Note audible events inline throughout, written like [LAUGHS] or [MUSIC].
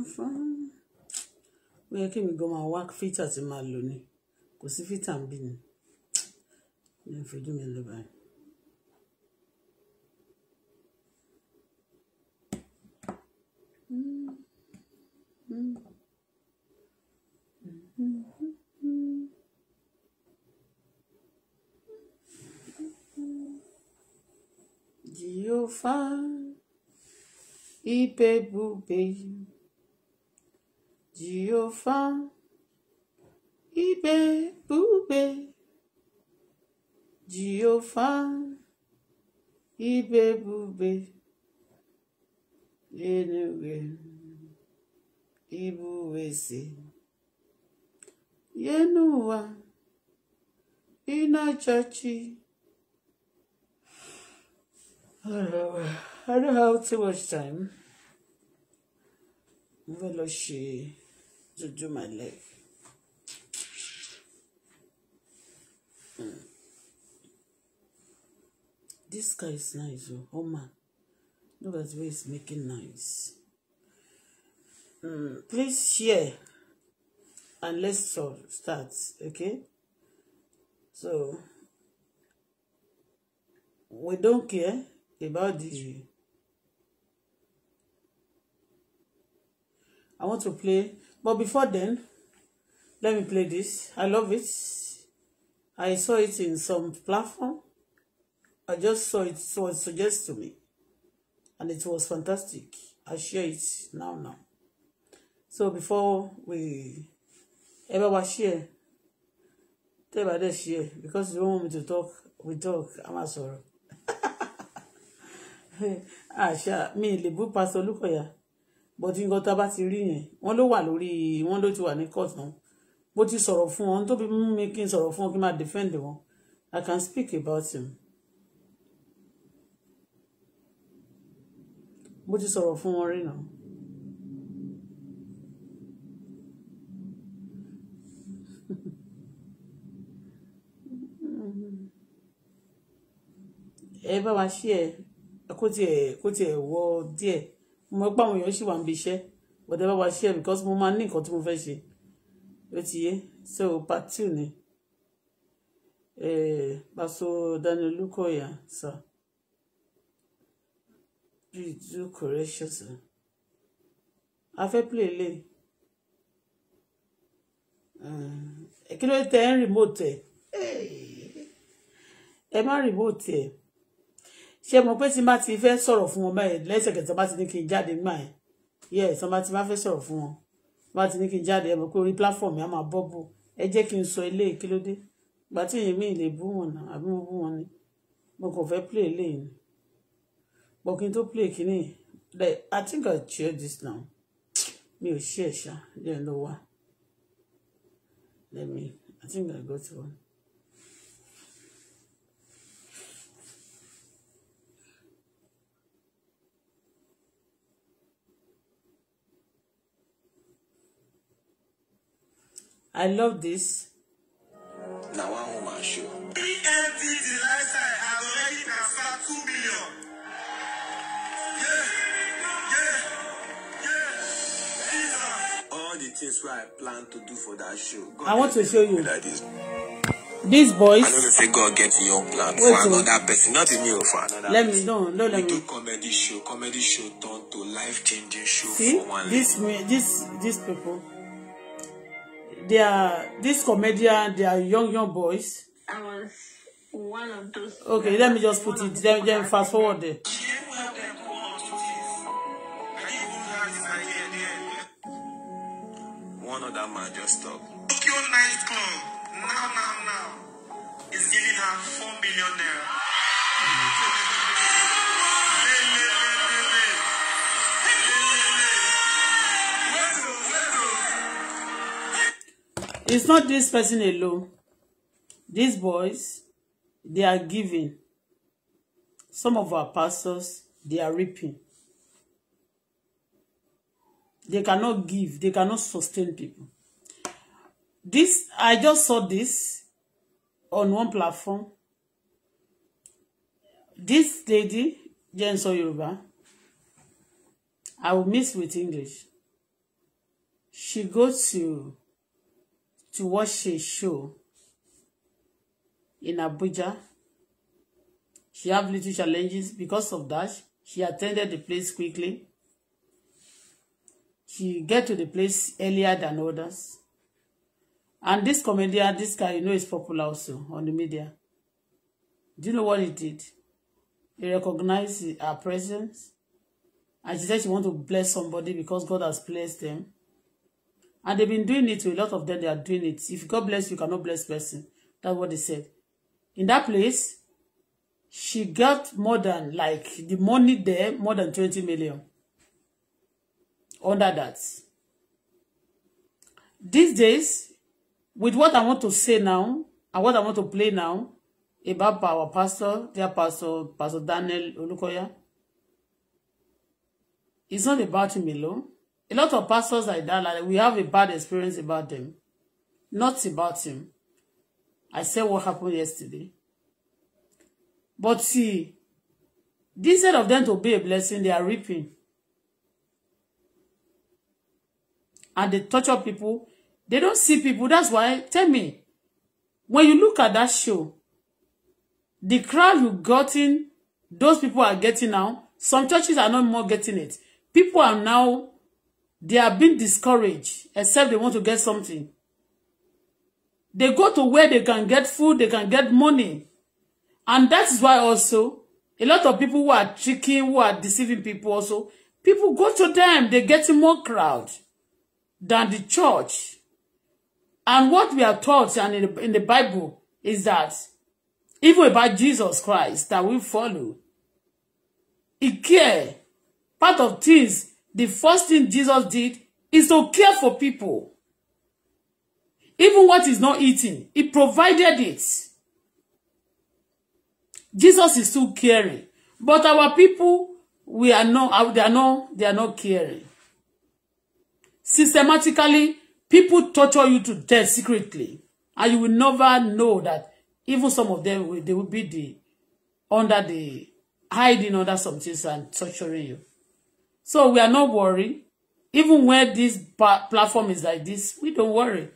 fáfáfá yẹ kí mi gan máa wá fítà tí máa lò ní kò sí fítà ń bí ni ní ìfojú mi ló báyìí. Jehova, ibe bube. Jehova ibe bube Jehova ibe bube Enuge ibu eze ya n'ụwa ị na-achọchi I don't have too much time. Mo to do my leg. Mm. This guy is nice, oh, oh man. Look at the way it's making noise. Mm. Please share and let's start, okay? So, we don't care about the. I want to play But before then, let me play this. I love it. I saw it in some platform. I just saw it, so it suggested to me. And it was fantastic. I share it now, now. So before we ever was share, tell about this share, because you don't want me to talk, we talk, I'm a sorrow. Àṣà [LAUGHS] ah, mi lè bú Pastor Olúkọ̀yà but nǹkan tá a bá ti rí yẹn wọ́n ló wà lórí wọ́n ló ti wà ní court náà bó ti sọ̀rọ̀ fún wọn tó fi mú mi kí n sọ̀rọ̀ fún wọn kí n máa defend wọn I can speak about him. bó ti sọ̀rọ̀ fún wọn rí náà. [LAUGHS] ẹ bá wa ṣí ẹ kó tiẹ̀ kó tiẹ̀ wọ díẹ̀ mo pé àwọn èèyàn ṣì wà níbi iṣẹ́ bọ̀dẹ́ bá wa ṣe because mo máa ní nǹkan tí mo fẹ́ ṣe ló ti yé so part two ni paṣọ Daniel Olukoya sir please do correction sir a fẹ́ play lay kí ló tẹ ẹ́ ń remote ẹ̀ ẹ má remote ẹ̀ ṣé mo pé tí n bá ti fẹ́ sọ̀rọ̀ fún wọn báyìí lẹ́sẹ̀kẹsẹ̀ bá ti ní kí n jáde nígbà yẹn yẹ tí n bá ti bá fẹ́ sọ̀rọ̀ fún wọn bá ti ní kí n jáde ẹ mọ̀ pé orí platform yẹn á máa bọ́ bò ẹ jẹ́ kí n sọ ilé kí mi lè bú wọn náà àbí mo bú wọn ni mo kàn fẹ́ play eléyìí ni but kí n play kínní like I think I share this now mi share ṣe ẹ̀ṣá lẹ́yìn lọ́wọ́ let me I think I go to one. I love this. Na one woman show. BMTT lifestyle has already transferred two million. Yeah, yeah, yeah. All the things where I plan to do for that show. God I want to show you. Like this. These boys. I know they say God gets your plan Wait for another person, not the new oh, for another let person. me no, no, let we me. We do comedy show. Comedy show turned to life-changing show See? for one. See this, this, these people they are this comedian they are young young boys I was one of those okay let me just put it then, then fast forward there one that man just stopped Tokyo nightclub now now now is giving her four million naira [LAUGHS] It's not this person alone. These boys, they are giving. Some of our pastors, they are reaping. They cannot give. They cannot sustain people. This, I just saw this on one platform. This lady, Jenso Yoruba, I will miss with English. She goes to to watch a show in Abuja. She had little challenges because of that. She attended the place quickly. She get to the place earlier than others. And this comedian, this guy, you know, is popular also on the media. Do you know what he did? He recognized her presence. And she said she want to bless somebody because God has blessed them. And they've been doing it to a lot of them, they are doing it. If God bless you, cannot bless person. That's what they said. In that place, she got more than, like, the money there, more than 20 million. Under that. These days, with what I want to say now, and what I want to play now, about our pastor, dear pastor, Pastor Daniel Olukoya, it's not about him alone. A lot of pastors like that, like we have a bad experience about them. Not about him. I said what happened yesterday. But see, instead of them to be a blessing, they are reaping. And they torture people. They don't see people. That's why, tell me, when you look at that show, the crowd you got in, those people are getting now. Some churches are not more getting it. People are now They are being discouraged, except they want to get something. They go to where they can get food, they can get money. And that is why also, a lot of people who are tricking, who are deceiving people also, people go to them, They get more crowd than the church. And what we are taught and in the, in the Bible is that even about Jesus Christ that we follow, he care part of things the first thing Jesus did is to care for people. Even what is not eating, he provided it. Jesus is still caring. But our people, we are not, uh, they are not, they are not caring. Systematically, people torture you to death secretly. And you will never know that even some of them, they will be the, under the, hiding under some things and torturing you. So we are not worried. Even when this platform is like this, we don't worry.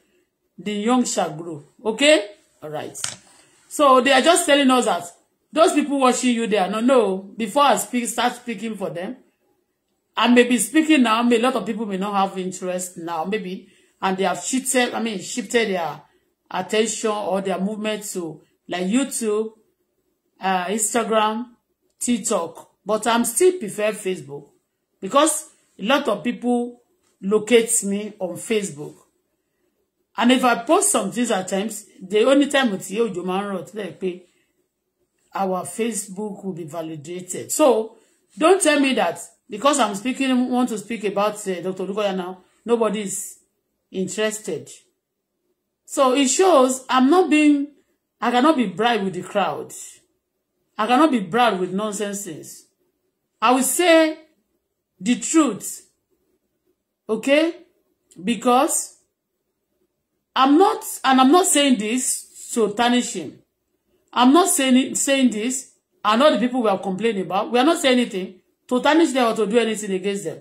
The young shall grow. Okay? All right. So they are just telling us that those people watching you, there. No, No, before I speak, start speaking for them. I may be speaking now. Maybe a lot of people may not have interest now, maybe. And they have shifted, I mean, shifted their attention or their movement to like YouTube, uh, Instagram, TikTok. But I'm still prefer Facebook. Because a lot of people locate me on Facebook. And if I post some things at times, the only time it's you, Juman ń rọ̀ our Facebook will be validated. So don't tell me that because I'm speaking, want to speak about uh, eh, Dr. Olukoya now, nobody's interested. So it shows I'm not being, I cannot be bribed with the crowd. I cannot be bribed with nonsense I will say the truth. Okay? Because I'm not, and I'm not saying this to tarnish him. I'm not saying saying this, and all the people we are complaining about, we are not saying anything to tarnish them or to do anything against them.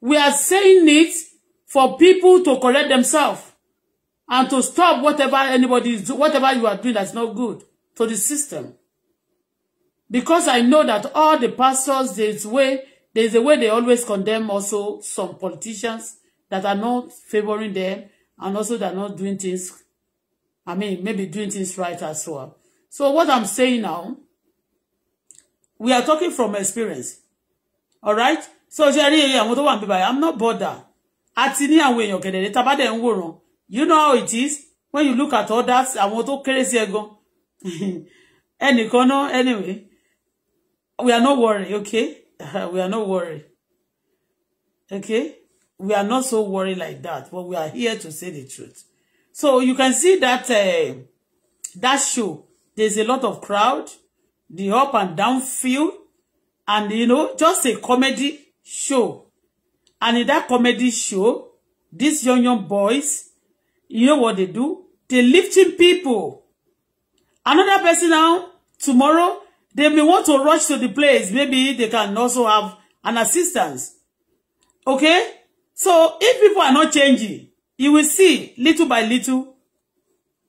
We are saying it for people to correct themselves and to stop whatever anybody is doing, whatever you are doing that's not good to the system. Because I know that all the pastors, this way There is a way they always condemn also some politicians that are not favoring them and also that are not doing things, I mean, maybe doing things right as well. So what I'm saying now, we are talking from experience. All right? So, Jerry, I'm not bothered. Atini ní àwọn èèyàn kẹ̀dẹ̀rẹ̀ tá bá dẹ̀ ń wòran. You know how it is when you look at others, àwọn tó kéré sí ẹ̀gan. [LAUGHS] Ẹnìkan anyway, we are not worried, okay? [LAUGHS] we are not worried. Okay? We are not so worried like that, but we are here to say the truth. So you can see that uh, that show, there's a lot of crowd, the up and down field, and you know, just a comedy show. And in that comedy show, these young young boys, you know what they do? They lifting people. Another person now, tomorrow, They may want to rush to the place. Maybe they can also have an assistance. Okay? So if people are not changing, you will see little by little,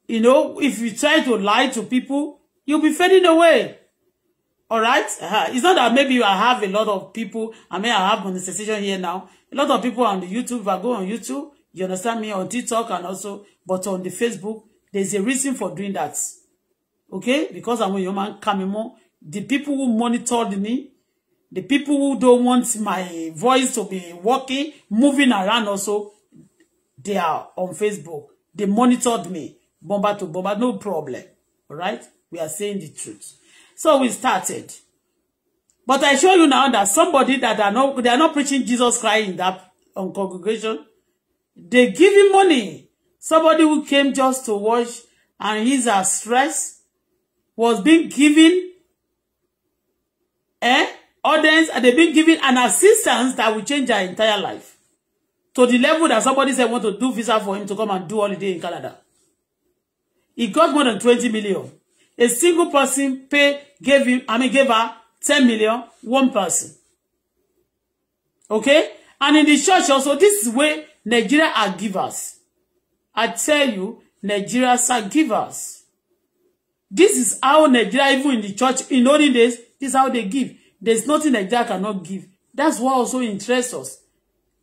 you know, if you try to lie to people, you'll be fading away. All right? Uh, uh-huh. it's not that maybe I have a lot of people. I mean, I have monetization here now. A lot of people on the YouTube, if I go on YouTube, you understand me, on TikTok and also, but on the Facebook, there's a reason for doing that. Okay? Because I'm a máa ń ká mi the people who monitored me, the people who don't want my voice to be working, moving around also, they are on Facebook. They monitored me, bomba to bomba, no problem. All right? We are saying the truth. So we started. But I show you now that somebody that are not they are not preaching Jesus Christ in that um, congregation, they give him money. Somebody who came just to watch and he's a uh, stress was being given eh, audience and they've been given an assistance that will change their entire life. To the level that somebody said want to do visa for him to come and do holiday in Canada. He got more than 20 million. A single person pay gave him, I mean gave her 10 million, one person. Okay? And in the church also, this is where Nigeria are givers. I tell you, Nigerians are givers. This is how Nigeria, even in the church, in olden days, This is how they give. There's nothing that Nigeria cannot give. That's what also interests us.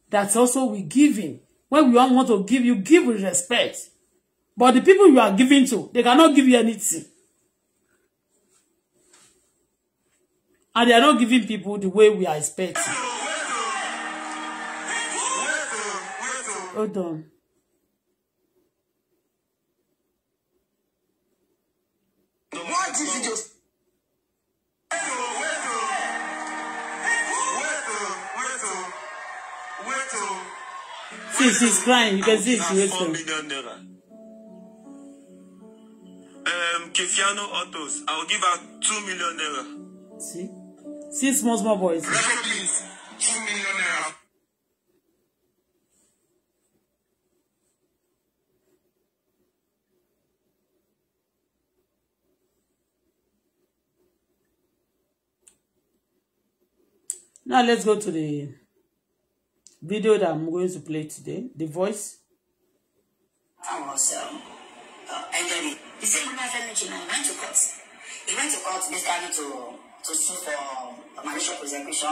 That's also we giving. When we all want to give, you give with respect. But the people you are giving to, they cannot give you anything. And they are not giving people the way we are expecting. Hold on. What did you just See, she's crying. You can see she's waiting. Um, Kefiano Autos. I'll give her two million naira. See? See, small, small boys. please. Two million naira. Now let's go to the video that I'm going to play today, the voice. I'm also um, uh, elderly. The same woman I mentioned, I went to court. He went to court this time to to sue for uh, malicious prosecution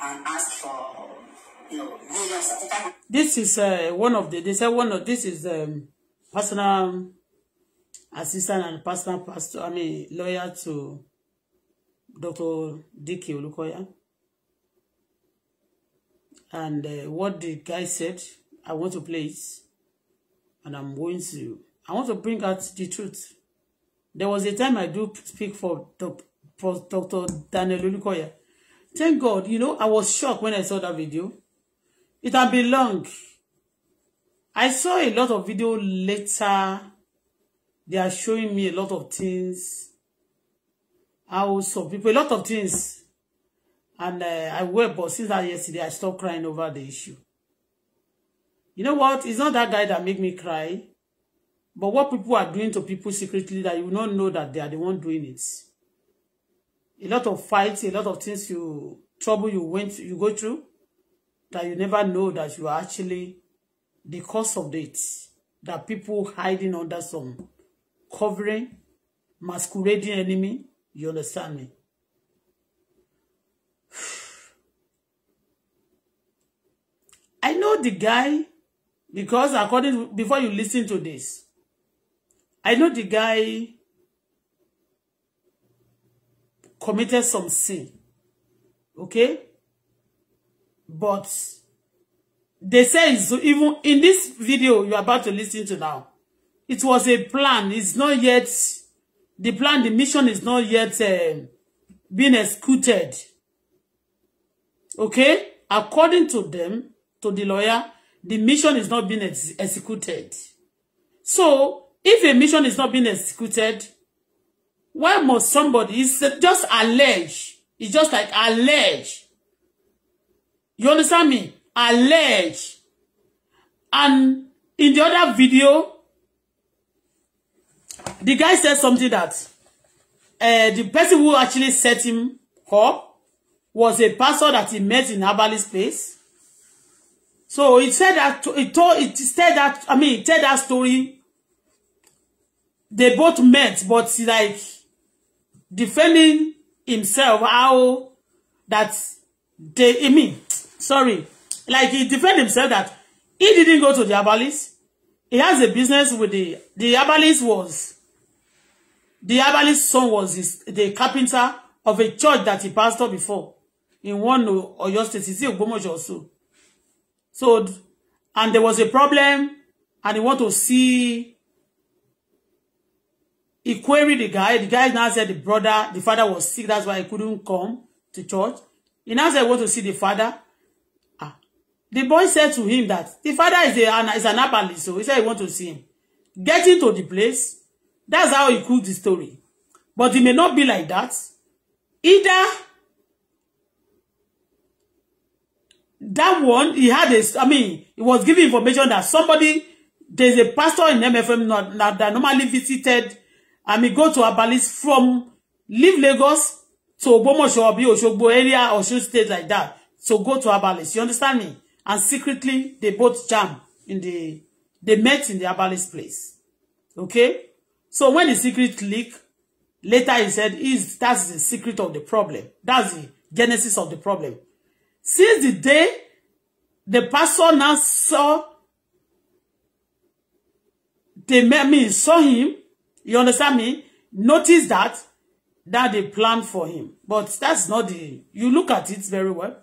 and ask for you know millions This is uh, one of the. They said one of this is um, personal assistant and personal pastor. I mean lawyer to Dr. Dike Olukoya and uh, what the guy said. I want to play it, and I'm going to. I want to bring out the truth. There was a time I do speak for, Dr. Daniel Olukoya. Thank God, you know, I was shocked when I saw that video. It had been long. I saw a lot of video later. They are showing me a lot of things. How some people, a lot of things And uh, I wept, but since that yesterday, I stopped crying over the issue. You know what? It's not that guy that make me cry. But what people are doing to people secretly that you don't know that they are the one doing it. A lot of fights, a lot of things you trouble you went you go through that you never know that you are actually the cause of it. That people hiding under some covering, masquerading enemy. You understand me? the guy because according before you listen to this, I know the guy committed some sin. Okay? But they say so even in this video you're about to listen to now, it was a plan. It's not yet, the plan, the mission is not yet uh, being executed. Okay? According to them, to the lawyer, the mission is not being ex executed. So, if a mission is not being executed, why must somebody, it's just allege, it's just like allege. You understand me? Allege. And in the other video, the guy said something that uh, the person who actually set him up was a pastor that he met in Abali's place. So it said that it told it said that I mean he tell that story. They both met, but like defending himself how that they I mean sorry like he defend himself that he didn't go to the Abalis. He has a business with the the Abalis. was the Abalis son was his, the carpenter of a church that he passed up before in one or Oyo state. Is he Ogbomoso also? So, and there was a problem, and he want to see. He queried the guy. The guy now said the brother, the father was sick. That's why he couldn't come to church. He now said, I want to see the father. Ah. The boy said to him that the father is, a, is an abalist, so he said he want to see him. Getting to the place, that's how he cooked the story. But it may not be like that. Either that one, he had a, I mean, he was giving information that somebody, there's a pastor in MFM that normally visited, I mean, go to Abalis from, leave Lagos to Ogbomosho, Obi, Oshogbo area, Osun state like that. So go to Abalis, you understand me? And secretly, they both jam in the, they met in the Abalis place. Okay? So when the secret leak, later he said, is that's the secret of the problem. That's the genesis of the problem. Since the day the pastor now saw they met me, saw him, you understand me? Notice that, that they planned for him. But that's not the, you look at it very well.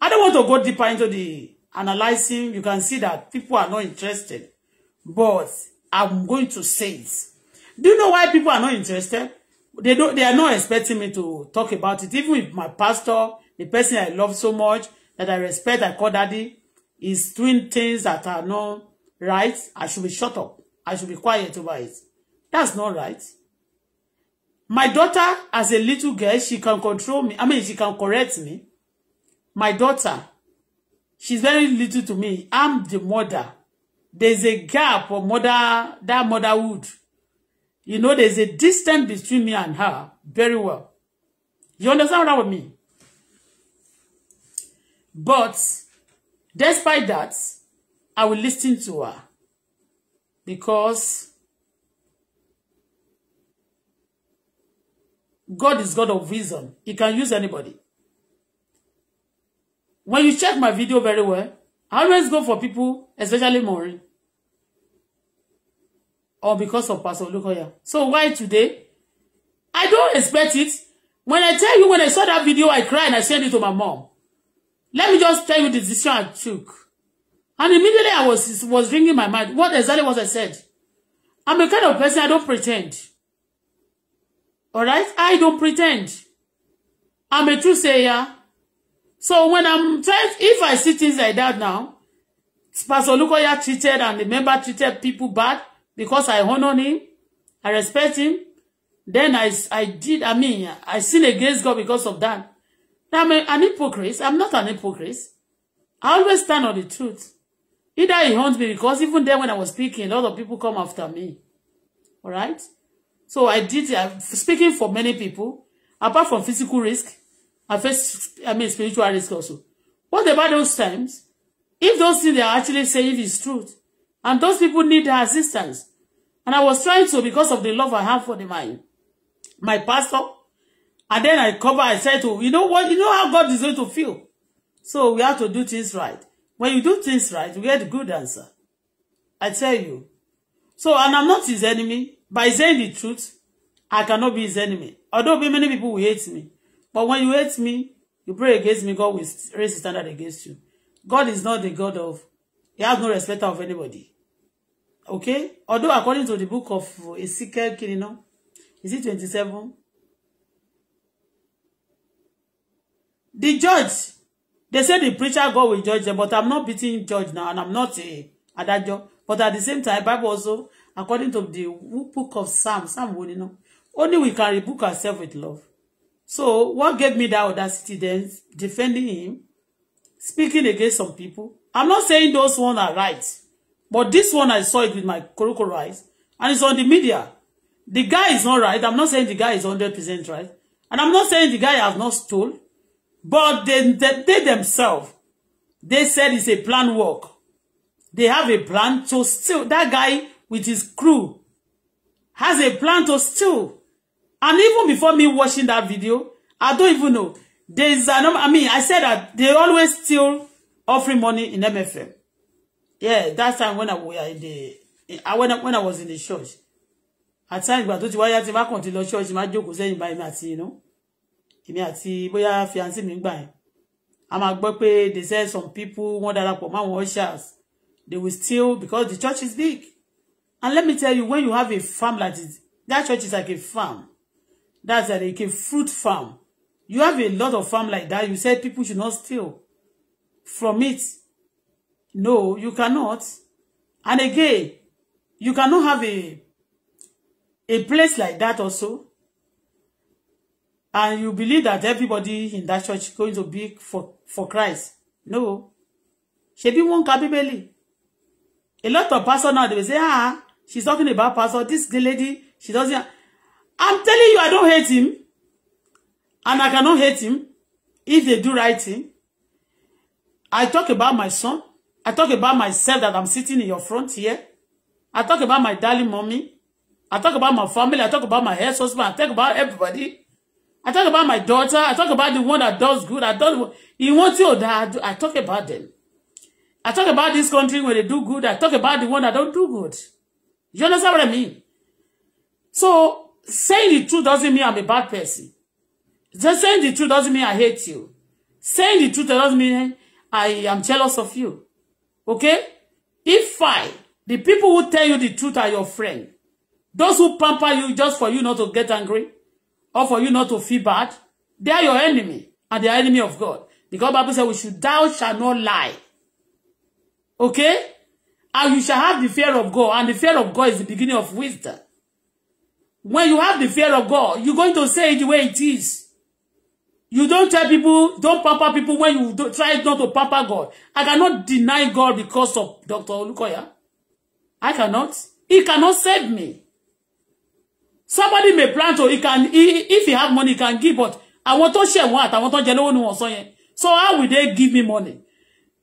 I don't want to go deeper into the analyzing. You can see that people are not interested. But I'm going to say it. Do you know why people are not interested? They don't, they are not expecting me to talk about it. Even if my pastor the person I love so much that I respect, I call daddy, is doing things that are not right, I should be shut up. I should be quiet over it. That's not right. My daughter, as a little girl, she can control me. I mean, she can correct me. My daughter, she's very little to me. I'm the mother. There's a gap of mother, that motherhood. You know, there's a distance between me and her. Very well. You understand what I mean? But despite that, I will listen to her because God is God of reason. He can use anybody. When you check my video very well, I always go for people, especially Maureen. Or because of Pastor Lukoya. So why today? I don't expect it. When I tell you, when I saw that video, I cried and I sent it to my mom. Let me just tell you the decision I took. And immediately I was was ringing my mind. What exactly was I said? I'm a kind of person I don't pretend. All right, I don't pretend. I'm a true sayer. So when I'm trying, if I see things like that now, Pastor Lukoya treated and the member treated people bad because I honor him, I respect him. Then I, I did, I mean, I sin against God because of that. I'm a, an hypocrite. I'm not an hypocrite. I always stand on the truth. Either he haunts me because even then when I was speaking, a lot of people come after me. All right? So I did, I'm speaking for many people. Apart from physical risk, I face, I mean, spiritual risk also. What about those times? If those things they are actually saying is truth, and those people need their assistance, and I was trying to because of the love I have for the mind, my pastor, And then I cover, I say to, you know what, you know how God is going to feel. So we have to do things right. When you do things right, you get a good answer. I tell you. So, and I'm not his enemy. By saying the truth, I cannot be his enemy. Although many people will hate me. But when you hate me, you pray against me, God will raise his standard against you. God is not the God of, he has no respect of anybody. Okay? Although according to the book of Ezekiel you know, is it 27? The judge, they say the preacher God will judge them, but I'm not beating judge now, and I'm not a adájọ́. But at the same time, Bible also, according to the book of Psalm, Psalm one, you know, only we can rebuke ourselves with love. So what gave me that audacity then, defending him, speaking against some people. I'm not saying those ones are right, but this one I saw it with my crocodile eyes, and it's on the media. The guy is not right. I'm not saying the guy is 100% right. And I'm not saying the guy has not stole. But they, they, they themselves, they said it's a plan work. They have a plan to steal. That guy with his crew has a plan to steal. And even before me watching that video, I don't even know. There is an, I mean, I said that they always steal offering money in MFM. Yeah, that time when I was in the, I when I, when I was in the church. At times, but don't you why I think I continue church, my joke was saying by Martin, you know èmi àti bóyá fiancé mi gbà yẹn a máa gbọ́ pé they say some people wọ́n darapọ̀ mọ́ àwọn ushers they will steal because the church is big and let me tell you when you have a farm like this that church is like a farm that's like a fruit farm you have a lot of farm like that you said people should not steal from it no you cannot and again you cannot have a a place like that also and you believe that everybody in that church is going to be for, for Christ. No. Ṣebí wọ́n ka belly. A lot of pastors now, they will say, ah, she's talking about pastor. This lady, she doesn't. I'm telling you, I don't hate him. And I cannot hate him if they do right thing. I talk about my son. I talk about myself that I'm sitting in your front here. I talk about my darling mommy. I talk about my family. I talk about my ex-husband. I talk about everybody. I talk about my daughter. I talk about the one that does good. I don't. You want to that I talk about them. I talk about this country when they do good. I talk about the one that don't do good. You understand what I mean? So saying the truth doesn't mean I'm a bad person. Just saying the truth doesn't mean I hate you. Saying the truth doesn't mean I am jealous of you. Okay? If I, the people who tell you the truth are your friend. Those who pamper you just for you not to get angry or for you not to feel bad, they are your enemy and they are enemy of God. Because Bible says we should thou shall not lie. Okay? And you shall have the fear of God. And the fear of God is the beginning of wisdom. When you have the fear of God, you're going to say it the way it is. You don't tell people, don't papa people when you do, try not to papa God. I cannot deny God because of Dr. Olukoya. I cannot. He cannot save me somebody may plan to he can he, if he have money he can give but I want to share what I want to wọ́n sọ yẹn so so how will they give me money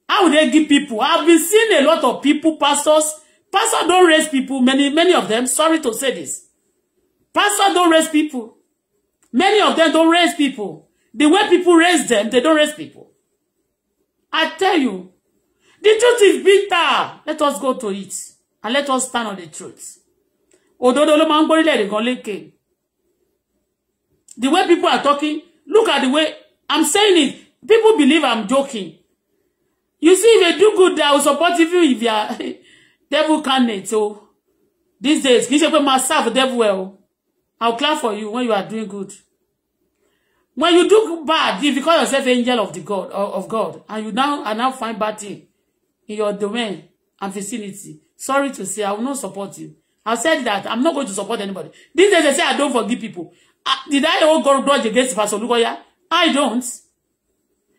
how will they give people I've been seeing a lot of people pastors Pastor don't raise people many many of them sorry to say this Pastor don't raise people many of them don't raise people the way people raise them they don't raise people I tell you the truth is bitter let us go to it and let us stand on the truth òdodo ló máa ń gbórílẹ̀ nìkan lékè the way people are talking look at the way i'm saying it people believe i'm joking you see if they do good they will support you if you are [LAUGHS] devil candidate so oh. these days kì í ṣe pé serve devil well o i will clap for you when you are doing good when you do bad if you call yourself angel of the god of god and you now are now find bad thing in your domain and vicinity sorry to say i will not support you I said that I'm not going to support anybody. These days they say I don't forgive people. I, did I hold God grudge against Pastor Lukoya? I don't.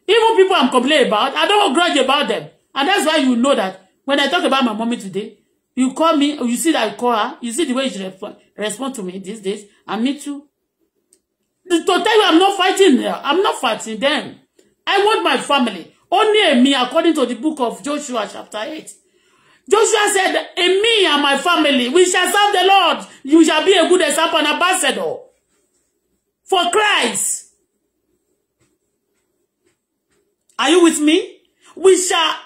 Even people I'm complaining about, I don't grudge about them. And that's why you know that when I talk about my mommy today, you call me, you see that I call her, you see the way she respond, respond to me these days, and me too. To tell you I'm not fighting her, I'm not fighting them. I want my family. Only me, according to the book of Joshua chapter 8. Joshua said, in me and my family, we shall serve the Lord. You shall be a good example and ambassador for Christ. Are you with me? We shall,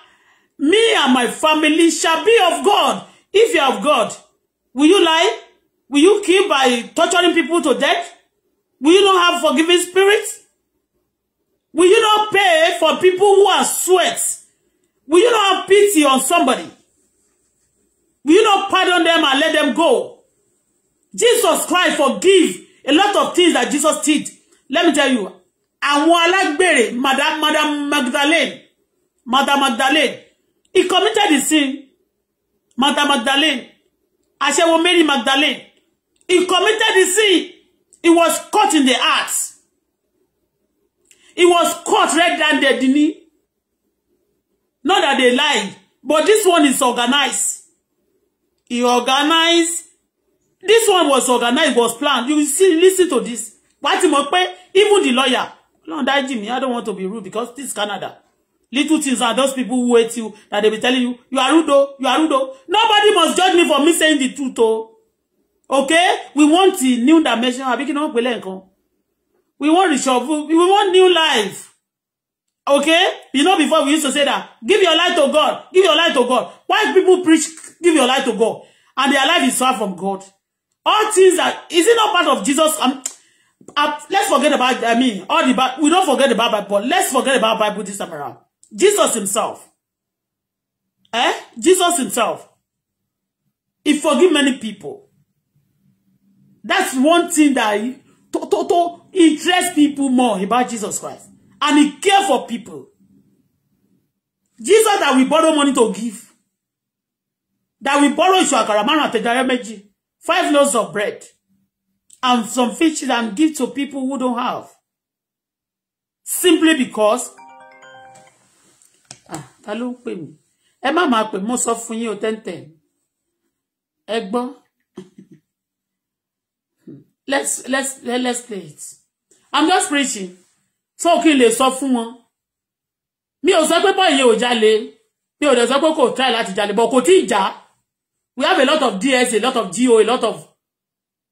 me and my family shall be of God. If you are of God, will you lie? Will you kill by torturing people to death? Will you not have forgiving spirit? Will you not pay for people who are sweats? Will you not have pity on somebody? Will you not pardon them and let them go? Jesus Christ forgive a lot of things that Jesus did. Let me tell you, àwọn alágbèrè, Madam, Madam Magdalene, Madam Magdalene, he committed the sin. Madam Magdalene, Aṣẹ́wó Mary Magdalene, he committed the sin. He was caught in the act. He was caught red-handed, didn't he? Not that they lied, but this one is organized. He organized. This one was organized, was planned. You see, listen to this. Wá ti mọ̀ pé, even the lawyer. Lord, die, Jimmy, I don't want to be rude because this is Canada. Little things are those people who hate you that they be telling you, you are rude, oh, you are rude. Oh. Nobody must judge me for me saying the truth. Oh. Okay? We want the new dimension. We want reshuffle. We want new life. Okay? You know, before we used to say that, give your life to God, give your life to God. Why people preach, give your life to God, and their life is far from God? All things that, is it not part of Jesus? Um, uh, let's forget about, I mean, all the Bible, we don't forget about Bible, let's forget about Bible this time around. Jesus himself. Eh? Jesus himself. He forgive many people. That's one thing that he, to, to, to interest people more about Jesus Christ and he care for people. Jesus that we borrow money to give. That we borrow iṣu àkàrà márùn-ún àtẹ̀járe Five loaves of bread. And some fish and give to people who don't have. Simply because. Ah, talo ló ń pè mí? Ẹ má máa pè mo sọ fún yín o tẹ́ntẹ́n. Ẹ gbọ́. [LAUGHS] Hmm. Let's, let's, let's play it. I'm just preaching so kí n lè sọ fún mi ò sọ pé bọ́ ìyẹn ò jalè mi ò dẹ̀ sọ pé kò try láti jalè but kò tí ì we have a lot of ds a lot of go a lot of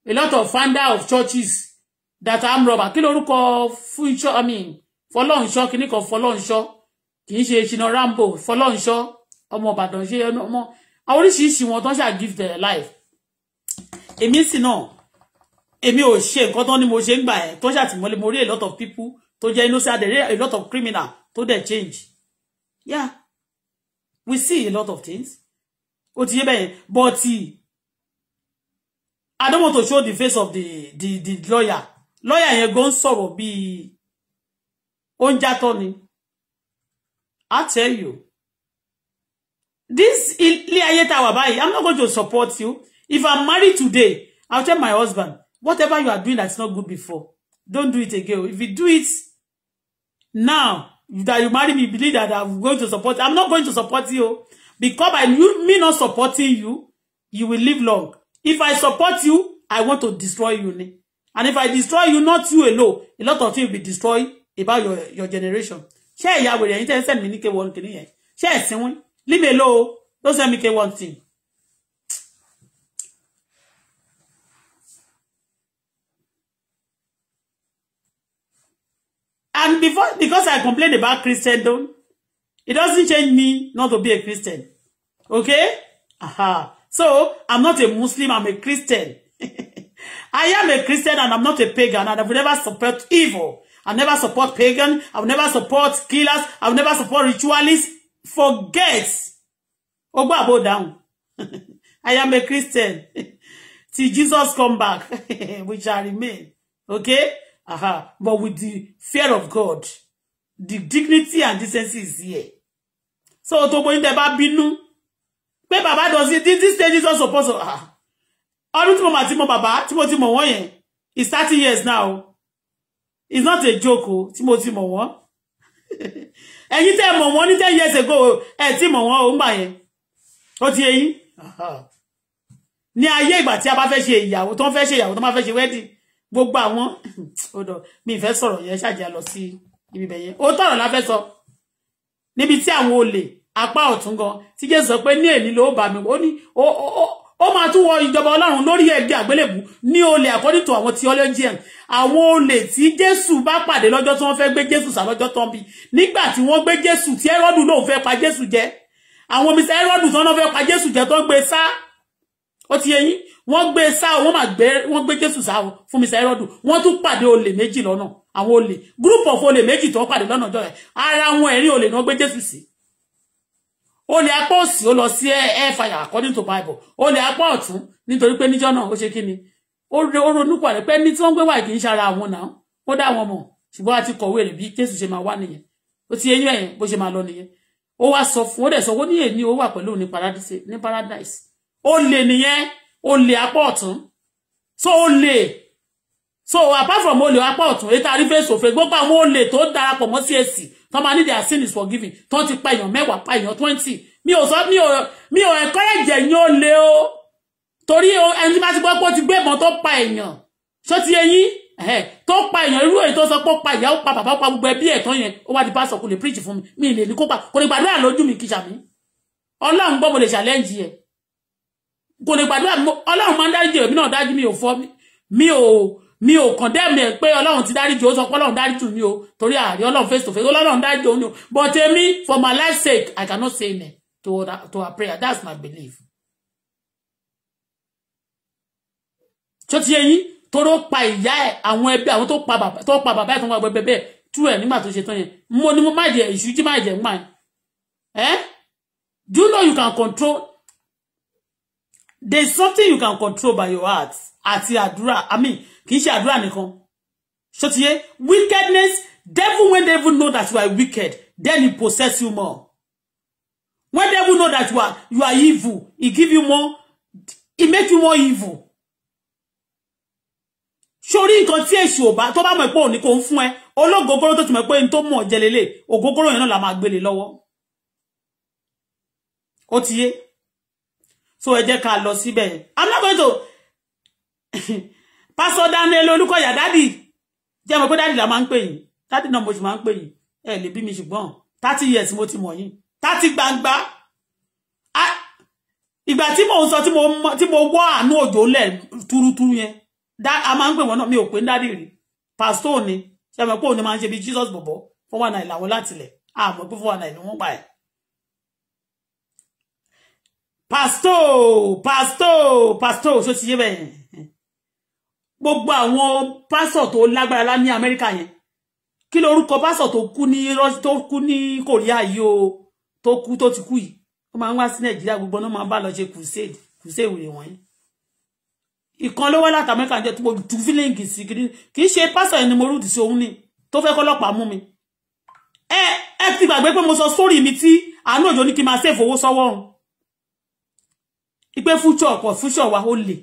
a lot of founder of churches that arm robber kí lorúkọ future i mean fọlọ́nṣọ́ kìíní kan fọlọ́nṣọ́ kìí ṣe ṣìnà rambo fọlọ́nṣọ́ ọmọ ìbàdàn ṣe ọmọ àwọn oríṣiríṣi wọn tán ṣáà give their life èmi sì náà èmi ò ṣe nǹkan tán ni mo ṣe ń gbà ẹ tó ṣàtìmọ́lé mo le mo re a lot of people tó jẹ́ innocent there are a lot of criminal tó dẹ̀ change yeah we see a lot of things ó ti yé but I don't want to show the face of the the the lawyer lawyer yẹn go ń be bíi ó ń I tell you this ilé aye tawa a I'm not going to support you if I'm married today I'll tell my husband whatever you are doing that's not good before don't do it again if you do it Now that you marry me, believe that I'm going to support I'm not going to support you because by me not supporting you, you will live long. If I support you, I want to destroy you. And if I destroy you, not you alone, a lot of things will be destroyed about your, your generation. Share Yahweh, you send me one thing. Share someone. Leave me alone. Don't send me one thing. And before, because I complain about Christendom, it doesn't change me not to be a Christian. Okay? Aha. So, I'm not a Muslim, I'm a Christian. [LAUGHS] I am a Christian and I'm not a pagan and I will never support evil. I never support pagan. I will never support killers. I will never support ritualists. Forget. Ogbo abo down. [LAUGHS] I am a Christian. [LAUGHS] Till Jesus come back, which I remain. Okay? Aha. But with the fear of God, the dignity and decency is here. So to bo yin de bá bínú. Pé does it this stage is also possible. All Ọdún tí mo ma ti mọ bàbá, tí It's 30 years now. It's not a joke Oh, tí mo ti mọ̀ wọ́n. [LAUGHS] Ẹ̀yin tẹ́ mọ̀ 10 years ago, Eh, ti mọ̀ wọ́n o ńgbà yẹn. Ó ti yé yín. Aha. Ní ayé ìgbà tí a bá fẹ́ ṣe ìyàwó, ton fẹ́ ṣe ìyàwó, ton wedding gbogbo àwọn ọ̀dọ̀ [CLEARS THROAT] mi ìfẹ́ sọ̀rọ̀ yẹn ṣàjẹ́ lọ sí ibi bẹ̀ yẹn ó tọ̀rọ̀ la fẹ́ sọ níbi tí àwọn olè apá ọ̀tún gan tí jésù sọ pé ní èmi ló bá mi ó ní ó máa tún wọ ìjọba ọlọ́run lórí ẹgbẹ́ àgbélébù ní olè according to àwọn theologian àwọn olè tí jésù bá pàdé lọ́jọ́ tí wọ́n fẹ́ gbé jésù sá lọ́jọ́ tán bí nígbà tí wọ́n gbé jésù tí ẹrọ́dù lòun fẹ́ pa jésù jẹ àwọn mr ẹrọ́dù tí wọ́n fẹ́ pa jésù jẹ tó gbé sá ó ti yẹyìn wọ́n gbé sá o wọ́n máa gbé wọ́n gbé jésù sá o fún mi sá ẹrọdù wọ́n tún pàdé olè méjì lọ́nà àwọn olè group of olè méjì tó pàdé lọ́nà ọjọ́ rẹ̀ ara wọn ẹ̀rí olè náà gbé jésù sí olè apá òsì ó lọ sí air fire according to bible olè apá ọ̀tún nítorí pé níjọ́ náà ó ṣe kí ni ó ronú pàdé pé ní tí wọ́n gbé wà kì í ṣe ara àwọn náà ó dá wọn mọ̀ ṣùgbọ́n a ti kọ̀wé rẹ̀ bí jésù ṣe máa wá nìyẹn ó ti yẹyìn ẹ̀yìn bó ṣe máa lọ nìyẹn ó wá sọ fún ó dẹ̀ sọ ó ní èyí ó wà pẹ̀lú ní paradise ó lè nìyẹn ó lè apá ọ̀tún so ó lè so apart from olè apá ọ̀tún ètò àrífẹ́sòfè gbogbo àwọn olè tó darapọ̀ mọ́ CAC tó máa ní their sin is forgiven tó ti pa èèyàn mẹ́wàá pa èèyàn twenty mi ò sọ mi ò mi ò encourage ẹ̀yin olè o torí ẹni tí bá ti gbọ́ pé ó ti gbé ìbọn tó pa èèyàn ṣó ti eyín tó pa èèyàn irú èyí tó sọ pé ó pa ìyá ó pa bàbá ó pa gbogbo ẹbí ẹ̀tọ́ yẹn ó wá di pásọ̀ kò lè preach fún mi mi lè ní kópa kò lè gbàdúrà lójú mi kìjà mi ọlọ́run gbọ́ mo lè challenge yẹn kò lè gbàdúrà ọlọ́run máa ń dáríjì èmi náà dájú mi ò fọ́ mi ò mi ò kàn dẹ́mi ẹ̀ pé ọlọ́run ti dáríjì ó sọ pé ọlọ́run dáríjì mi o torí àárín ọlọ́run face to face ọlọ́run dáríjì òun ni o but èmi for my life sake I cannot say amen to her, to her prayer that's my belief. tó ti yẹ yín toró pa ìyá ẹ̀ àwọn ẹbí àwọn tó pa bàbá tó pa bàbá ẹ̀ tó ń wá gbẹgbẹ bẹ́ẹ̀ tú ẹ̀ nígbà tó ṣe tán yẹn mo ni mo má jẹ ìṣú má jẹ ń gbà ẹ́ eh? do you know you can control there's something you can control by your heart àti àdúrà i mean kì í ṣe àdúrà nìkan ṣòtìyé wickedness devil when devil know that you are wicked then he possess you more when devil know that you are you are evil he give you more he make you more evil sórí nǹkan tí èṣù ò bá tó bá mọ̀ pé òní kò ń fún ẹ to tó ti mọ̀ pé n tó mọ̀ jẹ lélẹ̀ ògógóró yẹn náà la máa gbélé lọ́wọ́ ó ti yé so ẹ jẹ́ ká lọ síbẹ̀ i'm not going to [LAUGHS] pastor daniel olùkọ́yà dádì jẹ́ mọ̀ pé daddy, la máa ń pè yín dádì náà mo sì máa ń pè yín ẹ lè bí mi ṣùgbọ́n thirty years mo ti mọ̀ yín thirty gbangba ìgbà tí mò ń sọ tí mo wọ́ àánú òjò lẹ̀ túrútúrú yẹn a máa ń pè wọ́n náà mi ò pé ń dádì rí pastor ni ṣe mọ̀ pé òun ni máa ń ṣe jesus bọ̀bọ̀ fún wa náà ìlàwọ́ látilẹ̀ àmọ́ pé fún wa náà ìlú wọn pa ẹ̀ Pasto, Pasto, Pasto, so ti yé bẹ́ẹ̀ gbogbo àwọn to tó la ni ní amẹ́ríkà yẹn kí lorúkọ pásọ̀ tó kú ní to kú ní kòríà yìí o tó kú tó ti kú yìí ó máa ń wá sí nàìjíríà gbogbo náà máa ń bá lọ ṣe crusade crusade wèrè wọ̀nyí ìkan ló wá láti amẹ́ríkà jẹ́ tó tu fílíǹgì sí kiri kì í ṣe pásọ̀ ẹni mo rúdì sí òun ni tó fẹ́ kọ́lọ́pàá mú mi ẹ ẹ ti gbàgbé pé mo sọ sórí mi tí àánú òjò ní kí n máa ṣèfowó sọ́wọ́ ipe future ọ̀pọ̀ future wa ó lè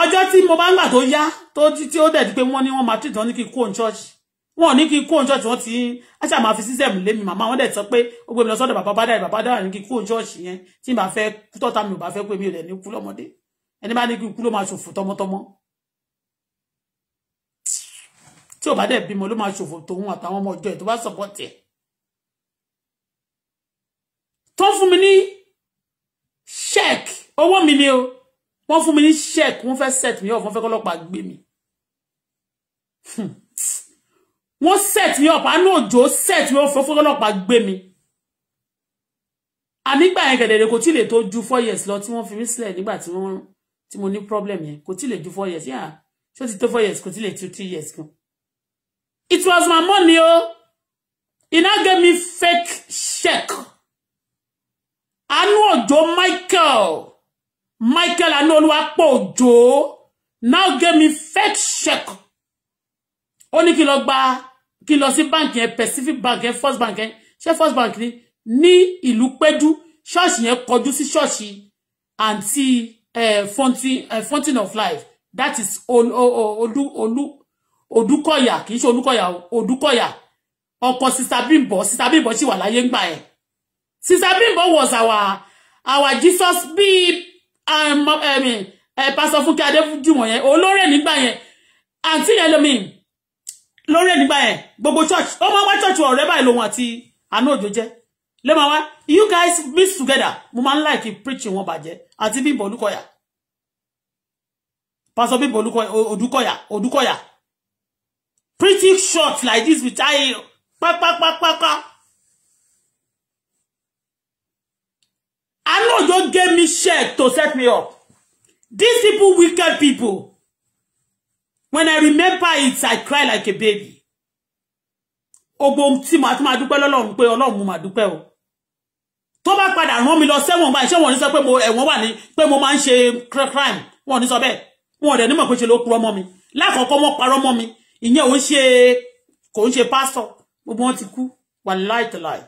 ọjọ́ tí mo bá ń gbà tó yá tó tí ó dẹ̀dí pé wọ́n ní wọ́n máa tìtàn ní kí n kó n church wọn ò ní kí n kó n church wọ́n ti ń aṣá máa fi sísẹ̀m lémi màmá wọn dẹ̀ sọ pé ó gbé mi lọ sọ́dọ̀ bàbá bá dára bàbá dára ní kí n kó n church yẹn tí bá fẹ́ tọ́ta mi ò bá fẹ́ pé mi ò dẹ̀ ní kú lọ́mọdé ẹni bá ní kí n kú ló máa ṣòfò tọmọtọmọ tí ò bá dẹ̀ bímọ ló máa ṣòfò tòun àtàwọn ọmọ ọjọ́ ẹ̀ tó bá support ẹ̀ tó fún mi ní check owó mi ni o wọ́n fún mi ní check wọ́n fẹ́ set mi up wọ́n fẹ́ kọ́lọ́pàá gbé mi hmm. wọ́n set mi up àánú òjò set mi up wọ́n fẹ́ kọ́lọ́pàá gbé mi ànígbà yẹn gẹ̀dẹ̀dẹ̀ kò tí lè tó ju four years lọ tí wọ́n fi mí sílẹ̀ nígbà tí wọ́n tí mo ní problem yẹn kò tí lè ju four years yà ṣé ó ti tó four years kò tí lè ju three years kan it was my money o he now gave me fake check àánú òjò Michael. Michael Anoluwapojo now gave me fake check. Ó ní kí lọ gba kí lọ sí bank yẹn Pacific bank yẹn First bank yẹn ṣé First bank ni ní ìlú Péjú ṣọ́ọ̀ṣì yẹn kọjú sí ṣọ́ọ̀ṣì àǹtí fountain fountain of life that is olú olú Odúkọ̀yà kì í ṣe Olúkọ̀yà Odúkọ̀yà ọkọ sister Bimbo sister Bimbo ṣì wà láyé ńgbà ẹ̀ sister Bimbo was our our Jesus bíi Ah, eh, eh, pásọ fúnkẹ́ adéjùmọ̀ yẹn olórè nígbà yẹn àǹtí yẹn lomi lórè nígbà yẹn gbogbo church ó máa wá church ọ̀rẹ́ báyìí lòun àti àná òjò jẹ́ lè máa wá you guys meet together mo máa ń like preaching wọn bàjẹ́ àti Bímbọ́ Olúkọ̀yà pásọ Bímbọ́ Olúkọ̀yà Odúkọ̀yà pretty short like this with eye pápápápápá I know don't gave me shit to set me up. These people, wicked people. When I remember it, I cry like a baby. Ogbon tí màá tún máa dúpẹ́ lọ́lọ́run pé Ọlọ́run mo máa dúpẹ́ o. Tó bá padà rán mi lọ sẹ́wọ̀n báyìí, se wọ́n ní sọ pé mo ẹ̀wọ̀n wà ni pé mo máa ń ṣe crime. ni ní sọ bẹ́ẹ̀. Wọ́n dẹ̀ nímọ̀ pé ṣe ló purọ́ mo mi. Lákọ̀ọ́kọ́ mo parọ́ mọ́ mi. Ìyẹn ò ń ṣe kò ń ṣe pásọ̀. Gbogbo wọn ti kú. Wàláì tàláì.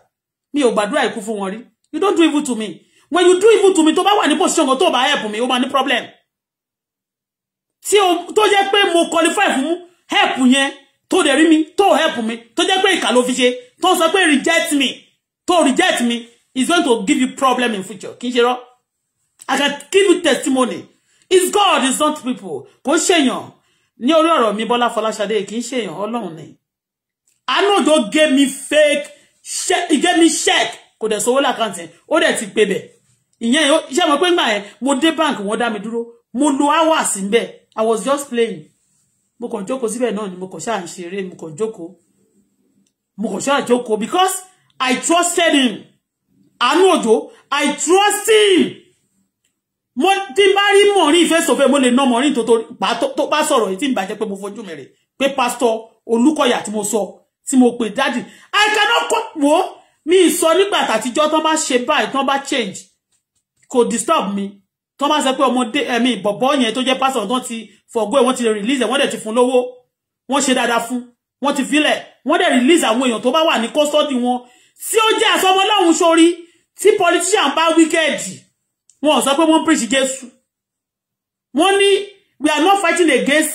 Mi ò gbàdúrà ikú fún wọn rí. You don't do evil to me when you do evil to me tó bá ni position kan tó bá help me, ó máa ní problem tí ó tó jẹ́ pé mo qualify fún help yẹn tó dẹ̀ rí mi tó help me. tó jẹ́ pé ìkà ló fi ṣe tó sọ pé reject me To reject me is going to give you problem in future kì í ṣe I can give you testimony it's God it's not people kò ṣèyàn ní orí ọ̀rọ̀ mi bola Fọláṣadé kì í ṣèyàn Ọlọ́run ni àánú don't gave me fake he gave me check kò dẹ̀ sówó lákàntì ó dẹ̀ ti pebe. bẹ̀ ìyẹn iṣẹ́ mọ̀ pé ńgbà yẹn mo dé bank wọ́n dá mi dúró mo lo hours ńbẹ̀ i was just playing mo kàn jókòó síbẹ̀ náà ni mo kàn ṣáà ń ṣeré mo kàn jókòó mo kàn ṣáà jókòó because i trusted him àánú òjò i trust him mo tí n bá rí mọ̀rin ìfẹ́sọ̀fẹ́ mo lè ná mọ̀rin tó bá sọ̀rọ̀ yìí tí n bá pé mo fojú mi rẹ̀ pé pásítọ̀ olúkọ̀yà tí mo sọ tí mo pè dáàdì i cannot wo mi sọ nígbà tàtijọ́ tán bá ṣe báyìí tán bá change kò disturb mi tó bá sọ pé ọmọdé ẹ̀mí bọ̀bọ́ yẹn tó jẹ́ pásọ̀ tó ti fọ̀gbọ́ ẹ̀ wọ́n ti release ẹ̀ wọ́n dẹ̀ ti fún lówó wọ́n ṣe dáadáa fún wọ́n ti filẹ̀ wọ́n dẹ̀ release àwọn èèyàn tó bá wà ní custody wọn tí ó jẹ́ àsọmọ lọ́hùn sórí tí politician bá wicked wọn sọ pé wọ́n preach Jésù wọ́n ní we are not fighting against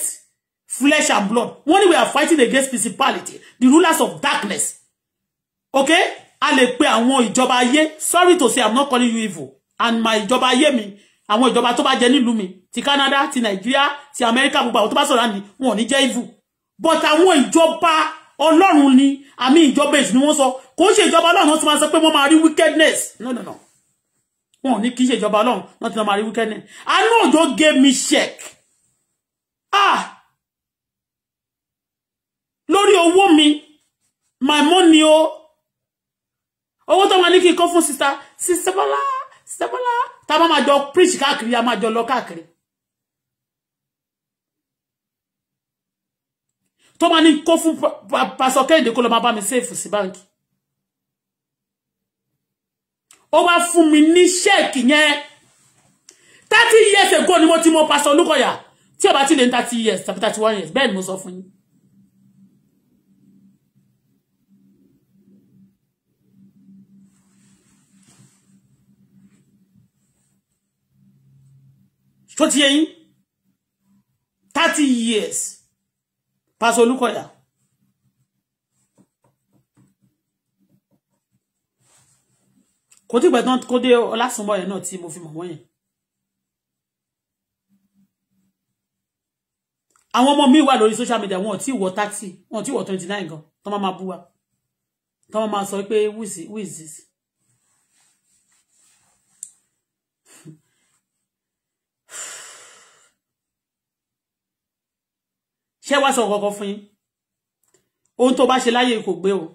flesh and blood wọ́n ní we are fighting against principality the rulers of darkness okay a lè pe àwọn ìjọba ayé sorry to say i'm not calling you evil and my ìjọba ayé mi àwọn ìjọba tó bá jẹ nílùú mi ti Canada ti Nigeria, ti America, gbogbo àwọn tó bá sọ̀rọ̀ àmì wọn ò ní jẹ́ evil but àwọn ìjọba ọlọ́run ni àmì ìjọba èṣù ni wọ́n sọ kò ń ṣe ìjọba ọlọ́run wọn ti máa sọ pé wọ́n máa rí wickedness no no no wọn ò ní kí í ṣe ìjọba ọlọ́run wọn ti máa rí wickedness I know don't give me check ah lórí owó mi my money o owó tó máa ní kí n kọ́ fún sista sista bọ́lá Sẹ́bọ́lá tá a bá máa jọ preach káàkiri a máa jọ lọ káàkiri. tó máa ní kó fún pásọ Kẹ́hìndé kó lọ máa bá mi sèfù sí báńkì ó wá fún mi ní ṣẹ́ẹ̀kì yẹn thirty years ago ni mo ti mọ pásọ Olúkọ̀yà tí ó bá ti lé ní thirty years tàbí thirty one years bẹ́ẹ̀ ni mo sọ fún yín tó ti yẹyin thirty years pásọ Olúkọ̀yà kò tí gbẹ̀dán kó dé ọlásùnmọ́ yẹn náà tí mo fi mọ̀ wọ́n yẹn. àwọn ọmọ mi wa lórí social media wọn ò tí wọ thirty wọn ò tí twenty nine gan tó máa ma bú wa tó ma sọ pé who is this ṣé wá sọ kọ̀ọ̀kan fún yín ohun tó bá ṣe láyé kò gbé o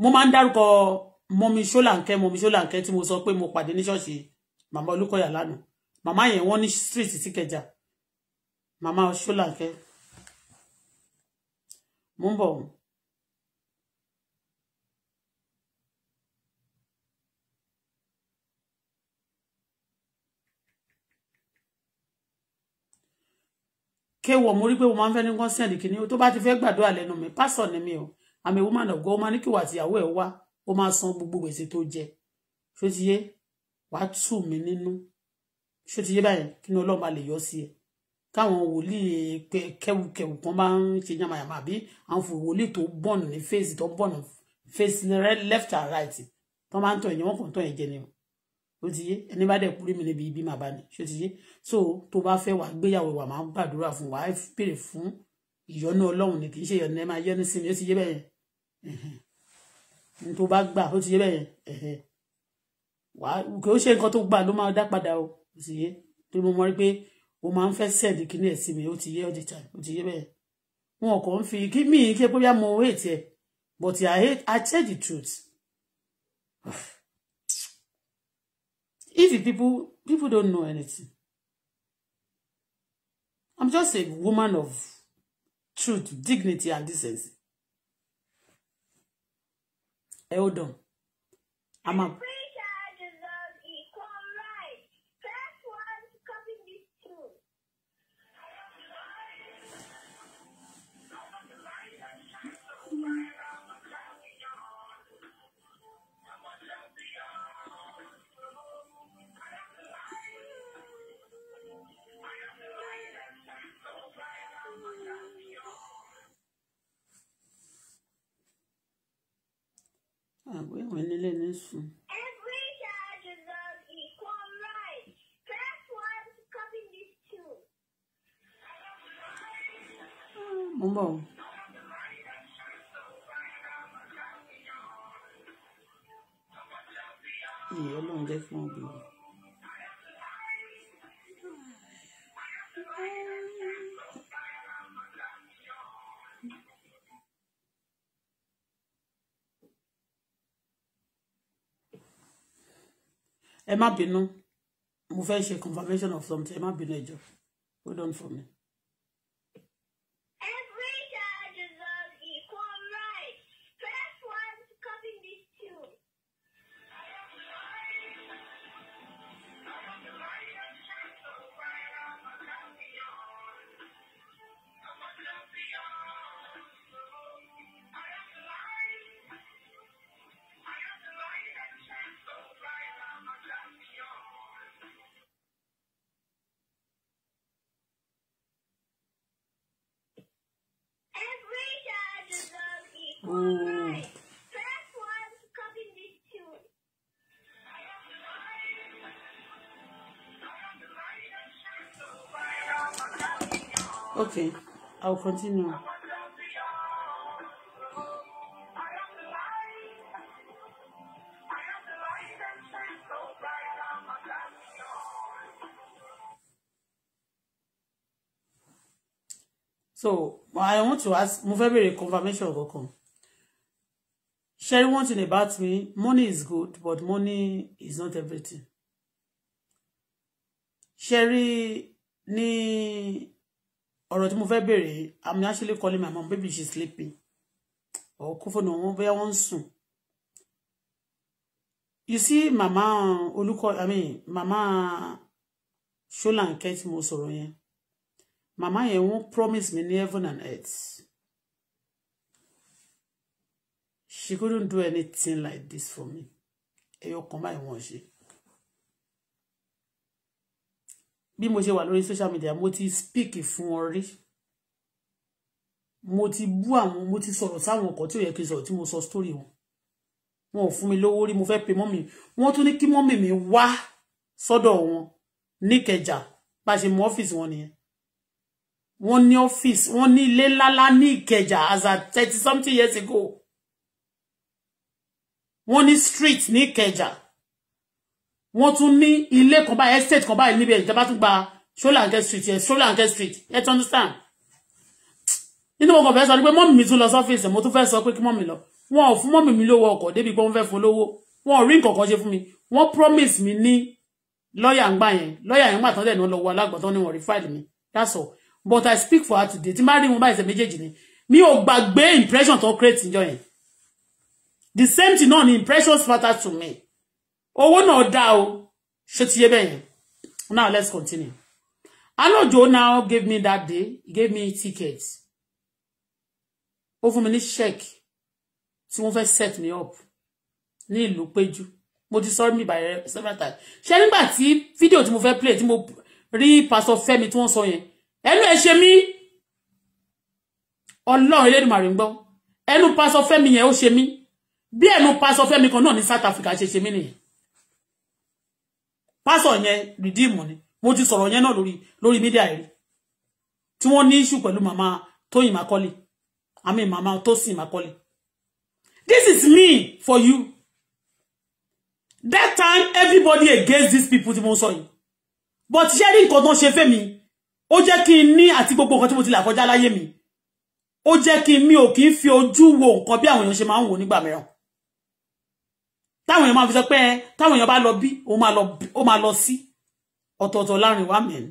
mo máa ń dárúkọ mọmi ṣólàǹkẹ mọmi ṣólàǹkẹ tí mo sọ pé mo pàdé ní ṣọ́ọ̀ṣì màmá olúkọ̀yà lánàá màmá yẹn wọ́n ní street sí kẹjà màmá ṣólàǹkẹ mo ń kéwọ̀ mo rí pé mo máa ń fẹ́ ní kán sí ẹ̀dìkì ni tó bá ti fẹ́ gbàdúrà lẹ́nu mi pásọ̀ ni mi o àmì woman of God ó máa ní kíwà àtìyàwó ẹ̀ wá ó máa san gbogbo gbèsè tó jẹ ṣó ti yé wàá tù mí nínú ṣó báyìí kí ni ọlọ́run bá lè yọ sí ẹ káwọn wòlíì kẹwùkẹwù kan bá ń ṣe yamayama àbí àwọn fò wòlíì tó bọ̀nù ní fèsì tó bọ̀nù fèsì left and right tó máa ń tọ̀ ẹ̀yìn wọn kàn tọ̀ ẹ̀jẹ̀ ni o ó ti yé ẹni bá dẹ̀ kúrò mi níbi ibi màá bá ní ṣó ti yé so tó bá fẹ́ wà gbéyàwó wà máa gbàdúrà fún wa béèrè fún ìyọ́nú ọlọ́run ni kì í ṣe ìyọ́nú ẹ máa yọ́nú sí mi ó ti yé bẹ́ẹ̀ yẹn tó bá gbà ó ti yé bẹ́ẹ̀ yẹn wà kò ṣe nǹkan tó gbà ló máa dá padà o ó ti yé tó mo mọ̀ rí pé o máa ń fẹ́ sẹ́ẹ̀dì kíní ẹ̀ sí mi ó ti yé all the time ó ti yé bẹ́ẹ̀ wọn kò ń fi kí mi kí pé bí a mọ hate ẹ but I hate I tell the truth. [SIGHS] if the people people don't know anything i'm just a woman of truth dignity and decency hold on i'm a. Every child deserves equal rights. Press one to copy this too. Ah, mo ń bọ̀ o. ìyá ọlọ́run ẹ má bínú mo fẹ́ ṣe confirmation of something ẹ má bínú ẹjọ́ hold on for me. Okay, I'll continue. So I want to ask move fẹ́ béèrè confirmation kankan. Sharing one thing about me, money is good, but money is not everything. Sherry ni ọ̀rọ̀ tí mo fẹ́ bèrè i'm actually calling my mom baby she's sleeping or kó fóònù wọn bóyá wọ́n ń sùn you see mama olùkọ i mean mama ṣọláńkẹ́ tí mo sọ̀rọ̀ yẹn mama yẹn wọ́n promise me ní heaven and earth she couldn't do anything like this for me ẹ̀yọ̀ kan báyìí wọ́n ṣe. bí mo ṣe wà lórí social media mo ti speak fún ọ rí mo ti bú àwọn mo ti sọ̀rọ̀ sáwọn ọkọ̀ tí ò yẹ kí n sọ̀rọ̀ tí mo sọ story wọn wọn ò fún mi lówó rí mo fẹ́ pe mọ́mì wọ́n tún ní kí mọ́mì mi wá sọ́dọ̀ wọn níkẹjà bá ṣe mú ọ́fíìsì wọn nìyẹn wọ́n ní ọ́fíìsì wọ́n ní ilé ńláńlá ní ìkẹjà as at thirty something years ago wọ́n ní street ní ìkẹjà wọ́n tún ní ilé kan báyìí estate kan báyìí níbi ẹ̀jẹ̀ bá tún gba solanke street yẹn solanke street ẹ tún understand nínú mo kàn fẹ́ sọ ni pé mọ́mì mi tún lọ sọ́fíìsì mo tún fẹ́ sọ pé kí mọ́mì lọ wọn ò fún mọ́mì mi lówó ọkọ̀ débi pé wọ́n fẹ́ fún lówó wọn ò rí nǹkan kan ṣe mi wọ́n promise mi ní lọ́ọ̀yà ń gbà yẹn lọ́ọ̀yà yẹn gbà tán dẹ̀ ní wọ́n lọ wọ alágbọ̀tán ni wọ́n rí mi that's all but i speak for her today tí má rí wọn báyìí ṣe méjèèjì ni mi ò gbàgbé impression tó create níjọ yẹn the same thing náà ni impressions matter to me owó náà dá o ṣe ti now let's continue alojo now gave me that day he gave me tickets. ó fún mi ní check tí wọ́n fẹ́ set me up ní ìlú péjú mo ti sọ me by several times ṣé nígbà tí fídíò tí mo fẹ́ play tí mo rí pastor Fẹ́mi tí wọ́n sọ yẹn ẹnu ẹ ṣe mí Ọlọ́run Elédùmarè ń gbọ́ ẹnu pastor Fẹ́mi yẹn ó ṣe mí bí ẹnu pastor Fẹ́mi kan náà ní South Africa ṣe ṣe mí nìyẹn pásọ̀ yẹn rìdíìmù ni mo ti sọ̀rọ̀ yẹn náà lórí lórí mídíà yìí tí wọ́n ní issue pẹ̀lú màmá Tóyìn Makọ́lé àmì màmá Tósìn Makọ́lé this is me for you that time everybody against these people tí mo sọ yìí but ṣé rí nǹkan tó ń ṣe fẹ́ mi ó jẹ́ kí n ní àti gbogbo nǹkan tí mo ti là kọjá láyé mi ó jẹ́ kí mi ò kí ń fi ojú wo nǹkan bí àwọn èèyàn ṣe máa ń wò nígbà mìíràn táwọn èèyàn máa fi sọ pé táwọn èèyàn bá lọ bí ó máa lọ sí ọ̀tọ̀ọ̀tọ̀ láàrin wa mẹ́rin.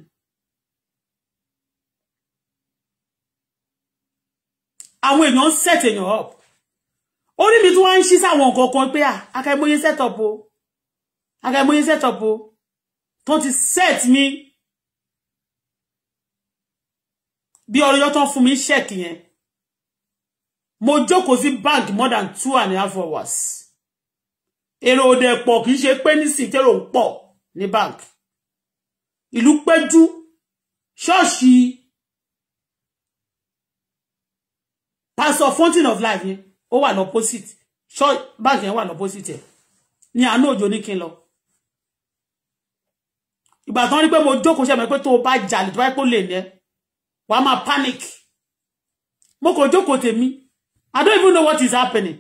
àwọn èèyàn ń set èèyàn up orí mi tí wọ́n ń ṣí sáwọn nǹkan pé ah, akẹ́mọ́yé set up o akẹ́mọ́yé set up o tó ti set mi bí ọlọ́yọ́ tó ń fún mi ṣẹ̀kì yẹn mo jókòó sí bank more than two and a half hours èrò òde pọ̀ kì í ṣe pé nísìnyí tẹ́rò ń pọ̀ ní bank ìlú péjú ṣọ́ọ̀ṣì pastor fountain of life yẹn ó wà lọ́pọ́sìtì ṣọ́ọ̀ṣì bank yẹn wà lọ́pọ́sìtì ẹ̀ ní àánú òjò ní kí n lọ ìgbà tán rí pé mo jókòó ṣe mọ̀ pé to o bá jalè tó bá pò lè nẹ wàá panic mo kò jókòó tèmi I don't even know what is happening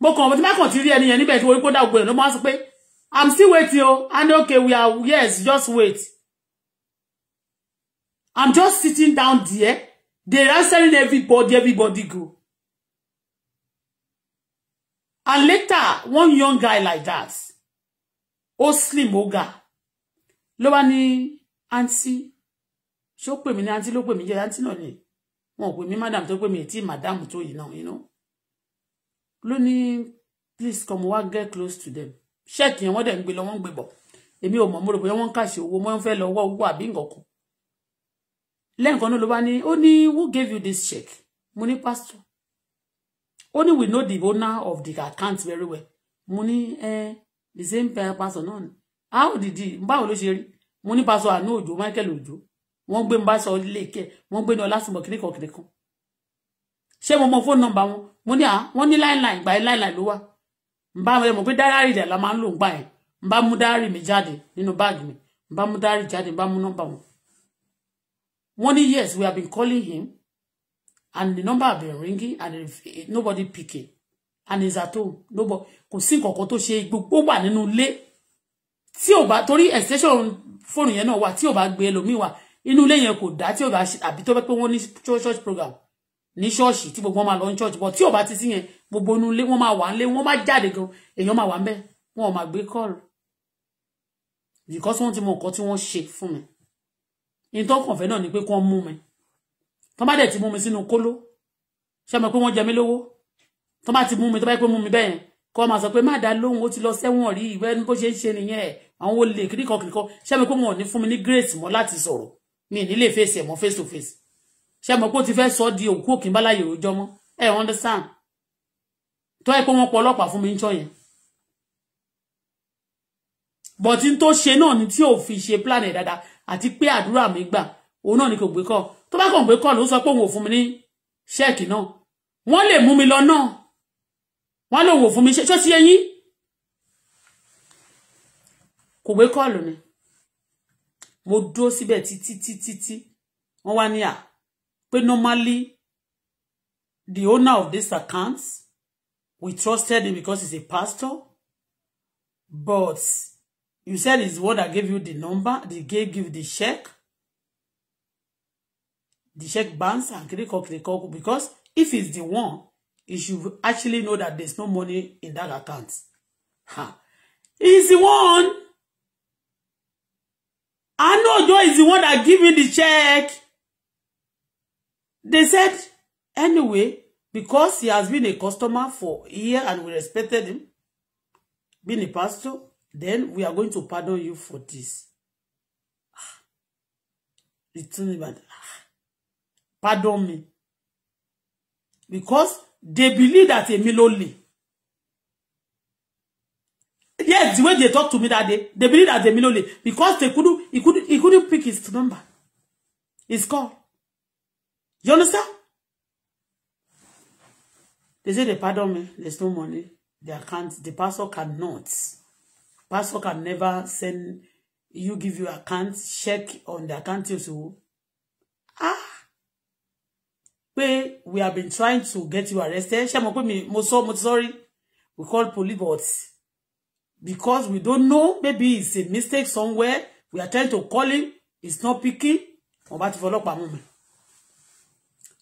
mo kàn ọmọ tí má kàn ti rí ẹni yẹn níbẹ̀ tí orí kó dá ògbó ẹ̀ i'm still waiting Oh, and okay we are yes just wait i'm just sitting down there they are answering everybody everybody go and later one young guy like that ó slim ó ga ló wá ní àǹtí ṣó pè mí ní àǹtí ló pè mí jẹ àǹtí náà ni wọn ò pè madam tó pè mí ètí madam tó yìí náà you know ló ní please come wá get close to them ṣẹ́ẹ̀kì yẹn wọ́n dẹ̀ ń gbé lọ wọ́n ń gbé bọ̀ èmi ò mọ̀ mo rò bóyá wọ́n ń kàṣe owó wọ́n fẹ́ lọ wọ́ owó àbí nǹkan kan lẹ́ǹkan náà ló bá ní ó ní who gave you this check mo ní pastor ó ní we know the owner of the account very well mo ní eh, the same pastor náà ni how did he báwo ló ṣe rí mo ní pastor àánú òjò michael òjò wọ́n gbé ń bá sọ ilé ìkẹ́ wọ́n gbé ní ọlásùnbọ̀ kìnìkan kìnìkan ṣé mo mọ fóònù nọ́mbà wọn mo ní à ah, wọ́n ní láìláì gbà yẹn láìláì ló wà n bá mo pé dárárì rẹ̀ la máa ń lò ń gbà yẹn n bá mú dárárì mi jáde nínú báàgì mi n bá mú dárárì jáde n bá mú nọ́mbà wọn. wọ́n ní yes we have been calling him and the number have been ringing and eh, nobody picking and is at home nobody kò sí nǹkankan tó ṣe gbogbo wà nínú ilé tí ò bá torí extension fóònù yẹn náà wà tí ò bá gbé ẹlòmíì wà inú ilé yẹn kò dá tí ò bá àbí tó bá pé wọ́n ní church program ní ṣọ́ọ̀ṣì tí gbogbo wọn máa lọ ní ṣọ́ọ̀ṣì bọ̀ tí ò bá ti sí yẹn gbogbo inú ilé wọn máa wà nílé wọn máa jáde gan èèyàn máa wà ń bẹ̀ wọn ò máa because wọ́n ti mọ nǹkan tí wọ́n ṣe fún mi ìtàn kànfẹ́ náà ni pé kí wọ́n mú mi tọ́ bá dẹ̀ ti mú mi sínú kóló ṣe mọ̀ pé wọ́n jẹ mí lówó tọ́ bá ti mú mi tọ́ bá pé mú mi bẹ́ẹ̀ kọ́ ọ máa sọ pé má dá lóhùn ó ti lọ sẹ́wọ̀n rí ìwẹ́ bó ṣe ń ṣe nìyẹn ẹ̀ àwọn olè kíríkọ kíríkọ ṣe mọ̀ pé wọn ò ní fún mi ní grace mọ́ láti sọ̀rọ̀ mi ì ní lè fèsì ẹ̀ face to face ṣe mọ̀ pé ti fẹ́ sọ di òkú òkín báláyé òjọ́ mọ́ ẹ understand tó ẹ pé wọ́n pọ̀ ọlọ́pàá fún mi ń ṣọ̀yẹn bọ̀tí tó ṣe náà ni tí ò fi ṣe plan ẹ̀ dáadáa àti pé mi gbà òun náà ni kò gbé kọ́ tó bá kàn gbé kọ́ ló sọ pé òun ò fún mi ní ṣẹ́ẹ̀kì náà wọ́n lè mú mi lọ náà wọ́n lòun ò fún mi ṣe ṣó ti yẹ yín kò gbé kọ́ọ̀lù ni mo dúró síbẹ̀ títí títí tí wọ́n wá ní à pé normally the owner of this account we trusted him because he's a pastor but you said he's the I gave you the number The gave give the check the check bounce and click kiriko kiriko because if it's the one you should actually know that there's no money in that account ha he's the one I know Joe is the one that give you the check They said, anyway, because he has been a customer for a year and we respected him, being a pastor, then we are going to pardon you for this. Return ah, about ah, pardon me. Because they believe that èmi ló lè. Yes, the way they talk to me that day, they believe that èmi ló lè because they couldn't, he couldn't, he couldn't pick his number. His call. You understand? They say they pardon me. There's no money. They can't. The pastor cannot. Pastor can never send you give you account check on the account you so. Ah. Pé we have been trying to get you arrested. Ṣé mo pé mi mo sọ mo sorry. We call police but because we don't know maybe it's a mistake somewhere. We are trying to call him. It's not picking. Wọ́n bá ti fọlọ́pàá mú mi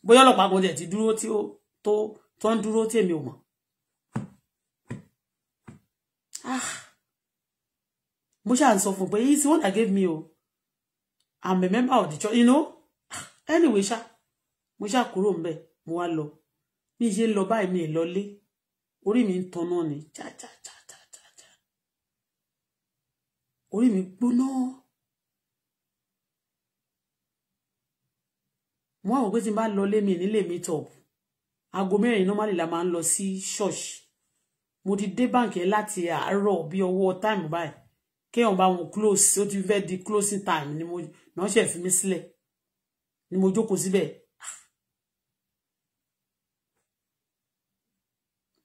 bóyá ọlọ́pàá kò dẹ̀ ti dúró tí ó tó tó ń dúró tí èmi ò mọ̀ ah. mo ṣáà ń sọ fún pé he is the one that gave me o oh. I'm a member of the church you know ah, anyway ṣá mo ṣáà kúrò ń bẹ̀ mo wá lọ bí ṣe ń lọ báyìí mi ì lọlé orí mi ń tanná ni jájájájájá orí mi gbóná. wọ́n àwọn pé tí n bá lọ lémi nílé meet up aago mẹ́rin normally la máa ń lọ sí church mo ti dé báǹkì ẹ láti àárọ̀ bí ọwọ́ time báyìí kéèyàn bá wọn close ó ti fẹ́ di closing time ni mo náà ṣe fi mí sílẹ̀ ni mo jókòó síbẹ̀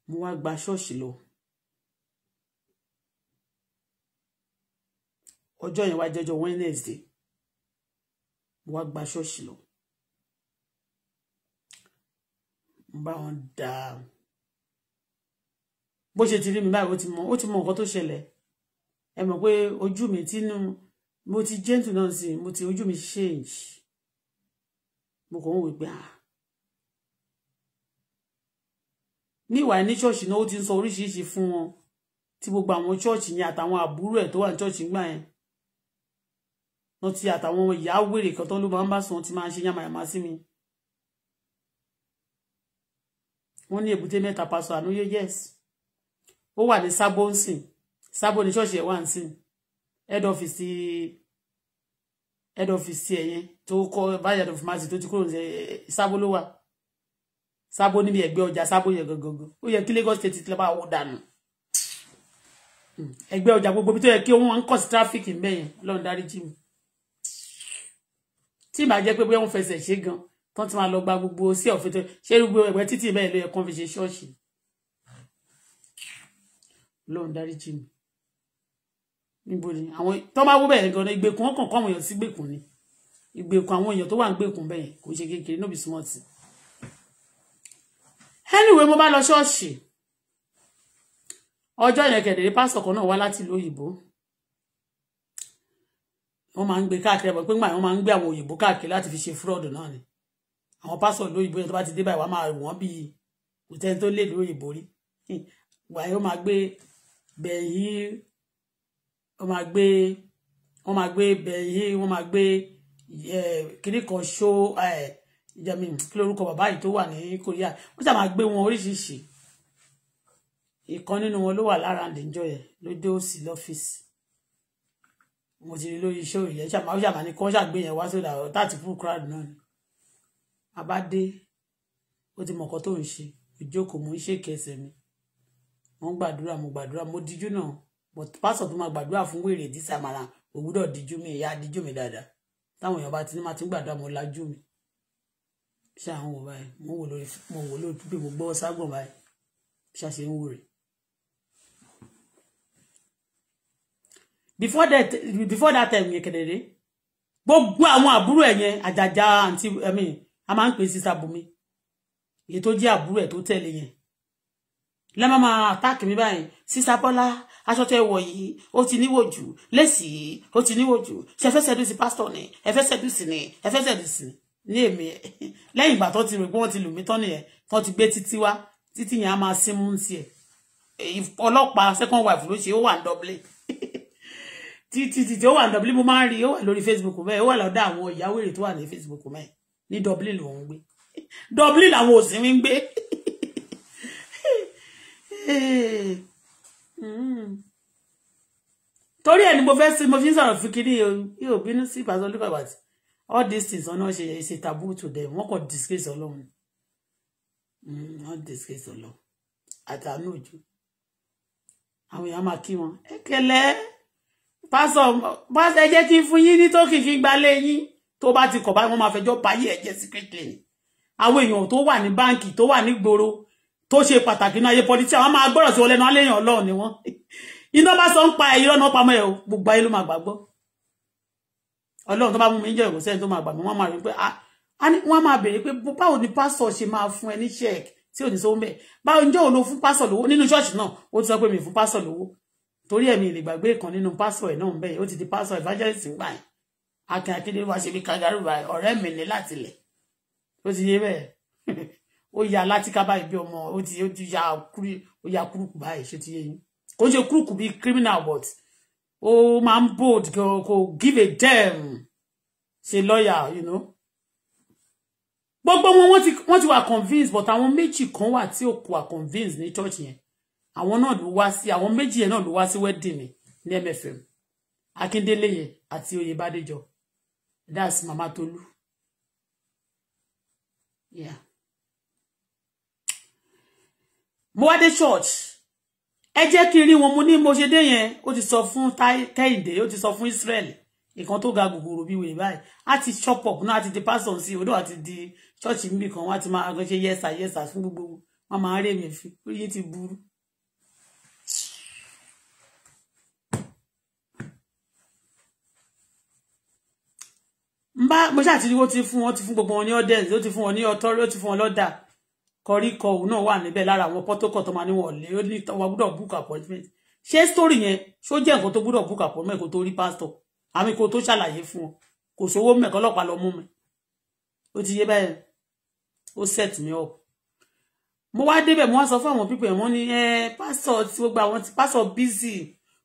mo wá gba ṣọ́ọ̀ṣì lọ ọjọ́ yẹn wá jẹ́jọ́ Wednesday mo wá gba ṣọ́ọ̀ṣì lọ ń bá wọn dà bó ṣe ti rí mi báyìí ó ti mọ ó ti mọ nǹkan tó ṣẹlẹ̀ ẹ mọ̀ pé ojú mi tínú mo ti gentle náà sí mo ti ojú mi change mo kàn ń wò pé ah ní ìwà ní ṣọ́ọ̀ṣì náà ó ti ń sọ oríṣiríṣi fún wọn tí gbogbo àwọn ṣọ́ọ̀ṣì yẹn àtàwọn àbúrò ẹ̀ tó wà ní ṣọ́ọ̀ṣì gbà yẹn wọn ti àtàwọn ìyá wèrè kan tó ló máa ń bá sùn ti máa ń ṣe yàmàyàmà sí mi wọ́n ní èbúté mẹ́ta pásọ ànúyé yes ó wà ní sábó ń sìn sábó ní ṣọ́ọ̀ṣì ẹ̀ wà ń sìn head office ti head office ti ẹ̀yẹn tó kọ́ vice head of mass tó ti kúrò ní eh, sábó ló wà sábó níbi ẹ̀gbẹ́ ọjà sábó yẹ gangan ó yẹ kí Lagos state ti lọ́ba ó dànù hmm, ẹgbẹ́ ọjà gbogbo bí tó yẹ kí wọ́n ń kọ̀ sí tráfíkì mẹ́yìn lọ́n dárí jì mí tí ìbá jẹ́ pé bóyá wọ́n fẹsẹ̀ ṣe gan tó ti máa lọ gba gbogbo sí ọ̀fẹ́tẹ́ ṣé gbogbo ẹ̀gbẹ́ títì bẹ́ẹ̀ ló yẹ kán fi ṣe ṣọ́ọ̀ṣì lọ́run dáríjì mi níbo ni àwọn tó máa wó bẹ́ẹ̀ gan-an ìgbèkùn wọn kàn kọ́ àwọn èèyàn sí gbèkùn ni ìgbèkùn àwọn èèyàn tó wà ń gbèkùn bẹ́ẹ̀ kò ṣe kékeré níbi súnmọ́ tì anyway mo bá lọ ṣọ́ọ̀ṣì ọjọ́ yẹn kẹ̀dẹ̀rẹ́ pásítọ̀ kan náà wá láti ìlú òyìnbó wọ́n máa ń gbé káàkiri ẹ̀bọ̀ pé ńgbà wọ́n máa ń gbé àwọn òyìnbó káàkiri láti fi ṣe fúrọ́ọ̀dù náà ni àwọn pásọ̀ lóyìnbó yẹn tó bá ti dé báyìí wàá máa wọ́n bí kò tẹ́ni tó lè lóyìnbó rí wàá yóò máa gbé bẹ̀yì wọ́n máa gbé wọ́n máa gbé bẹ̀yì wọ́n máa gbé kiri kan ṣó jẹ́mi kí lórúkọ bàbá yìí tó wà ní Korea wọ́n sì máa gbé wọn oríṣiríṣi ìkan nínú wọn ló wà lára àdéjọ yẹn ló dé òsì lọ́fíìsì mo ti rí lórí iṣẹ́ òyìn yẹn ṣàmà ó ṣàmà ní kí wọ́n ṣàgbé yẹn wá sódà táàtì fún crowd náà ni abádé ó ti mọ̀kọ́ tó ń ṣe ìjókòó mo ń ṣèkẹ́ ẹsẹ̀ mi mo ń gbàdúrà mo gbàdúrà mo díjú náà but pásọ̀ tó máa gbàdúrà fún wèrè dísà màrà kò gbúdọ̀ díjú mi ìyá díjú mi dáadáa táwọn èèyàn bá ti ní máa ti ń gbàdúrà mo lajú mi ṣé àwọn wò báyìí mo wò lórí mo wò lórí pípé mo gbọ́ ságùn báyìí ṣàṣe ń wò rè. before that before that time yẹn kedere gbogbo àwọn àbúrò ẹ̀ yẹn àjàjà àǹtí I mean a máa ń pè sísá bùnmi èyí tó jẹ́ àbúrò ẹ̀ tó tẹ̀lé yẹn lẹ́mọ̀ máa àtáàkì mi báyìí sísá bọ́lá aṣọ tẹ wọ̀ yìí ó ti níwò jù lẹ́sì yìí ó ti níwò jù ṣe fẹ́ sẹ́dùsì pásítọ̀ ni ẹ fẹ́ sẹ́dùsì ni ẹ fẹ́ sẹ́dùsì ní èmi [LAUGHS] lẹ́yìn ìgbà tó ti rò pé wọ́n ti lù mí tán nìyẹn tó ti gbé títí wá títí yẹn á máa sí mú tiẹ̀ ọlọ́pàá second wife ló ṣe ó wà ń dọ́blé [LAUGHS] títí títí ó wà ń dọ́blé mo máa ń rí ó wà lórí Facebook mẹ́ẹ̀ ó wà lọ́dọ̀ àwọn ìyáwó èrè tó wà ní Facebook mẹ́ẹ̀ Ni Dublin lòún gbé Dublin làwọn òsínwí ń gbé torí ẹni mo fẹ́ sí mo fi ń sọ̀rọ̀ fún yo binu si sí ìpàsọ́ lókà bàtì all these things ọ̀nà ṣe ṣe taboo to them wọ́n kàn disgrace ọlọ́run mm, wọ́n disgrace ọlọ́run àtàánú òjò àwọn èèyàn máa kí wọn ẹ kẹlẹ pásọ pásọ ẹ jẹ́ kí n fún yín ní tó kìkì gbalẹ̀ yín tó bá ti kọ̀ báyìí wọ́n máa fẹjọ́ báyé ẹ̀jẹ̀ secretly ni àwọn èèyàn tó wà ní báǹkì tó wà nígboro tó ṣe pàtàkì náà ayé pọlítì àwọn máa gbọ́rọ̀ sí wọn lẹ́nu alẹ́ èèyàn ọlọ́ọ̀ ni wọ́n [LAUGHS] iná bá sọ ń pa ẹ̀yìn lọ́nà pamọ́ ẹ̀ gbogbo ayé ló máa gbàgbọ́ ọlọ́run tó bá mú mi jẹ́ ìrọ̀sẹ́ tó máa gbàgbọ́ wọ́n máa rí pé ah, wọ́n máa béèrè pé báwo ni pásítọ̀ ṣe máa fún ẹ ní ṣẹ́ẹ̀kì tí ò ní sówó mẹ́ báwo ń jẹ́ òun ló fún pásítọ̀ lówó nínú ṣọ́ọ̀ṣì ti sọ pé mi fún pásítọ̀ lówó torí ẹ̀mí ìlè gbàgbé kan nínú pásítọ̀ ẹ̀ náà ń bẹ̀ ti di pásítọ̀ evangelist ń akin akíndélé wá ṣe bí kangaroo báyìí ọ̀rẹ́ mi ní láti lẹ̀ ó ti yé bẹ́ẹ̀ [LAUGHS] ó ya látìká báyìí bí ọmọ ó ti ya kúrú ó ya kúrúkù báyìí ṣe ti yé yín kò ṣe kúrúkù bíi criminal but ó máa ń bold kò give a damn ṣe lawyer you know gbogbo wọn wọ́n ti wà convinced but àwọn méjì kan wà tí ò kò wà convinced ní church yẹn àwọn náà ló wá sí àwọn méjì yẹn náà ló wá sí wedding ní MFM Akíndélé yẹn àti Oyèbádéjọ that's mama tolu yeah mo wá church ẹ jẹ́ kí n rí wọn mo ní mo ṣe dé yẹn ó ti sọ fún kẹ́hìndé ó ti sọ fún israel nǹkan tó ga gògòrò bí wèrè báyìí á chop up náà ati ti di pastor sí Odo ati di church níbì kan wọn á ti máa gbé ṣe yẹsà yẹsà fún gbogbo wọn máa ń rèmi fi oyin ti buru. mba mo ṣáà ti rí wọ́n ti fún wọn ti fún gbogbo wọn ní audience ó ti fún wọn ní authority ó ti fún wọn lọ́dà kọríkọ òun náà wà níbẹ̀ lára àwọn protocol tó máa ní wọn lé ó ní wọn gbọ́dọ̀ book appointment She story yẹn ṣó jẹ́ nǹkan tó gbọ́dọ̀ book appointment kó tó rí pastor àmì kó tó ṣàlàyé fún wọn kò sówó mẹ́kọ́ ọlọ́pàá lọ mú mi ó ti yé báyìí ó set me up mo wá débẹ̀ mo wá sọ fún àwọn pípẹ́ wọn ní ẹ pásọ tí gbogbo àwọn ti pásọ busy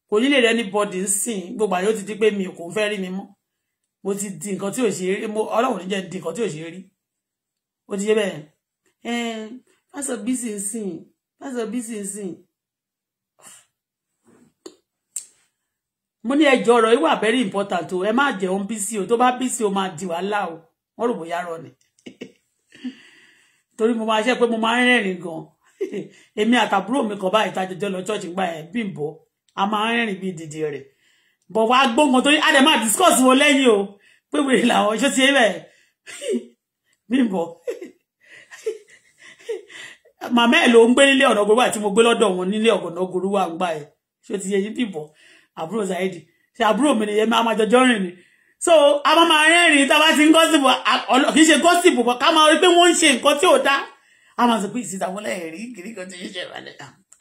kò nílè rẹ ní bọ́dì ń sìn gbogbo àyè ó ti di pé mi kò fẹ́ rí mi mọ́ mo ti di nǹkan tí ò ṣe rí mo ọlọ́run ní jẹ́ di nǹkan tí ò ṣe rí o ti yé bẹ́ẹ̀ ẹn pásọ bísí nsìn pásọ bísí nsìn mo ní ẹjọ́ ọ̀rọ̀ ìwà very important o ẹ má jẹun bísí o tó bá bísí o máa di wàhálà o wọ́n rò bóyá rọ ni [LAUGHS] torí mo máa ṣe pé mo máa ń rẹ́rìn gan [LAUGHS] èmi àtàbúrò mi kan báyìí tá a jẹjọ lọ ṣọ́ọ̀ṣì gbà a máa ń rẹ́rìn bíi dìde bọ̀ wá gbóngan tó yí adẹ̀ máa discuss wọn lẹ́yìn o pé wèrè làwọn ṣó ti yé bẹ́ẹ̀ mímọ́ màmá ẹ̀ ló ń gbé nílé ọ̀nà gbogbo àti mo gbé lọ́dọ̀ wọn nílé ọ̀nà gbogbo wà ń gbà ẹ̀ ṣó ti yé yín bíbọ̀ àbúrò Saheed ṣe àbúrò mi nìyẹn máa máa jọjọ́ rìn ni so a máa máa rẹ́rìn-ín tá a bá ti ń gọ́sìpù kì í ṣe gọ́sìpù bọ̀ ká máa rí pé wọ́n ń a nǹkan tí ò dá a máa sọ pé ìsìtàwọlẹ̀ rí kìrìkan tí ń ṣe ìrànlẹ̀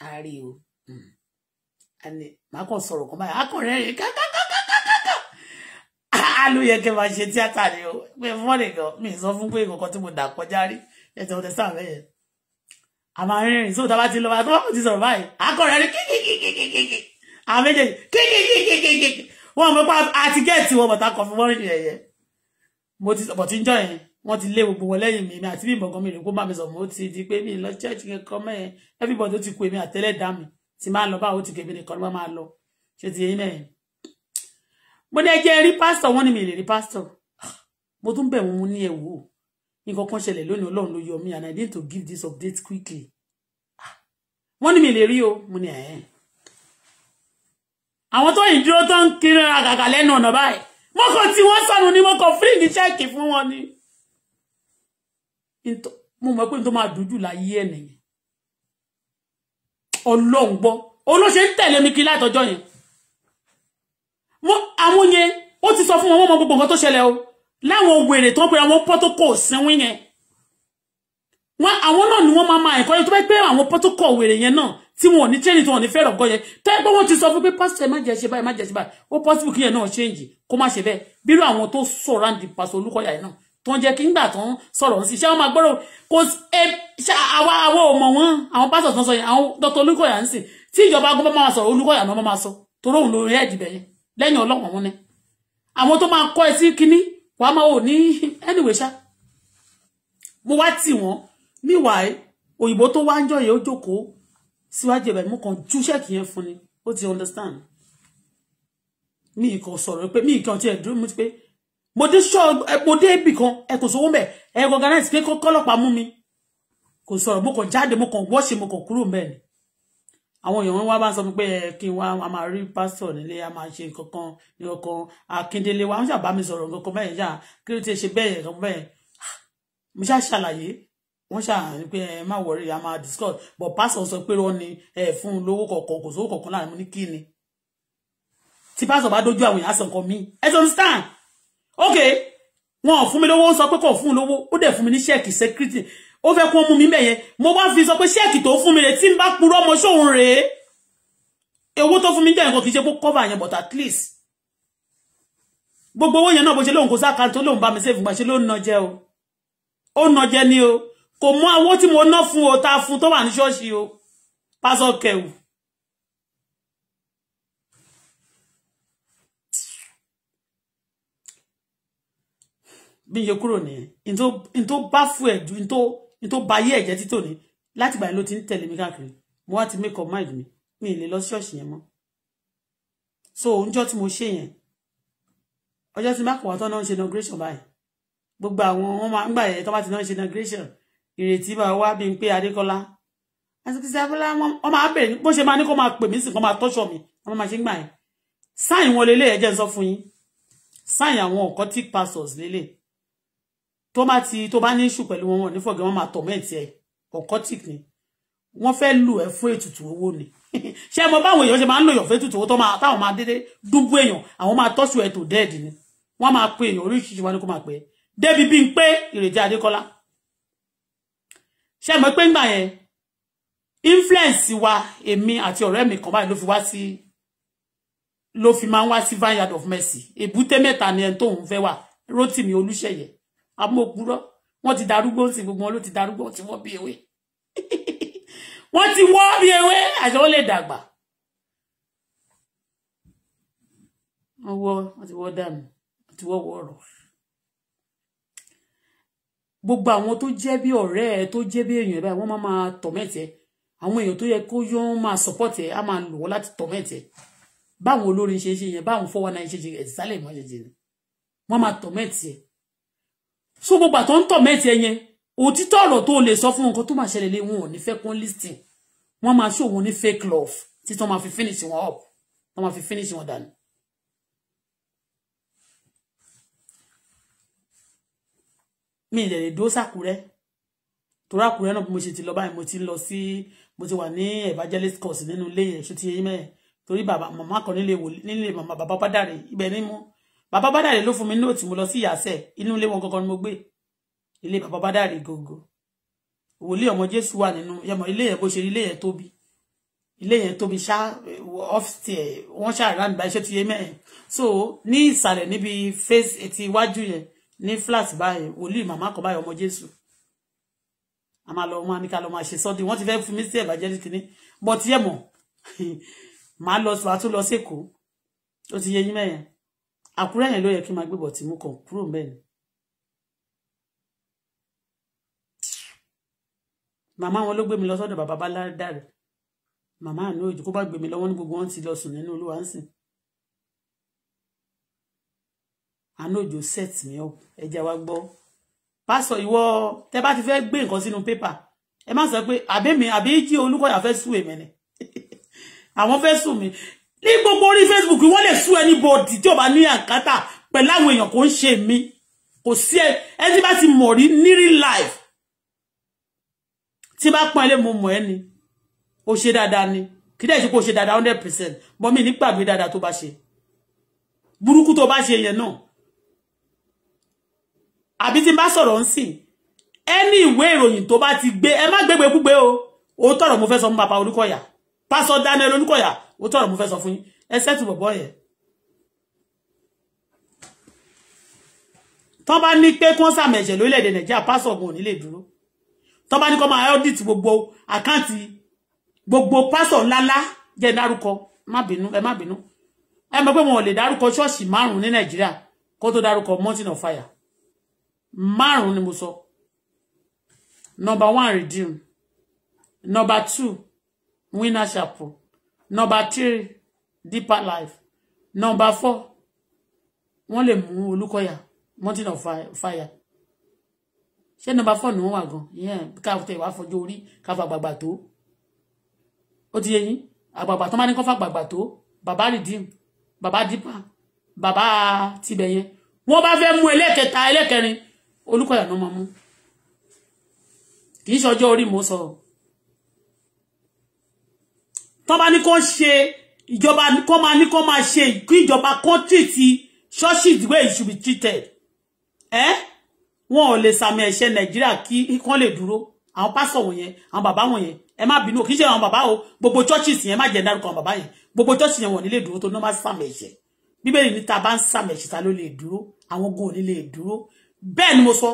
àárí o hmm màá kàn sọ̀rọ̀ kan báyìí akọ̀rẹ́ rẹ̀ kákákákákáká alóye kẹ máa ṣe tíátà ni o pé fọ́ọ̀nì gan mi sọ fún pé nǹkan tí mo dà kọjá rí ẹ̀jẹ̀ ọ̀tẹ̀ sàmẹ́ yẹn a máa rìnrìn sóòtá bá ti lọ bá tó bá ti sọ̀rọ̀ báyìí akọ̀rẹ́ rẹ̀ kíkíkíkíkíkí àwọn méjèèjì kíkíkíkíkíkí wọn mọ pa àti gẹ́ẹ̀tì wọn bàtà kọfí wọn rìn ẹ̀yẹ mo ti sọ̀pọ̀ tí ń jọ yẹn wọn tí máa lọ báwo ti kébé nìkan ló máa lọ ṣe ti yẹn mẹ́rin mo ní ẹjẹ́ rí pásítọ̀ wọ́n ní mi lè rí ah, mo tún bẹ̀ wọ́n mú ní ẹ̀wò nǹkan kan ṣẹlẹ̀ lónìí ọlọ́run ló yọ and I need to give this update quickly ah, wọ́n ní mi lè rí o mo ní ẹ̀ àwọn tó yìn dúró tó ń kiri àgàgà lẹ́nu mo kàn tí wọ́n sọnù ni mo kàn fírí ní ṣẹ́ẹ̀kì fún wọn ni mo mọ̀ pé n tó máa dùn jù ọlọ́run gbọ́ olóṣè ń tẹ̀lé mi kí látọjọ́ yẹn àwọn yẹn ó ti sọ fún wọn wọ́n mọ gbogbo nǹkan tó ṣẹlẹ̀ o láwọn wèrè tó ń pe àwọn protocol sínwín yẹn wọn àwọn náà ni wọ́n máa máa ẹ̀kọ́ yẹn tó bá pé àwọn protocol wèrè yẹn náà tí wọn ò ní change tí wọn ò ní fẹ́ rọ̀gọ́ yẹn tẹ́ pé wọ́n ti sọ fún pé pastor má jẹ́ ṣe báyìí má jẹ́ ṣe báyìí ó possible kí yẹn náà change kó má ṣe bẹ́ẹ̀ bírú àwọn tó surround pastor Olúkọ̀yà yẹn náà tó ń jẹ́ kí ńgbà tó ń sọ̀rọ̀ sí iṣẹ́ wọn máa gbọ́rọ̀ kò àwa àwa ò mọ̀ wọ́n àwọn pásítọ̀ tó ń sọ yẹn àwọn dr olúkọ̀yà ń sìn tí ìjọba agbọ́n máa sọ olúkọ̀yà náà máa sọ torí òun lórí ẹ̀dì bẹ̀yẹn lẹ́yìn ọlọ́wọ̀n wọn ni àwọn tó máa kọ́ ẹ sí kínní wàá máa wò ní [LAUGHS] anyway ṣá mo wá tì wọ́n meanwhile òyìnbó tó wá ń jọ yẹn ó jókòó síwájú ẹ̀bẹ̀ mú kan jú ṣẹ́ẹ̀kì yẹn fún ni ó ti understand mi kàn sọ̀rọ̀ pé mi kàn tiẹ̀ dúró mi pé mo dé ṣọ́ọ̀ mo dé ibì kan ẹ kò sówó mẹ́ ẹ organize pé kọ́lọ́pàá mú mi kò sọ̀rọ̀ mo kàn jáde mo kàn wọ́ọ̀ṣì mo kàn kúrò mẹ́rin àwọn èèyàn wá bá sọ pé kí n wá a máa rí pásítọ̀ nílé a máa ṣe nǹkan kan ní ọkàn akíndélé wa ń ṣàbá mi sọ̀rọ̀ nǹkan kan bẹ́ẹ̀ yá kí ló ti ṣe bẹ́ẹ̀ nǹkan bẹ́ẹ̀ ah, mo ṣá ṣàlàyé wọ́n ṣàlàyé pé ẹ má wọrí a máa discuss but pásítọ̀ sọ pé wọ́n ní ẹ fún un lówó kọ̀ọ̀kan kò sówó kọ̀ọ̀kan láàrin mo ní kí ni tí pásítọ̀ bá dójú àwọn èèyàn sọ nǹkan míì ẹ ti understand okay wọn ò fún mi lówó ń sọ pé kò fún un lówó ó dẹ̀ fún mi ní ṣẹ́ẹ̀kì security ó fẹ́ kó mú mi bẹ̀yẹn mo wá fi sọ pé ṣẹ́ẹ̀kì tó fún mi rẹ̀ tí n bá purọ́ ọmọ ṣòun rèé owó tó fún mi jẹ́ nǹkan kì í ṣe kó cover yẹn but at least gbogbo owó yẹn náà bó ṣe lóun kò sáà kan tó lóun bá mi save gbà ṣe ló ń nà jẹ o ó nà jẹ ni o kò mọ owó tí mo ná fún o tá fún tó wà ní ṣọ́ọ̀ṣì o pásọ kẹwù. bí n ṣe kúrò nìyẹn n tó bá fún ẹ̀dùn n tó ní tó ba ayé ẹ̀jẹ̀ títò ní láti gbà ló ti ń tẹ̀lé mi káàkiri mo wá ti make up mind mi mi ì lè lọ ṣọ́ọ̀ṣì yẹn mọ́ so oúnjọ́ tí mo ṣe yẹn ọjọ́ tí mákòwá tó náà ń ṣe inauguration báyìí gbogbo àwọn wọn máa ń gbà yẹn tó bá ti náà ń ṣe inauguration ìrètí bá wá bí n pé Adékọ́lá àtìkísí abúlá wọn máa bẹ̀rẹ̀ bó ṣe máa ní kó máa pè mí sí kó máa tọ́ṣọ̀ mi wọn máa ṣe ń gbà yẹn sáìn wọn lélẹ̀ ẹ̀jẹ̀ ń sọ fún yín sáìn àwọn occultic pastors tó bá ti tó bá ní ìṣù pẹ̀lú wọn wọn ní fọ̀gẹ́ wọn máa tọ̀mẹ́ẹ̀tì ẹ̀ ni wọ́n fẹ́ lù ẹ́ fún ètùtù owó ni [LAUGHS] ṣé mo báwọn èèyàn ṣe máa ń lò yàn fún ètùtù owó tó máa táwọn máa dédé dúbú èèyàn àwọn máa tọ́sù ẹ̀ tó dead ni wọ́n máa pe èèyàn oríṣiríṣi wọn ni kò máa pe débi bíi pé ìrètí adékọ́lá ṣé mo pé ńgbà yẹn influence wa èmi ati ọ̀rẹ́ mi kan báyìí ló fi wá sí ló fi máa ń wá vineyard of mercy èbúté mẹ́ta ni ẹni tóun fẹ́ wà Rótìmí Olúṣèyẹ amókúrọ́ wọ́n ti darúgbó sí gbogbo wọn ló ti darúgbó tí wọ́n bí ewé [LAUGHS] wọ́n ti wọ́n bí ewé àṣẹ wọ́n lè dàgbà. wọ́n wọ́ wọ́n ti wọ́ dànù wọ́n ti wọ́ wọ̀rọ̀ gbogbo àwọn tó jẹ́ bí ọ̀rẹ́ ẹ tó jẹ́ bí èèyàn ẹ báyìí wọ́n máa máa tọ̀mẹ̀tẹ̀ àwọn èèyàn tó yẹ kó yọ ń máa support ẹ á máa lò wọ́n láti tọ̀mẹ̀tẹ̀ báwọn olórin ṣe ṣe yẹn báwọn fọwọ́ náà ṣe ṣe ẹ̀ sálẹ̀ mọ́ ṣe ṣe wọ́n máa tọ̀mẹ̀tẹ̀ so gbogbo àtọ́ ń tọ̀ mẹ́tì ẹ yẹn òtítọ́ ọ̀rọ̀ tó lè sọ fún nǹkan tó máa ṣẹlẹ̀ lé wọn ò ní fẹ́ kún listing wọ́n máa ṣòwò ní fake love tí tọ́ máa fi finish wọn up tọ́ máa fi finish wọn dànù. mi ìdẹ̀ lè dó sàkúrẹ́ torí àkúrẹ́ náà bí mo ṣe ti lọ báyìí mo ti ń lọ sí mo ti wà ní evangelist course nínú ilé yẹn ṣó ti yẹ yín mẹ́rin torí bàbá màmá kan nílé màmá bàbá bá dàrí ibẹ̀ ni mo bàbá bádàrè ló fún mi nóòtù mo lọ sí ìyàsẹ inú ilé wọn gangan ni mo gbé ilé bàbá bádàrè gògó wòlíì ọmọ jésù wà nínú yẹmọ ilé yẹn bó ṣe ilé yẹn tóbi ilé yẹn tóbi ṣá ọ́fíìsì wọn ṣá ìran ìgbà iṣẹ́ ti yé mẹ́rin so ní ìsàlẹ̀ níbi face ti iwájú yẹn ní flat báyìí wòlíì màmá kan báyìí ọmọ jésù a máa lọ wọn ní ká lọ máa ṣe sọdí wọn ti fẹ́ fún mi sí ẹ̀bàjẹ́ ní kínní bọ́ ti yẹ mọ̀ [LAUGHS] màá lọ sọ àtúnlọ sí èkó ó ti yé yín mẹ́yẹn àkúrẹ́ yẹn ló yẹ kí n máa gbébọ̀ tí mo kàn kúrò mẹ́rin màmá wọn ló gbé mi lọ sọ́dọ̀ bàbá báládà rẹ̀ màmá àná òjò kó bá gbé mi lọ́wọ́ ní gbogbo wọn ti lọ sùn nínú olúwa ń sìn àná òjò set mi up ẹja wa gbọ́ pásọ ìwọ tẹ bá ti fẹ́ gbé nǹkan sínú pépà ẹ má sọ pé àbí mi àbí jí olúkọ̀yà fẹ́ sùn èmi àwọn fẹ́ sùn mi ní gbogbo orí Facebook wọ́n lè sú anybody tí ò bá ní àǹkátà pẹ̀lú àwọn èèyàn kò ń ṣe mí kò sí ẹ ẹ tí bá ti mọ̀ rí ní real life tí bá pọ́n ilé mo mọ̀ ẹ́ ni ó ṣe dáadáa ni kí dẹ̀ ṣe kó ṣe dáadáa hundred percent bọ́mí nígbàgbé dáadáa tó bá ṣe burúkú tó bá ṣe yẹn náà àbí tí n bá sọ̀rọ̀ ń sìn ẹni ìwé ìròyìn tó bá ti gbé ẹ má gbégbé kúgbé o òótọ́ ọ̀rọ̀ mo fẹ́ sọ fún bàbá Olúkọ̀yà pásọ Daniel Olúkọ̀yà ó tọrọ mo fẹ́ sọ fún yín ẹ sẹ́tù bọ̀bọ̀ yẹn tọ́ bá ní pé kí wọ́n sàmẹ̀jẹ̀ lórílẹ̀‐èdè nàìjíríà pásọ̀gùn ò ní lè dúró tọ́ bá ní kọ́ máa audit gbogbo àkáǹtì gbogbo pásọ̀ ńláńlá jẹ́ dárúkọ má bínú ẹ má bínú ẹ mọ̀ pé wọn ò lè dárúkọ ṣọ́ọ̀ṣì márùn-ún ní nàìjíríà kó tó dárúkọ mountain of fire márùn-ún ni mo sọ number one redeem number two winner chapel number three deeper life number four wọ́n lè mú Olúkọ̀yà mountain of fire ṣé number four ni wọ́n wà gan yẹn káfíńtẹ̀ wàá fọjọ́ orí káfà gbàgbà tó ó ti yé yín àgbàgbà tó máa ní kọ́ fà gbàgbà tó bàbá rìdíìmù bàbá dípà bàbá tibẹ̀ yẹn wọ́n bá fẹ́ mú ẹlẹ́kẹta ẹlẹ́kẹrin Olúkọ̀yà ló máa mú kì í ṣọjọ́ orí mo sọ̀rọ̀ tó bá ní kó ṣe ìjọba kó máa ní kó máa ṣe kí ìjọba kó tìtì ṣọ́ọ̀ṣì the way it should be treated ẹ́ wọn ò lè sàmì ẹ̀ṣẹ̀ nàìjíríà kí kán lè dúró àwọn pásọ̀ wọ̀nyẹn àwọn bàbá wọ̀nyẹn ẹ má bínú kì í ṣe àwọn bàbá o gbogbo chọ́ọ̀chì yẹn má jẹ́ dárúkọ àwọn bàbá yẹn gbogbo chọ́ọ̀chì yẹn wọ̀n nílé dúró tó ní wọ́n bá sàmì ẹ̀ṣẹ̀ bíbélì ní ta bá ń sàmì ẹ̀ṣẹ̀ ta ló lè dúró àwọn ogun ò ní lè dúró bẹ́ẹ̀ ni mo sọ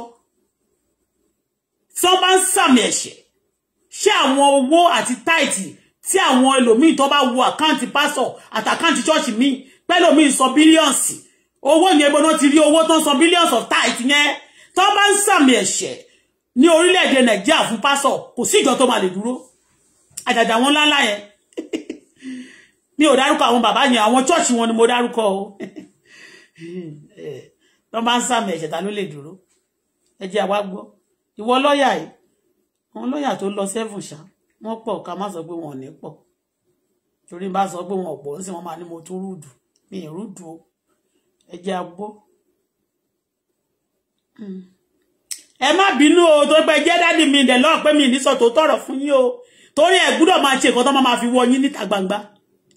tí wọ́n bá ń sàmì ẹ̀ṣẹ̀ ṣé àwọn owó àti táìtì tí àwọn ẹlòmíì tó bá wo àkáǹtì pásọ̀ àtàkáǹtì ṣọ́ọ̀ṣì mi pẹ́lòmíì sọ bílíọ̀nsì owó yẹn gbọ́dọ̀ ti rí owó tó ń sọ billions of tithe yẹn tó bá ń sàmì ẹ̀ṣẹ̀ ní orílẹ̀-èdè nàìjíríà fún pásọ̀ kò sí ìjọ tó máa lè dúró àjàjà wọn ńláńlá yẹn mi ò dárúkọ àwọn bàbá yẹn àwọn chọ́ọ̀chì wọn ni mo dárúkọ o tó bá ń sàmì ẹ̀ṣẹ̀ ta ló lè dúró ẹ jẹ́ àwa gbọ́ ìwọ lọ́ọ̀yà yìí àwọn lọ́ọ̀yà tó lọ sẹ́fùn ṣáá wọ́n pọ̀ ká má sọ pé wọn ò ní pọ̀ torí bá sọ pé wọn ò pọ̀ ń sìn wọ́n máa ní mo tún rúdù mi ì rúdù o ẹ agbó. Hmm. ẹ má bínú o tó pẹ́ jẹ́ dádì mi ìdẹ̀ lọ́ọ̀ pé mi ì ní sọ tó tọ̀rọ̀ fún yín o torí ẹ gbúdọ̀ máa ṣe nǹkan tó máa fi wọ yín níta gbangba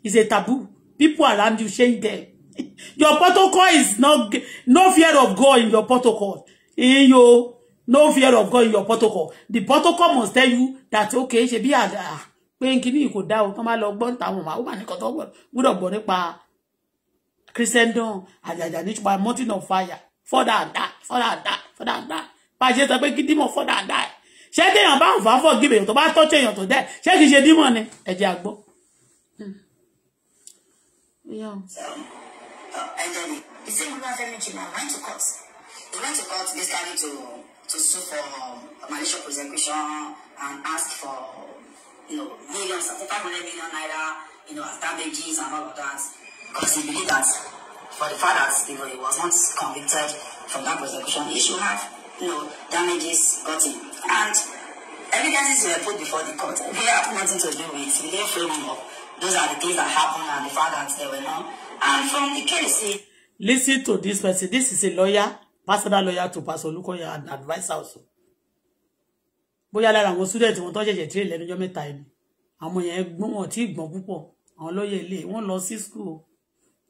is a taboo people around you saying them [LAUGHS] your protocol is not no fear of God in your protocol in your no fear of God in your protocol the protocol must tell you that okay ṣe bí àdá pé nkíní kò dá o kán má lọ gbọ́ níta àwọn ọmọ àwọn ọmọ nìkan tó gbọ́dọ̀ gbọ́ nípa christendom àjàjà nípa mountain of fire further and die further and die further and die bá a ṣe sọ pé kí dímọ̀ further and die ṣé kéèyàn bá ń fà á forgive èèyàn tó bá tọ́jú èèyàn tó dẹ̀ ṣé kìí ṣe dímọ̀ ni ẹ̀jẹ̀ àgbọ̀. And then, you say you want to tell me, went to court. You went to court this time to to sue for malicious prosecution and um, ask for you know millions, 500 million naira, you know, as damages and all of that, because he believed that for the fact that you know, he was not convicted from that prosecution, he should have you know damages gotten and evidences were put before the court. We have nothing to do with they framing up. Those are the things that happened and the fact that they were known. And from the case, listen to this person. This is a lawyer personal lawyer to Pastor Olukoya and adviser also bóyá lára àwọn student wọn tó ṣẹ̀ṣẹ̀ train lẹ́nu ọjọ́ mẹ́ta yìí àwọn yẹn gbọ́n wọn tí gbọ́n púpọ̀ àwọn lọ́ọ̀yà ilé wọn lọ sí school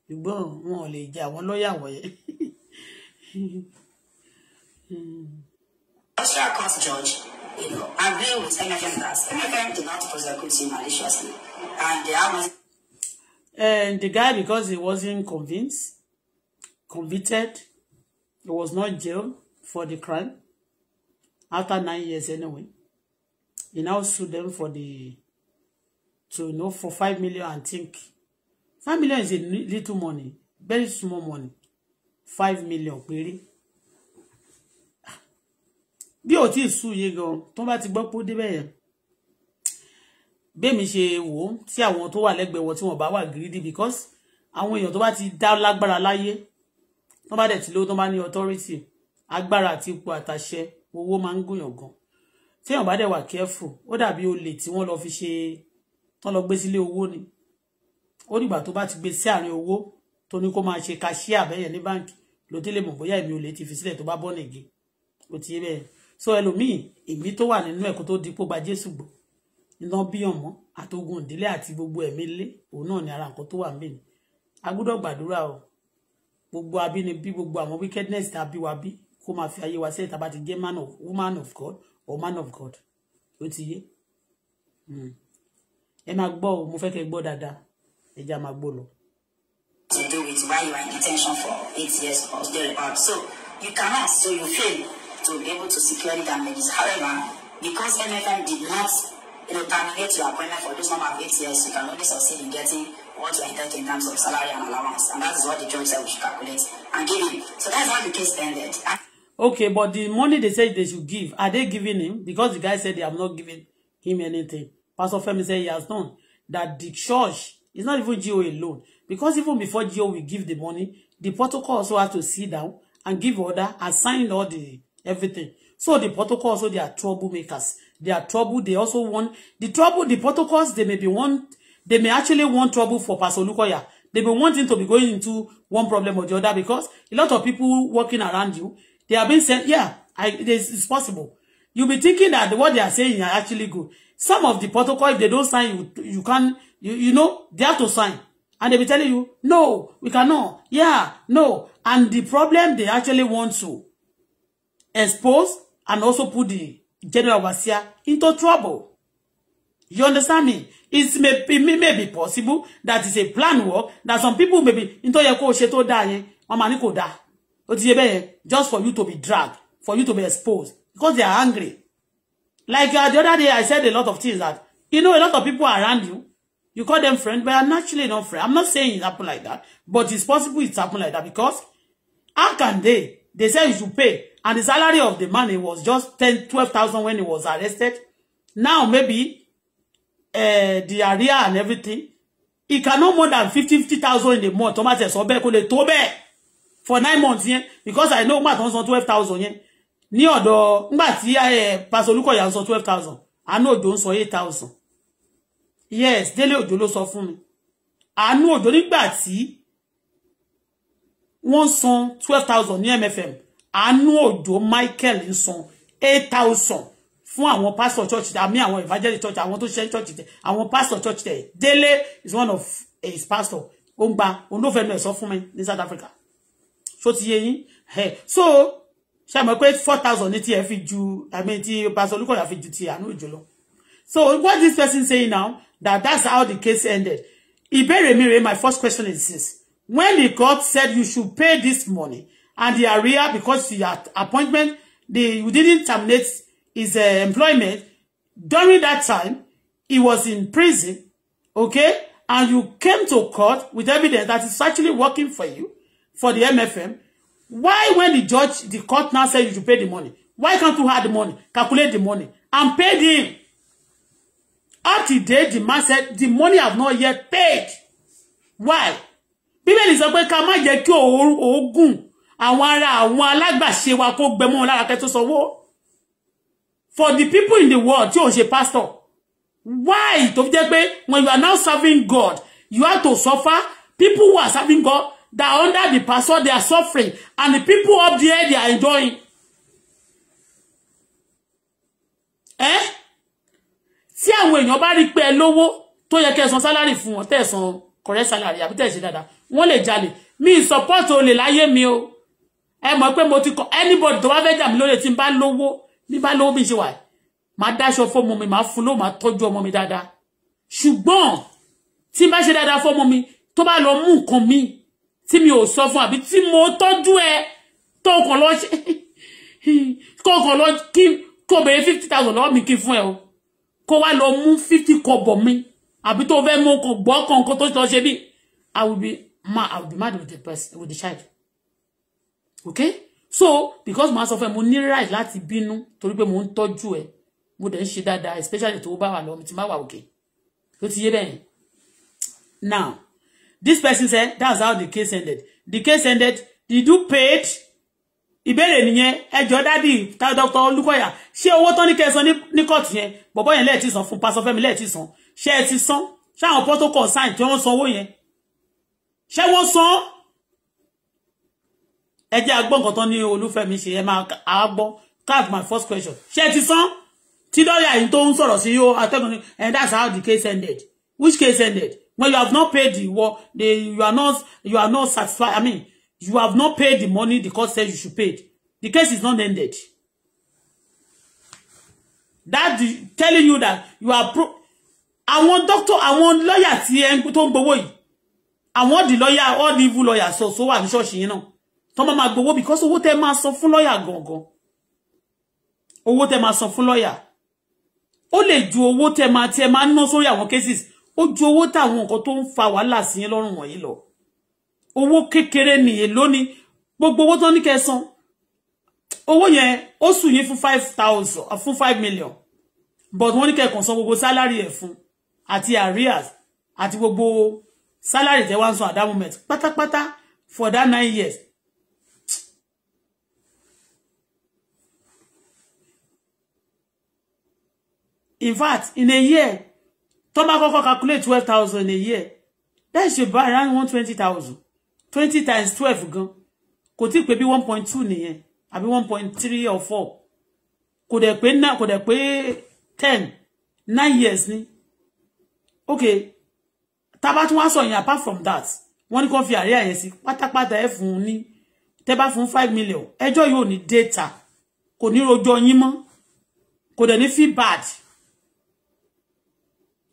ṣùgbọ́n wọn ò lè jẹ àwọn lọ́ọ̀yà wọ̀nyẹn. Australia court judge you know, agree with MFM that MFM did not prosecute him maliciously and the army. And the guy because he wasn't convinced, convicted. He was not jailed for the crime after nine years anyway. He now sued them for the to know for five million and think five million is a little money, very small money. Five million péré. Bi o ti sùn yé gan, tó bá ti gbọ́ pé ó débẹ̀ yẹn bẹ́ẹ̀mi ṣe wò ó tí àwọn tó wà lẹ́gbẹ̀ẹ́ wọn tí wọ́n bá wà because àwọn èèyàn tó bá ti dá lágbára láyé tó bá dẹ̀ ti lówó tó bá ní authority agbára àti ipò àtàṣẹ owó máa ń gùnyàn gan téèyàn bá dẹ̀ wà careful ó dàbí olè tí wọ́n lọ fi ṣe tán lọ gbé sílé owó ni ó nígbà tó bá ti gbé sí àárín owó tó ní kó máa ṣe cashier bẹ́yẹn ní báǹkì ló ti lè mọ̀ bóyá èmi olè ti fi sílẹ̀ tó bá bọ́ nìgé ó ti yé bẹ́ẹ̀ so ẹlòmíì èmi tó wà nínú ẹ̀kọ́ tó dípò gba Jésù gbọ́ iná bí ọmọ àtogun ìdílé àti gbogbo ẹ̀mí lé òun náà ni ara nǹkan tó wà ń bẹ̀ ni a o gbogbo abínibí gbogbo àwọn wickedness tá bí wa bí kó máa fi ayé wa sẹ́yìn tá ti jẹ́ man of woman of God or man of God ó ti yé hmm. ẹ máa gbọ́ o mo fẹ́ kẹ́ gbọ́ dáadáa ẹ já máa gbọ́ lọ. to do with why you are in detention for eight years or thereabout so you cannot so you fail to be able to secure the damages however because MFM did not you know, terminate your appointment for those number of eight years you can only succeed in getting what you entitled in terms of salary and allowance. And that is what the judge said we should calculate and give him. So that's how the case ended. Okay, but the money they said they should give, are they giving him? Because the guy said they have not given him anything. Pastor Femi said he has done That the church is not even GO alone. Because even before GO will give the money, the protocol also has to sit down and give order, assign all the everything. So the protocol also they are troublemakers. They are trouble. They also want the trouble. The protocols they may be want They may actually want trouble for Pastor Lukoya. They may want him to be going into one problem or the other because a lot of people working around you, they are being sent, yeah, I, it is, it's possible. You'll be thinking that what they are saying are actually good. Some of the protocol, if they don't sign, you you can, you, you know, they have to sign. And they be telling you, no, we cannot. Yeah, no. And the problem they actually want to expose and also put the general overseer into trouble. You understand me? it may, it may be possible that is a plan work that some people maybe be nítorí yẹ kó o ṣe tó dáa yẹn wọn máa ní ti just for you to be dragged for you to be exposed because they are angry like uh, the other day I said a lot of things that you know a lot of people around you you call them friends, but I'm naturally not friend I'm not saying it happened like that but it's possible it happened like that because how can they they say you should pay and the salary of the man it was just ten twelve thousand when he was arrested now maybe uh, diarrhea and everything He can no more than fifty fifty thousand in a month Thomas ẹ̀sọ́ bẹ́ẹ̀ kó lè tó for nine months yẹn because i know nígbà tó ń san twelve thousand yẹn ní ọ̀dọ̀ nígbà tí eh, pásọ Olúkọ̀yà ń san twelve thousand àánú òjò ń san eight thousand yes délé òjò ló sọ fún mi àánú òjò nígbà tí wọ́n san twelve thousand ní mfm àánú òjò michael ń san eight thousand fún àwọn pastor church àmì àwọn evangelist church àwọn tó ṣiṣẹ́ church tẹ àwọn pastor church tẹ Dele is one of his pastor ó ń gba òun ló fẹ́ nu ẹ̀sọ́ fún mi ní South Africa ṣó ti yé yín so ṣe mọ̀ pé four thousand ní tí ẹ fi ju àmì tí pastor Olúkọ̀yà fi ju ti àánú ìjò lọ so what this person say now that that's how the case ended ìbéèrè mi rèé my first question is this when the court said you should pay this money and the area because your appointment the you didn't terminate his uh, employment. During that time, he was in prison, okay? And you came to court with evidence that is actually working for you, for the MFM. Why, when the judge, the court now said you should pay the money, why can't you have the money, calculate the money, and pay him? Up to date, the man said, the money have not yet paid. Why? Bíbélì sọ pé ká má jẹ́ kí òógùn àwọn ará àwọn alágbàṣe wa kó gbẹmọ́ lára kẹ́ tó sanwó for the people in the world tí ò ń ṣe pastor why tó fi jẹ́ pé when you are now serving God you have to suffer people who are serving God that are under the pastor they are suffering and the people up there they are enjoying. Eh? tí àwọn èèyàn bá rí pé ẹ lówó tó yẹ kẹ́ san sálárì fún wọn tẹ́ san correct salary àbí tẹ́ ṣe dáadáa wọ́n lè jalè mi support olè láyé mi o ẹ mọ̀ pé mo ti kọ anybody tó bá fẹ́ jà mí lólè tí n bá lówó bí bá lówó bí ṣe wà máa dáṣọ fọ́mọ mi máa fún ló máa tọ́jú ọmọ mi dáadáa ṣùgbọ́n tí n bá ṣe dáadáa fọ́mọ mi tó bá lọ mú nǹkan mi tí mi ò sọ fún àbí tí mo tọ́jú ẹ tó kàn lọ ṣe kó [LAUGHS] kàn lọ kí kó béèrè fifty thousand lọ́wọ́ mi kí fún ẹ o kó wá lọ mú fifty kọ́bọ̀ mi àbí tó fẹ́ mú gbọ́ kankan tó lọ ṣe bí i will be Ma, i will be mad with the person with the child okay so because màá sọ fún ẹ mo ní right láti bínú torí pé mo ń tọ́jú ẹ mo dẹ̀ ń ṣe especially to bá wà lọ́wọ́ mi ti má wà òkè ló ti yé bẹ́ẹ̀ now this person said that's how the case ended the case ended did you pay? paid ìbéèrè nìyẹn ẹjọ́ dádì ta dr olúkọ̀yà ṣé owó tán ní kẹsàn ní kóòtù yẹn bọ̀bọ́ yẹn lẹ́ẹ̀tì san fún pásọ fẹ́mi lẹ́ẹ̀tì san ṣé ẹ ti san ṣáwọn protocol sign tí wọ́n san owó yẹn ṣé wọ́n san ẹ jẹ́ agbọ́ nǹkan tán ní olúfẹ́mi ṣe ẹ máa agbọ́ that's my first question ṣé ti sán tí lọ́ọ̀yà yìí tó ń sọ̀rọ̀ sí yóò atẹ́gùn ni and eh, that's how the case ended which case ended when you have not paid the war the you are not you are not satisfied i mean you have not paid the money the court said you should pay the case is not ended that the, telling you that you are pro àwọn doctor àwọn lawyer. tí ẹ tó ń gbowó yìí àwọn the lawyer all the evil lawyers so so wà ní ṣọ́ọ̀ṣì yìí náà tó máa máa gbowó because owó tẹ́ máa san fún lawyer gangan owó tẹ́ máa san fún lọ́yà ó lè ju owó tẹ́ máa tẹ́ máa ná sórí àwọn cases ó ju owó táwọn nǹkan tó ń fa wàhálà sí yín lọ́rùn wọ̀nyí lọ owó kékeré nìyẹn lónìí gbogbo owó tán ní kẹsàn owó yẹn ó sùn yín fún five thousand uh, fún five million but wọ́n ní kẹkàn san gbogbo salary ẹ̀ fún Ati arrears Ati gbogbo salary tẹ́ wá ń san at that moment pátápátá for that nine years in fact in a year tó bá kọ́kọ́ calculate twelve thousand a year that should buy around one twenty thousand twenty times twelve gan kò tí ì pé bí one point two nìyẹn àbí one point three or four kò dẹ̀ pé nine kò dẹ̀ pé ten nine years ni okay tábà tún wá sọ yẹn apart from that wọ́n ní kó fi àríyá yẹn sí pátápátá ẹ̀ fún un ní tẹ́ bá fún five million ẹjọ́ yóò ní data kò ní rojọ́ yín mọ́ kò dẹ̀ ní feel bad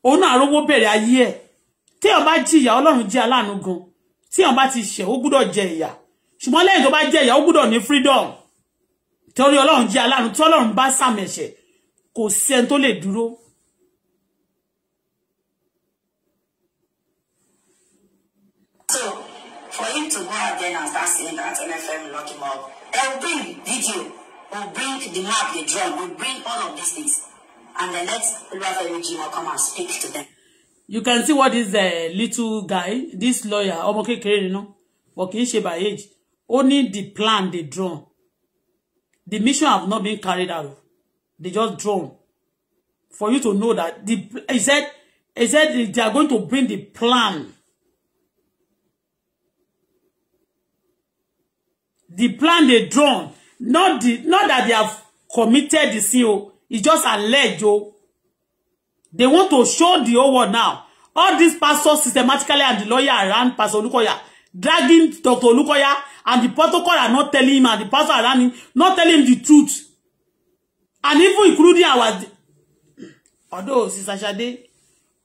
òun náà rówó bẹ̀rẹ̀ ayé ẹ̀ téèyàn bá jìyà ọlọ́run jẹ́ aláàánú gan téèyàn bá ti ṣẹ̀ ó gbúdọ̀ jẹ ìyà ṣùgbọ́n lẹ́yìn tó bá jẹ ìyà ó gbúdọ̀ ní freedom torí ọlọ́run jẹ́ aláàánú tí ọlọ́run bá sàmì ẹ̀ṣẹ̀ kò sí ẹni tó lè dúró So, for him to go again and start saying that NFM lock him up, they'll bring video, will bring the map, the drum, will bring all of these things and then let Olúwafẹ́mi Jimoh come and speak to them. you can see what is the uh, little guy this lawyer ọmọ kékeré you know, working í by age only the plan they draw. the mission have not been carried out they just drawn for you to know that the he said he said they are going to bring the plan the plan they drawn not the not that they have committed the sin It's just alleged, oh. They want to show the whole world now. All these pastors systematically and the lawyer around Pastor Lukoya, dragging Dr. Lukoya, and the protocol are not telling him, and the pastor around him, not telling him the truth. And even including our... Although, Sister Sade,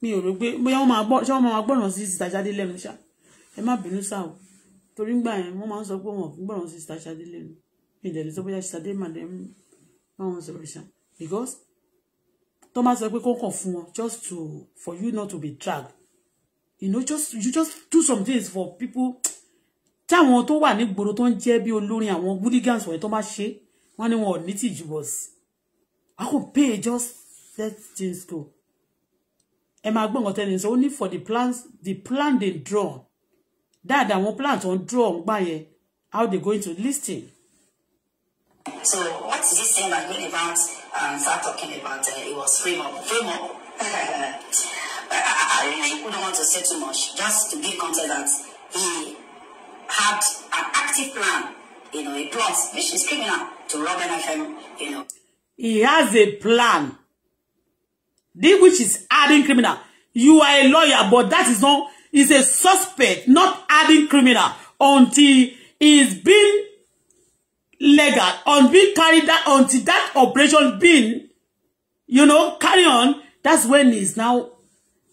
me, ò me, pé bóyá wọ́n máa gbọ́ ṣé wọ́n máa gbọ́ràn sí Sister Sade lẹ́nu ṣá ẹ má bínú sá o torí ngbà yẹn wọ́n máa ń sọ pé wọ́n ò gbọ́ràn sí Sister Sade lẹ́nu mi ìdẹ̀lẹ́ sọ bóyá Sister Sade màdẹ́mù wọ́n sọ̀rọ̀ ṣá because Thomas, máa sọ pé kó fún wọn just to for you not to be dragged you know just you just do some things for people táwọn tó wà nígboro tó ń jẹ́ bí olórin àwọn hooligans wọ̀nyí tó máa ṣe wọ́n ní wọn ò ní tìjú bọ̀ sí i could pay just let things go ẹ máa gbọ́ nǹkan tẹ́lẹ̀ sọ ó ní for the plans the plan they draw dáadáa àwọn plan tó ń draw ń gbà yẹn how they going to listen. so what is this thing i mean about and um, start talking about uh, it was frame up. Frame up. I, I, wouldn't want to say too much, just to give context that he had an active plan, you know, a plot, which is criminal, to rob NFM, you know. He has a plan, the which is adding criminal. You are a lawyer, but that is not, is a suspect, not adding criminal until he is being legal on being carried that until that operation Been, you know carry on that's when is now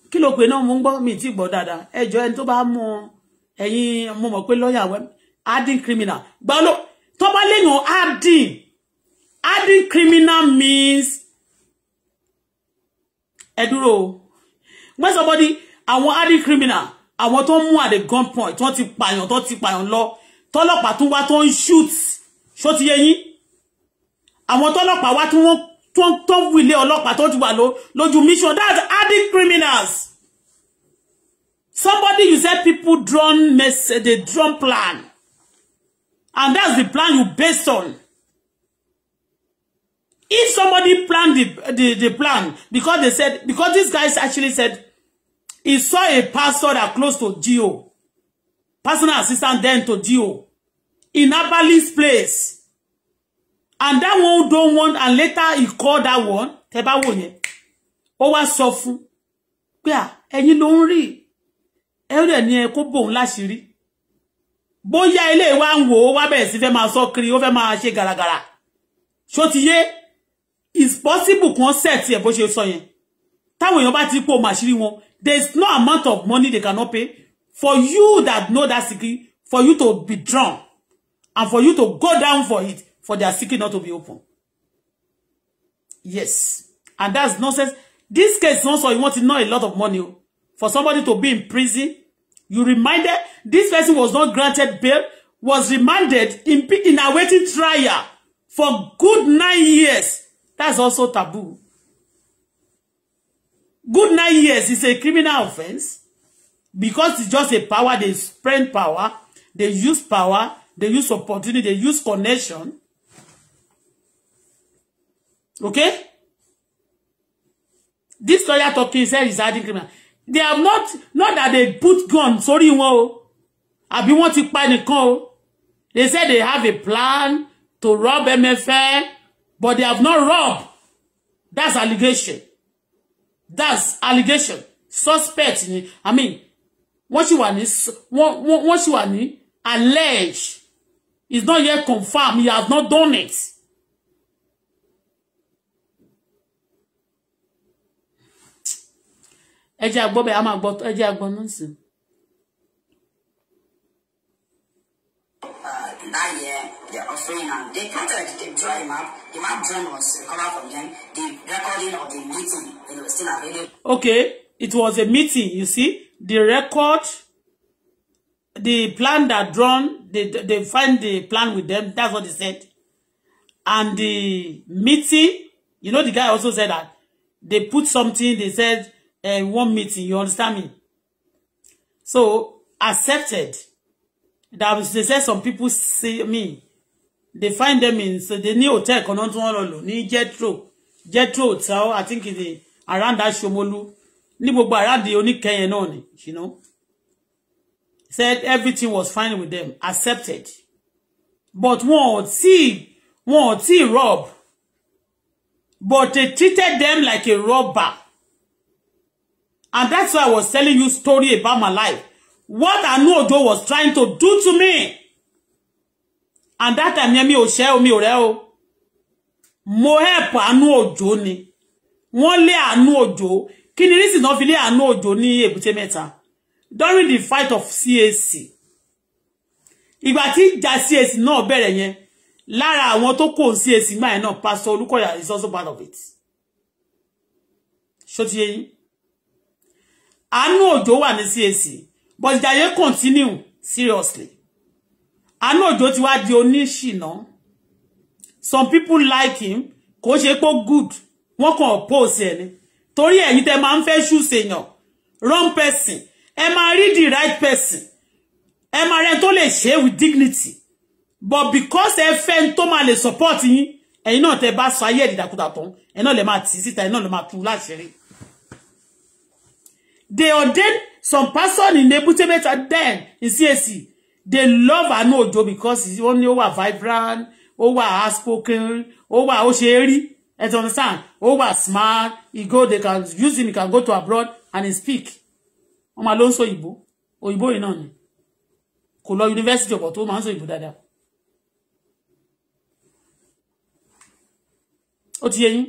kí ló pe náà mo ń gbọ́ mi ti gbọ́ dáadáa ẹjọ́ ẹni tó bá mọ ẹ̀yin mo mọ̀ pé lọ́ọ̀yà wẹ́ adding criminal gbalo tó bá léyìn adding adding criminal means Eduro, when somebody àwọn adding criminal àwọn tó ń mú at the gunpoint tó ti pààyàn tó ti pààyàn lọ tọ́lọ́pàá tún wá tó ń shoot ṣó ti yé yín àwọn tọ́lọ́pàá wá tí wọ́n tó wílé ọlọ́pàá tó ti wà lójú mission that that's addict criminals somebody you say people drawn message they drawn plan and that's the plan you based on if somebody planned the, the, the plan because they said because this guy actually said he saw a pastor that close to Gio personal assistant then to Gio in Abali's place. And that one don't want, and later he called that one, tẹ́ bá wò yẹn, ó wá sọ fún, pé à, ah, ẹ̀yin ló ń rí, ẹ rẹ̀ ni ẹ kó bòun láṣìírí. Bóyá ilé wa ń wò ó wá bẹ̀rẹ̀ sí fẹ́ máa sọ kiri, ó it's possible kan set ẹ̀ bó ṣe sọ yẹn. Táwọn èèyàn bá ti pò there's no amount of money they cannot pay for you that know that secret, for you to be drunk and for you to go down for it, for their seeking not to be open. Yes. And that's nonsense. This case also, you want to know a lot of money. For somebody to be in prison, you reminded, this person was not granted bail, was remanded in, in awaiting trial for good nine years. That's also taboo. Good nine years is a criminal offense because it's just a power. They spread power. They use power. They use opportunity. They use connection. Okay? This lawyer talking said is adding criminal. They have not, not that they put gun, sorry, wọn o. Àbí wọ́n to buy the o. They said they have a plan to rob MFA, but they have not robbed. That's allegation. That's allegation. Suspect I mean, what wọ́n sì wà what what you want is allege It's not yet confirmed. He has not done it. ẹ jẹ́ àgbọ́ bẹ́ẹ̀ a máa That year, the offering and um, they counted, they draw him up. The man drum was recovered uh, from them. The recording of the meeting, they were still available. Okay, it was a meeting, you see. The record the plan that drawn, they, they find the plan with them. That's what they said. And the meeting, you know, the guy also said that they put something, they said, uh, one meeting, you understand me? So, accepted. That was, they said some people see me. They find them in, so the new hotel, Konontuanolo, ni Jetro. Jetro Hotel, I think it's around that Shomolu. Ni gbogbo around the Oníkẹyẹ náà ni, you know? said everything was fine with them, accepted. But one wọ́n one wọ́n tí rob. But they treated them like a robber. And that's why I was telling you story about my life. What Anu Ojo was trying to do to me. And that time, mi ò ṣe o, mi ò rẹ́ o. Mo help Anu Ojo ni. Wọ́n lé Anu Ojo. Kí ni is not fi lé Anu Ojo e bute meta during the fight of CAC ìgbà tí ìjà CAC náà bẹ̀rẹ̀ yẹn Lara, àwọn to kò CAC máa yẹn Pastor Olúkọ̀yà is also part of it ṣó ti yé yín àánú òjò CAC but Jaiye continue seriously àánú òjò ti wá di oníṣìná some people like him kò ṣe pé good wọ́n kàn oppose ẹni torí ẹ̀yin tẹ́ máa ń fẹ́ senior, wrong person ẹ máa rí the right person ẹ máa rẹ tó lè ṣe with dignity but because ẹ fẹ́ tó máa lè support yín ẹ̀yin náà tẹ bá sọ ayé ìdàkúdà tán ẹ náà lè máa tì í síta ẹ náà lè máa tú láṣìírí. they ordain some person in Ebute Metta then in CAC they love Anu Ojo because ó ní ó wà vibrant ó wà outspoken ó wà ó ṣe é rí ẹ ti understand ó wà smart he go they can use him he can go to abroad and he speak wọ́n máa ló ń sọ òyìnbó òyìnbó yìí náà ni kò lọ yunifásitì ọ̀pọ̀ tó máa ń sọ òyìnbó dáadáa ó ti yẹ yín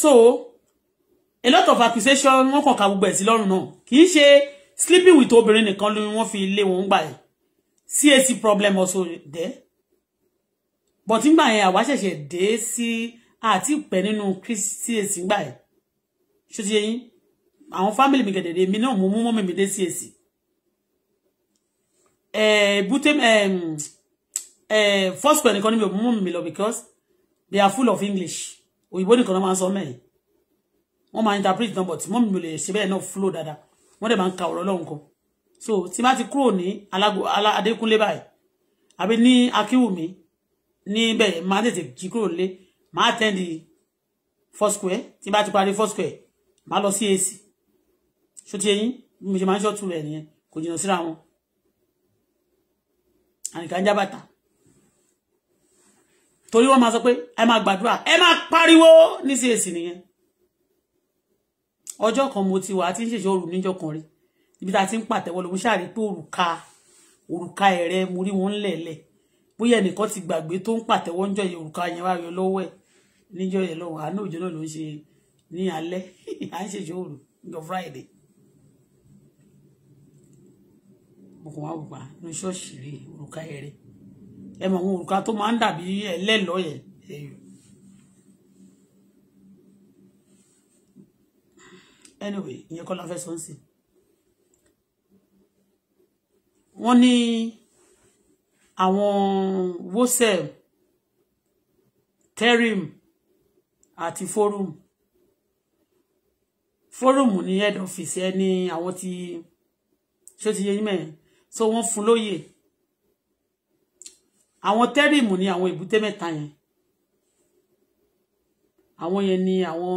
so a lot of accusation wọ́n kàn ka gbogbo ẹ̀ sí lọ́rùn náà kì í ṣe sleeping with obìnrin nìkan ló wọ́n fi lé wọn gbà yẹn CAC problem also there but nígbà yẹn àwa ṣẹ̀ṣẹ̀ dé sí àti pẹ́ nínú Kristi èsì gbà ẹ̀ ṣó ti yẹ yín àwọn fámìlì mi gẹ̀dẹ̀dẹ̀ mi náà mo mú mọ́mì mi dé sí èsì bute first square nìkan ni mi ò mi lọ because they are full of English òyìnbó nìkan náà máa ń sọ mẹ́rin wọ́n máa interpret náà but mọ́mì mi ò lè ṣe bẹ́ẹ̀ náà flow dáadáa wọ́n dẹ̀ máa ń ka ọ̀rọ̀ Ọlọ́run kan so tí bá ti kúrò ní Adékúnlé báyìí àbí ní Akíwùmí ní bẹ́ẹ̀ máa tètè jí kúrò lé máa àtẹ́ndì four square tí bá ti parí four square máa lọ sí ac ṣó ti eyín bí mo ṣe máa ń ṣọ́ọ̀tù rẹ̀ nìyẹn kò jìnnà síra wọn àníkà ń jábàtà torí wọ́n máa sọ pé ẹ máa gbàdúrà ẹ máa pariwo ní cac nìyẹn ọjọ́ kan mo ti wà á ti ń ṣèṣe òru níjọ́ kan rí ibi tá a ti ń pàtẹ́wọ́ lòun ṣáà rí pé òrùka òrùka mo rí wọn ń lẹ̀lẹ̀ bóyá ti gbàgbé tó ń pàtẹ́wọ́ ń jọ yẹ òrùka yẹn wá yọ lọ́wọ́ níjọ́ yẹn lọwọ àánú òjò náà ló ń ṣe ní alẹ [LAUGHS] à ń ṣèjọ òru níjọ́ friday mo kàn wá wùgbà ní ṣọ́ọ̀ṣì rí òrùka yẹn rí ẹ mọ̀ àwọn òrùka tó máa ń dàbí ẹlẹ́lọ́ yẹn anyway ìyẹn kọ́ la fẹ́ sọ ń sìn wọ́n ní àwọn wosel terim àti fórómù fórómù ní head office ẹ ní àwọn ti ṣé ti yẹ yín mẹ́rin so wọ́n fún lóyè àwọn tẹ́rìmù ní àwọn èbúté mẹ́ta yẹn àwọn yẹn ni àwọn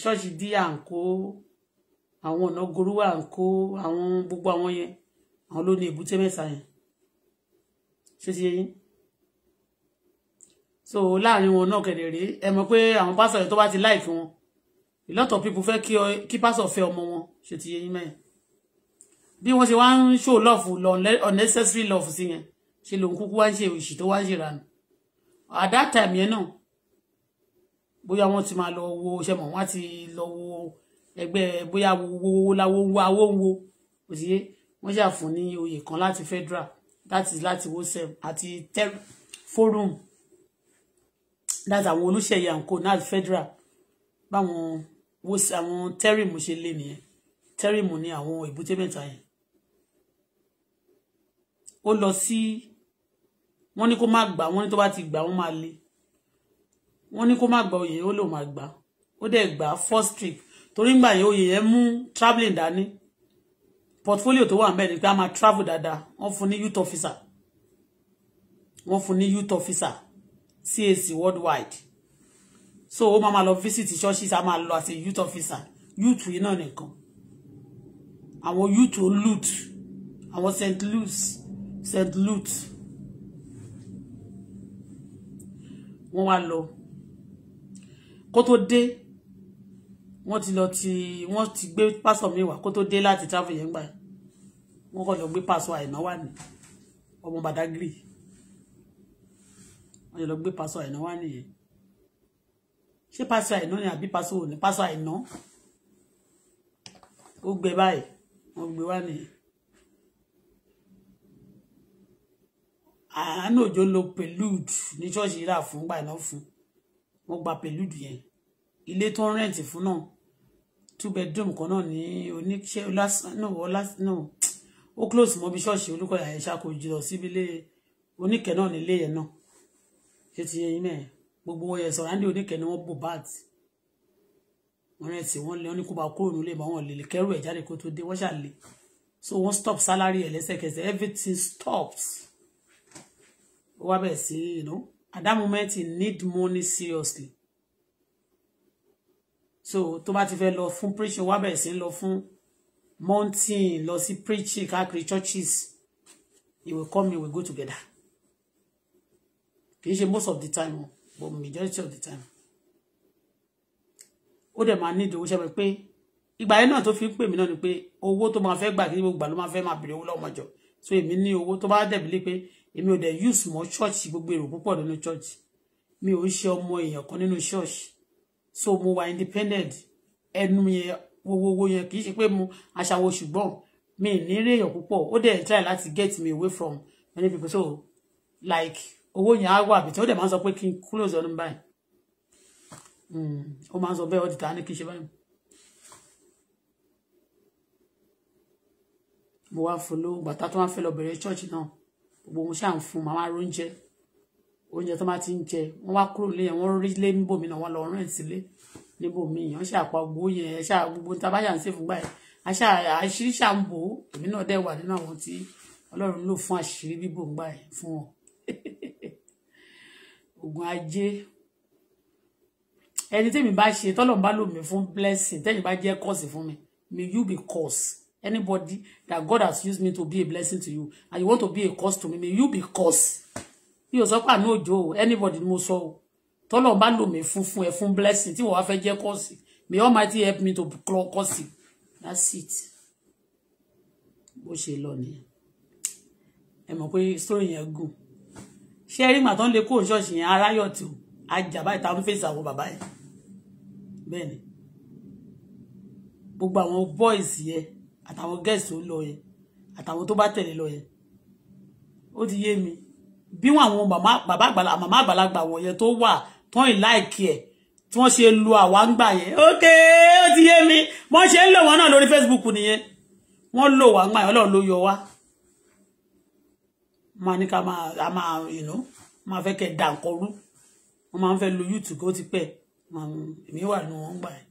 ṣọ́ọ̀ṣì díà ń kó àwọn ọ̀nà gorúwà ń kó àwọn gbogbo àwọn yẹn àwọn ló ní èbúté mẹ́ta yẹn ṣé ti yẹ yín so láàrin wọn náà kẹ̀dẹ̀ rèé ẹ mọ̀ pé àwọn pásọ̀ yẹn tó bá ti láìkí wọn a lot of people fẹ́ kí pásọ̀ fẹ́ ọmọ wọn ṣe ti yẹn mẹ́rin bí wọ́n ṣe wá ń show love unnecessary love sí yẹn ṣe lòun kúkú wá ń ṣe òṣì tó wá ń ṣe ìranù at that time yẹn náà bóyá wọ́n ti máa lọ wo ṣe mọ̀ wọ́n ti lọ wo ẹgbẹ́ bóyá wowó láwo ń wo awó ń wo òṣìṣẹ́ wọ́n ṣàfún ní oyè kan láti federal láti láti wosem àti forum that's àwọn olùṣeyẹ àǹkó náà federal báwọn wo àwọn tẹ́rìmù ṣe lé nìyẹn tẹ́rìmù ni àwọn èbúté mẹ́ta yẹn ó lọ sí wọ́n ní kó má gbà wọ́n ní tó bá ti gbà wọ́n máa lé wọ́n ní kó má gbà oyè ó lò má gbà ó dẹ̀ gbà first trip torí ngbà yẹn oyè yẹn mú travelling dání portfolio tó wà ń bẹ̀ ni pé a máa travel dáadáa wọ́n fún ní youth officer wọ́n fún ní youth officer CAC worldwide so ó máa ma lọ visit churches a máa as a youth officer youth yìí náà nìkan àwọn youth olùt àwọn St. Louis St. Louis wọ́n wá lọ kó tó dé wọ́n ti lọ ti wọ́n ti gbé pásọ̀ mi wá kó tó dé láti travel yẹn gbà wọ́n kọ́ lọ gbé pásọ̀ àìnáwá ni ọmọ Badagry wọ́n yẹ lọ gbé pásọ àìná wá nìyẹn ṣé pásọ àìná ni àbí pásọ òní pásọ àìná ó gbé báyìí wọ́n gbé wá nìyẹn àánú òjò lo pèlúùdù ní ṣọ́ọ̀ṣì rà fún gbà náà fún wọ́n gba pèlúùdù yẹn ilé tó ń rẹ̀ǹtì fún náà two bedroom kan náà ní oníṣẹ́ ọlásánà ó close mọ́ bí ṣọ́ọ̀ṣì olùkọ́ àyẹ̀ṣà kò síbi ilé oníkẹ́ náà nílé yẹn náà ṣé ti yẹn náà gbogbo wọn yẹ sọ rándí oníkẹ ni wọn bò báàtì wọn rẹ tí wọn lé wọn ní kó bá kúrò nílé mọ wọn lè lè kẹrù ẹ jáde kó tó dé wọn ṣàlè so wọn stop salary ẹ lẹ́sẹ̀kẹsẹ̀ everything stops ó wá bẹ̀rẹ̀ sí you know at that moment he need money seriously so tó bá ti fẹ́ lọ fún preaching wá bẹ̀rẹ̀ sí lọ fún mountain lọ sí preaching káàkiri churches You will come You will go together kì ṣe most of the time o but majority of the time ó dẹ̀ máa ní ìdòwò ṣẹ́mi pé ìgbà yẹn náà tó fi ń pè mí náà ni pé owó tó máa fẹ́ gbà kí gbogbo ló máa fẹ́ máa bèrè owó lọ́wọ́ jọ so èmi ní owó tó bá dẹ̀bi lé pé èmi ò dẹ̀ use mọ́ church gbogbo èrò púpọ̀ nínú church mi ò ń ṣe ọmọ èèyàn kan nínú church so mo wà independent ẹnu yẹn wowowo yẹn kì í ṣe pé mo aṣàwọ̀ ṣùgbọ́n mi ní rí èèyàn púpọ̀ ó dẹ̀ try láti get me away from many people so like owó yẹn á wà bìtì ó dẹ̀ máa ń sọ pé kí n close ọdún báyìí hmm, ó máa ń sọ bẹ́ẹ̀ ó ti ta ní kí n ṣe báyìí. mo wá fún lówó bàtà tó wá fẹ́ lọ bẹ̀rẹ̀ church náà gbogbo ohun ṣáà ń fún màmá róúnjẹ oúnjẹ tó máa ti ń jẹ wọ́n wá kúrò nílé yẹn wọ́n rí lé níbòmí náà wọ́n lọ rìn sílé níbòmí yẹn wọ́n ṣàpá gbogbo yẹn ṣáà gbogbo níta bá yà ń ṣe fúngbà yẹn àṣà àṣírí ṣàǹbò èmi náà dẹ̀ wà nínú àwọn tí Ọlọ́run lò fún àṣírí bíbò ńgbà yẹn fún wọn ogun ajé ẹni tẹ́mi bá ṣe tọ́lọ̀ bá lò mí fún blessing tẹ́mi bá jẹ́ cause fún mi may you be cause anybody that God has used me to be a blessing to you and you want to be a cause to me may you be cause. bí o sọ pé àná òjò o anybody ni mo sọ o tọ́lọ̀ bá lò mí fún fún ẹ fún blessing tí wọ́n wá fẹ́ jẹ́ cause. may Almighty help me to claw cause. that's it bó ṣe lọ nìyẹn ẹ mọ̀ pé story yẹn gùn. Sharing rí màtọ́ lè kó ṣọ́ọ̀ṣì yẹn riot tí o ajàbá ìta ń fèsì àwọn Baba. yẹn bẹ́ẹ̀ ni gbogbo àwọn boys yẹn àtàwọn girls tó lọ yẹn àtàwọn tó bá tẹ̀lé lọ yẹn ó ti yé mi bí wọn àwọn bàbá àgbàlagbà màmá àgbàlagbà wọn yẹn tó wà tán ìláìkì ẹ̀ tí wọ́n ṣe lu àwa ń gbà yẹn Okay, ó ti yé mi wọ́n ṣe ń lò wọ́n náà Facebook nìyẹn wọ́n lò wá ń gbà yẹn ọlọ́run ló yọ wá máa ní ká máa a máa you know máa fẹ́ kẹ́ dà nǹkan rú wọ́n máa ń fẹ́ lo YouTube kó ti pẹ́ èmi wà ní wọ́n gbà ẹ́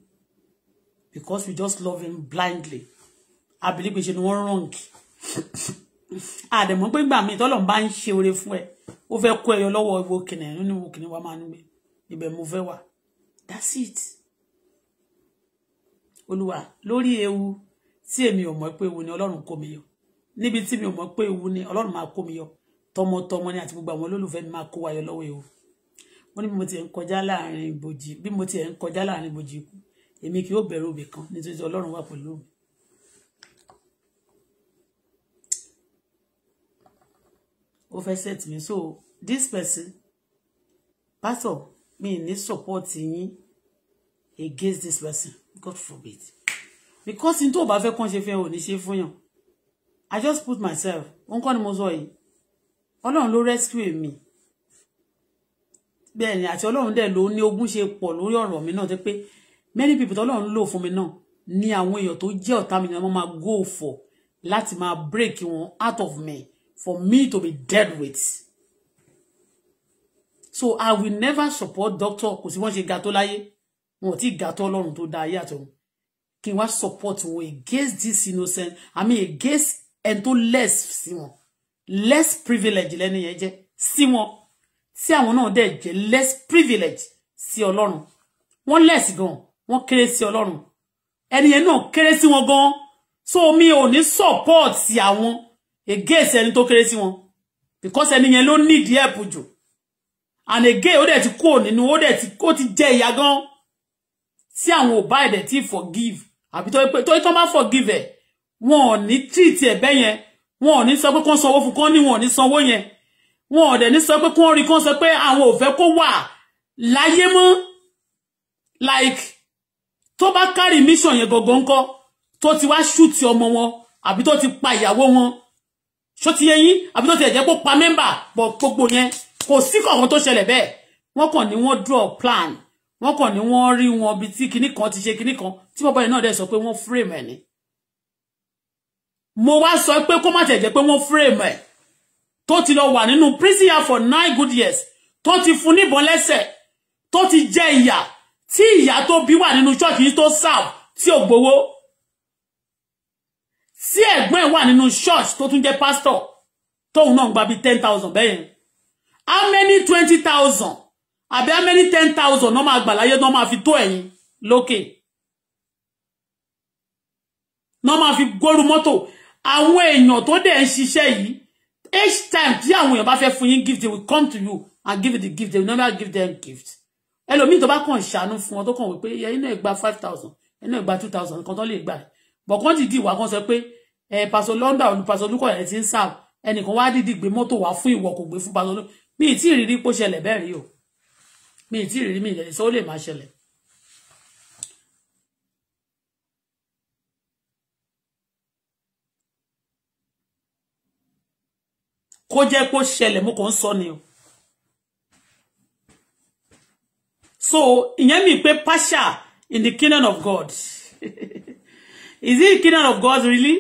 because we just love him blindly abilipe ṣe ni wọ́n wrong àdẹ̀mọ́ pé gbà mí tọ́lọ̀ bá ń ṣe oore fún ẹ ó fẹ́ kó ẹyọ lọ́wọ́ ìwo kìnìún nínú ìwo kìnìún wa máa ń gbé ibẹ̀ mo fẹ́ wà that's it olúwa lórí ewu tí èmi ò mọ̀ pé ewu ni ọlọ́run kó mi yọ níbi tí mi ò mọ̀ pé ewu ni ọlọ́run máa kó mi yọ tọmọtọmọ ni àti gbogbo àwọn olólùfẹ́ mi máa kó wa yọ lọ́wọ́ ewu wọ́n ní bí mo ti ń kọjá láàrin ibojì bí mo ti ń kọjá láàrin ibojì ikú èmi kì yóò bẹ̀rù òbí kan nítorí ọlọ́run wà pẹ̀lú mi. ó fẹ́ set me so this person pastor mi ní support yín against this person God forbid because n tó o bá fẹ́ kàn ṣe fẹ́ o ní ṣe fún yàn I just put myself òun kọ́ ni mo sọ yìí ọlọ́run ló rescue mi bẹ́ẹ̀ ni àti ọlọ́run dẹ̀ ló ní ogún ṣe pọ̀ lórí ọ̀rọ̀ mi náà tó pé many people tọ́lọ́run lò fún mi náà ni àwọn èèyàn tó jẹ́ ọ̀tá mi ni wọ́n máa go for láti máa break wọn out of me for me to be dealt with so i will never support doctor kò sí wọ́n ṣe ga tó láyé wọn ò tí ga tó ọlọ́run tó dá ayé àtọ̀run kí n wá support wọn against this innocent i mean against ẹni tó less sí wọn less privilege lẹ́ni yẹn jẹ́ sí wọn tí àwọn náà dẹ̀ jẹ́ less privilege si ọlọ́run wọ́n less gan wọ́n kéré si ọlọ́run ẹni yẹn náà kéré sí wọn gan so mi o ni support sí àwọn against ẹni to kéré si wọn because ẹni yẹn ló need help jù and again ó dẹ̀ ti kúrò nínú ó dẹ̀ ti kó ti jẹ ìyà gan tí àwọn ò bá ẹ̀dẹ̀ tí forgive Abi to pé tó tán bá forgive e. wọn ni treat e bẹ́yẹn wọn ò ní sọ pé kó sanwó fún kán ní wọn ò ní sanwó yẹn wọn ò dẹ̀ ní sọ pé kó rí kán sọ pé àwọn ò fẹ́ kó wà láyé mọ́ like tó bá kárí mission yẹn gọ̀gọ̀ ńkọ́ tó ti wá ṣùtì ọmọ wọn àbí tó ti pa ìyàwó wọn ṣó ti yé yín àbí tó ti ẹ̀jẹ̀ kó pa mẹ́mbà bọ̀ gbogbo yẹn kò sí kọ̀ọ̀kan tó ṣẹlẹ̀ bẹ́ẹ̀ wọ́n kàn ní wọ́n draw plan wọ́n kàn ní wọ́n rí wọn bí tí kinní kan ti ṣe kinní kan tí bàbá yẹn náà dẹ̀ sọ pé wọ́n frame ẹ̀ ni mo wá sọ pé kó má tẹ̀jẹ̀ pé wọ́n frame ẹ̀ tó ti lọ wà nínú prison yard for nine good years tó ti fún níbọn lẹ́sẹ̀ tó ti jẹ ìyà tí ìyà tó bí wà nínú church yìí tó serve tí ò gbowó tí ẹ̀gbọ́n ẹ̀ wà nínú church tó tún jẹ́ pastor tóun náà gba bíi ten thousand bẹ́yẹn how many twenty thousand how many ten thousand náà máa gbà No náà máa fi tó ẹ̀yìn lókè náà máa fi gbóru mọ́tò àwọn èèyàn tó dẹ̀ ń ṣiṣẹ́ yìí each time tí àwọn èèyàn bá fẹ́ fún yín gift they will come to you and give you the gift they will never give them gift ẹlòmíì tó bá kàn ṣàánú fún wọn tó kàn wí pé ẹ̀yin náà gba five thousand ẹ̀yin náà gba two thousand kan tó lè gbà bọ̀kan ti di ìwà kan sọ pé ẹ pàṣẹ london ọ̀nù pàṣẹ olúkọ̀ ẹ̀ ti ń sà ẹnìkan wá dídì gbé mọ́tò wá fún ìwọ kò gbé fún pàṣẹ olúkọ̀ mi ì tí ì rírí pó ṣẹlẹ̀ bẹ́ẹ̀ rí o mi ì tí ì rírí mi ì lẹ́yìn sọ ó lè má ṣẹlẹ̀ kó jẹ́ kó ṣẹlẹ̀ mo kàn ń ni o. so ìyẹn mi pe pasha in the kingdom of God [LAUGHS] is it kingdom of God really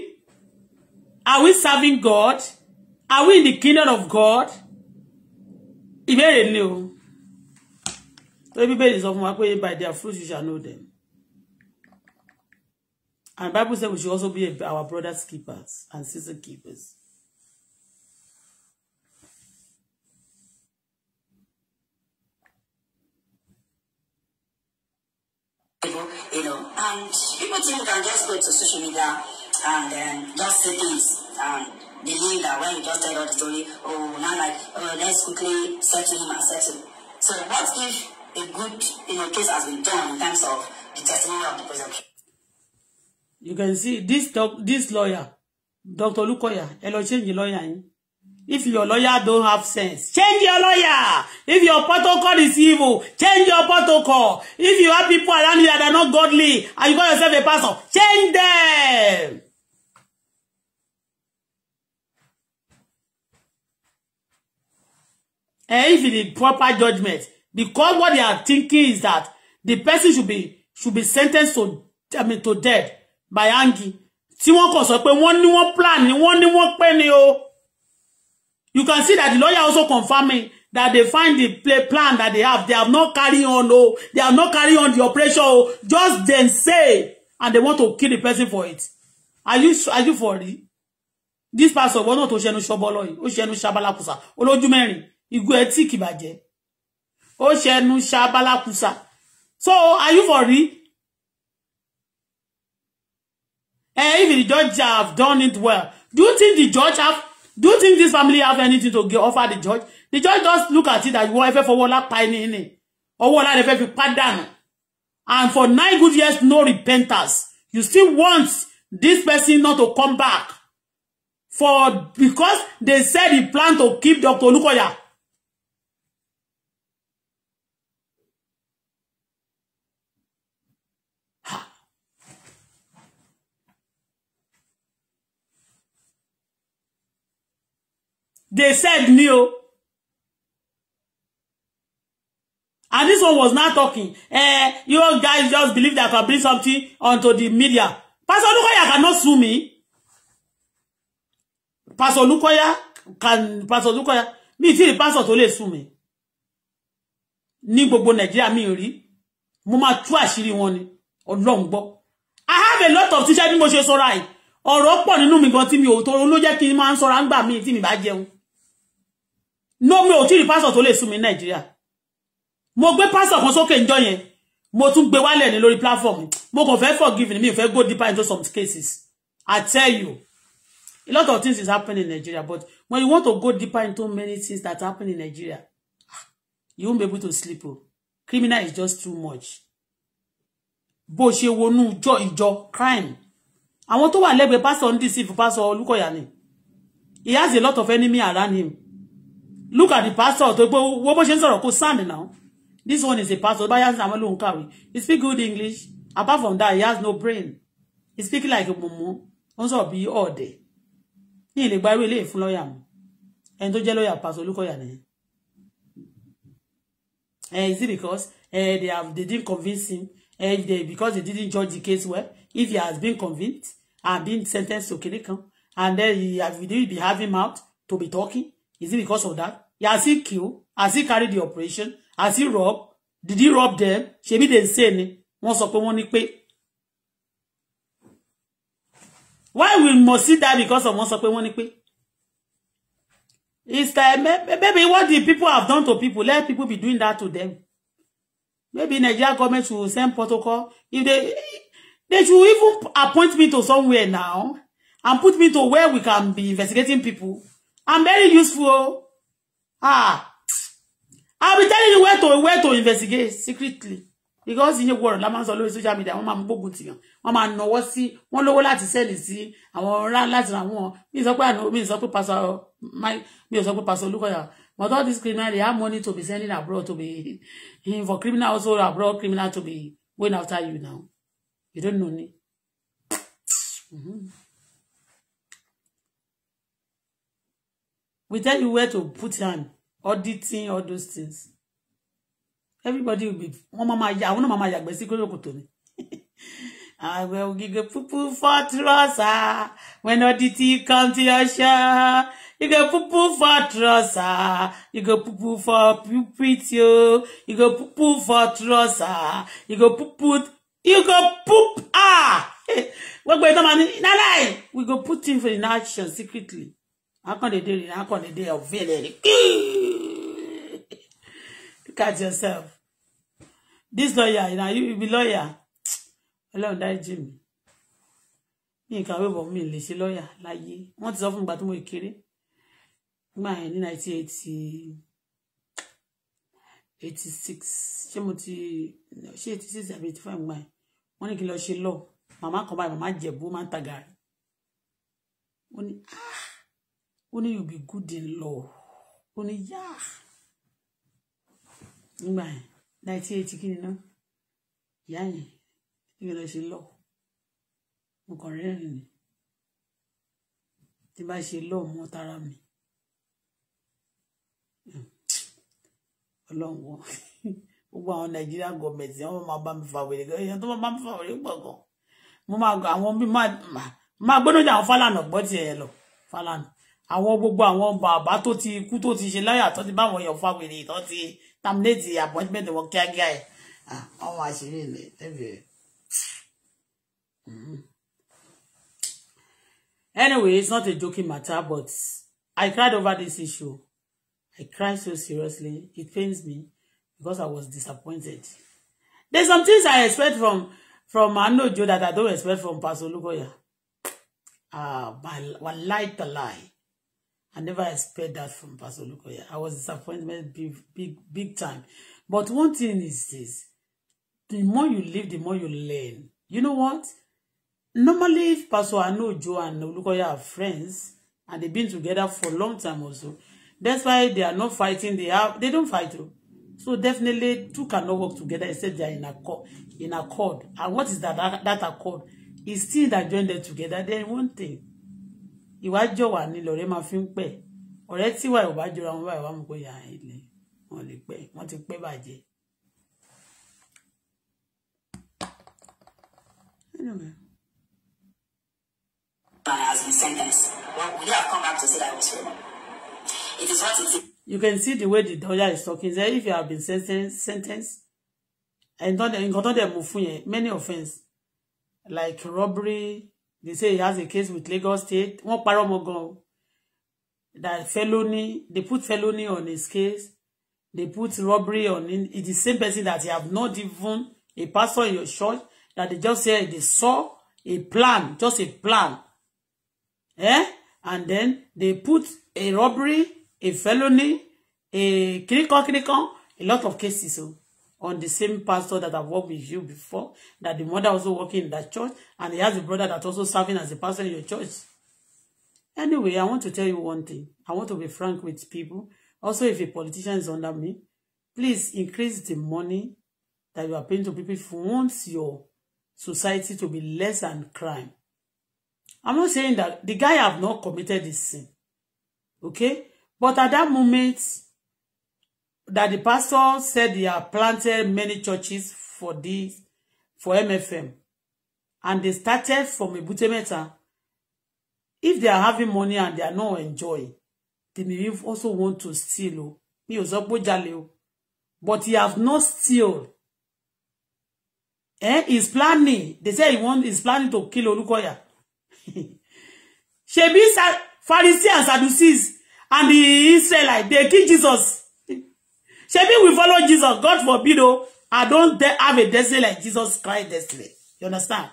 are we serving God are we in the kingdom of God ìbéèrè ni o torí bíbélì sọ fún wa pé by their fruits you shall know them and Bible says we should also be our brothers keepers and sister keepers. And people think you can just go to social media and um, just say things and believe that when you just tell all the story, oh, now like, oh, let's quickly settle him and settle. So what if a good, you know, case has been done in terms of the testimony of the prosecution? You can see this doc, this lawyer, Dr. Lukoya, ẹ change lawyer yín. If your lawyer don't have sense, change your lawyer. If your protocol is evil, change your protocol. If you have people around you that are not godly and you call yourself a pastor, change them. And if it is proper judgment, because what they are thinking is that the person should be should be sentenced to I mean to death by hanging. Tí wọ́n kàn sọ pé plan ni wọ́n ní wọ́n pẹ́ ni You can see that the lawyer also confirming that they find the play plan that they have. They have not carried on, no. Oh. They have not carried on the operation. Oh. Just then say, and they want to kill the person for it. Are you are you for it? This person was not Oshenu Shoboloy, Oshenu Shabalakusa, olójú igu eti kibaje. Oshenu Shabalakusa. So, are you for it? Eh, if the judge have done it well, do you think the judge have Do you think this family have anything to give, offer the judge? The judge just look at it that wọ́n fẹ́ fọwọ́ lá pa ẹni ní. Ọwọ́ lá lè fẹ́ fi pàdánù. And for nine good years, no repentance. You still want this person not to come back. For because they said he planned to keep Dr. Olukoya They said no. Oh. And this one was not talking. Eh, you guys just believe that I bring something onto the media. Pastor Olukoya cannot sue me. Pastor Olukoya can Pastor Olukoya Me ti The pastor to lè sue me. Ní gbogbo Nàìjíríà mi rí. Mo máa tú àṣírí wọn ni. Ọlọ́run I have a lot of teacher bí mo ṣe sọ right. Ọ̀rọ̀ pọ̀ nínú mi gan tí mi ò tó ló jẹ́ kí n mi tí mi bá jẹun no mi ò tí rí pastor to lè sú mi Nigeria mo gbé pastor kan sókè ńjọ́ yẹn mo tún gbé wálẹ̀ ní lórí platform mo kàn fẹ́ forgive me, mi go deeper into some cases I tell you a lot of things is happening in Nigeria but when you want to go deeper into many things that happen in Nigeria ah, you won't be able to sleep oh. criminal is just too much bó ṣe wọnú ìjọ ìjọ crime àwọn to wà lẹ́gbẹ̀ẹ́ pastor ń deceive pastor Olúkọ̀yà ni he has a lot of enemy around him look at the pastor tó gbó wọ́n bó ṣe ń sọ̀rọ̀ now this one is a pastor báyà ń sàmọ́ lòun kàwé he speak good english apart from that he has no brain he speak like mumu ó ń sọ̀rọ̀ bí ọ̀dẹ̀ ní ìlẹ̀ gbarú ilé ìfún lọ́ọ̀yà mu ẹni tó jẹ́ lọ́ọ̀yà pastor olúkọ̀yà nìyẹn Uh, is it because uh, they have they didn't convince him uh, they, because they didn't judge the case well if he has been convinced and been sentenced to kilikan and then he have he will be having mouth to be talking Is it because of that? Has he killed? Has he carried the operation? Has he robbed? Did he rob them? Ṣebí they say ni. Wọ́n sọ pé wọ́n ní pé. Why will Morsi die because of wọ́n sọ pé wọ́n It's like maybe what the people have done to people, let people be doing that to them. Maybe Nigeria government should send protocol. If they they should even appoint me to somewhere now and put me to where we can be investigating people I'm very useful. Oh. Ah, I'll be telling you where to where to investigate secretly because in your world, wọ̀rọ̀ la máa ń sọ lórí social media wọ́n máa ń gbógun tìyàn wọ́n máa nọwọ́ sí wọ́n lówó láti sẹ́ẹ̀lì sí àwọn ọ̀rá láti ra wọn mi sọ pé àná mi sọ pé pásọ mi sọ pé pásọ olúkọyà but all these criminals they have money to be sending abroad to be in [LAUGHS] for criminal also abroad criminal to be going after you now you don't know me. Mm-hmm. We tell you where to put hand, auditing, all those things. Everybody will be, wọ́n máa máa mama. àwọn náà máa máa yàgbẹ́ sí kólókòtò ni. [LAUGHS] Àwẹ̀ ògìgè púpù for trouser, when auditing come to your shop, you go poo-poo for trouser, you go poo-poo for pupit yo, you go poo-poo for trouser, you go poo-poo, you go poop, ah! [LAUGHS] Gbogbo ìtọ́ máa ní, nálẹ̀, we go put him for the action secretly akàn dédé rè akàn dédé ọ̀fẹ́ rẹ̀ rè look at yourself this lawyer na you be lawyer Hello, dáríjì mi mi ì kàwé bọ̀ mi lè ṣe lọ́ọ̀yà láyé wọ́n ti sọ fún ìgbà tó mọ̀ ìkéré nígbà yẹn ní nineteen eighty eighty six ṣé mo ti ṣe eighty six àbí eighty five gbà yẹn wọ́n ní kí n lọ ṣe lọ́ọ̀ màmá kan báyìí màmá ah ó you be good in law ó ní yá nígbà yẹn ninety eight kí ni ná ìyá yẹn kí ló ṣe lọ mo kàn rẹ́rìn ni tí bá ṣe lọ́ọ̀ mọ́ tara mi ọlọ́run wọn gbogbo àwọn nàìjíríà gọọmẹ̀ntì wọn máa bá mi fa wèrè gan èèyàn tó máa bá mi fa wèrè pọ̀ gan mo máa àwọn bí máa gbóná jà àwọn fálànà gbọ́ tiẹ̀ lọ fálànà àwọn gbogbo àwọn bàbá tó ti kú tó ti ṣe lọ́yà tó ti báwọn èèyàn fáwèrè tó ti terminate appointment wọn kíákíá ẹ̀ àwọn àṣírí ilẹ̀ tẹ́bi ẹ̀. Mm-hmm. anyway it's not a joking matter but I cried over this issue I cried so seriously it pains me because I was disappointed there's some things I expect from from Anojo that I don't expect from Pastor Olukoya ah uh, my, my light the lie I never expected that from Pastor Lukoya. I was disappointed big, big, big time. But one thing is this. The more you live, the more you learn. You know what? Normally, if Pastor Joe and Lukoya are friends, and they've been together for a long time also, that's why they are not fighting. They have they don't fight oh. So definitely two cannot work together except they are in accord. In accord. And what is that, that, that accord? It's still that joined them together. Then one thing ìwà jọ̀wà ni lọ̀rẹ́ máa fi ń pẹ̀ ọ̀rẹ́ tíwà ò bá jọra wọn báyìí wà mú kó yà á ilé wọn lè pẹ́ wọ́n ti pẹ́ bàjẹ́. You can see the way the lawyer is talking. Say if you have been sentenced, sentenced, and nǹkan tó dẹ̀ mú fún yẹn many offence like robbery they say he has a case with Lagos State One parọ́ mọ́ that felony they put felony on his case they put robbery on him it's the same person that he have not even a pastor in your church that they just say they saw a plan just a plan eh and then they put a robbery a felony a kirikon kirikon a lot of cases So on the same pastor that I've worked with you before, that the mother also working in that church, and he has a brother that also serving as a pastor in your church. Anyway, I want to tell you one thing. I want to be frank with people. Also, if a politician is under me, please increase the money that you are paying to people who want your society to be less than crime. I'm not saying that the guy have not committed this sin. Okay? But at that moment, that the pastor said they have planted many churches for this for MFM and they started from a Ebutemeta. If they are having money and they are not enjoying, they may also want to steal. He was up pé ó oh. but he have not steal. Eh, he's planning. They say he want he's planning to kill Olukoya. Shebi [LAUGHS] Pharisee and Sadducees and the Israelites, they kill Jesus. Shebi we follow Jesus. God forbid, oh, I don't dare have a destiny like Jesus Christ destiny. You understand?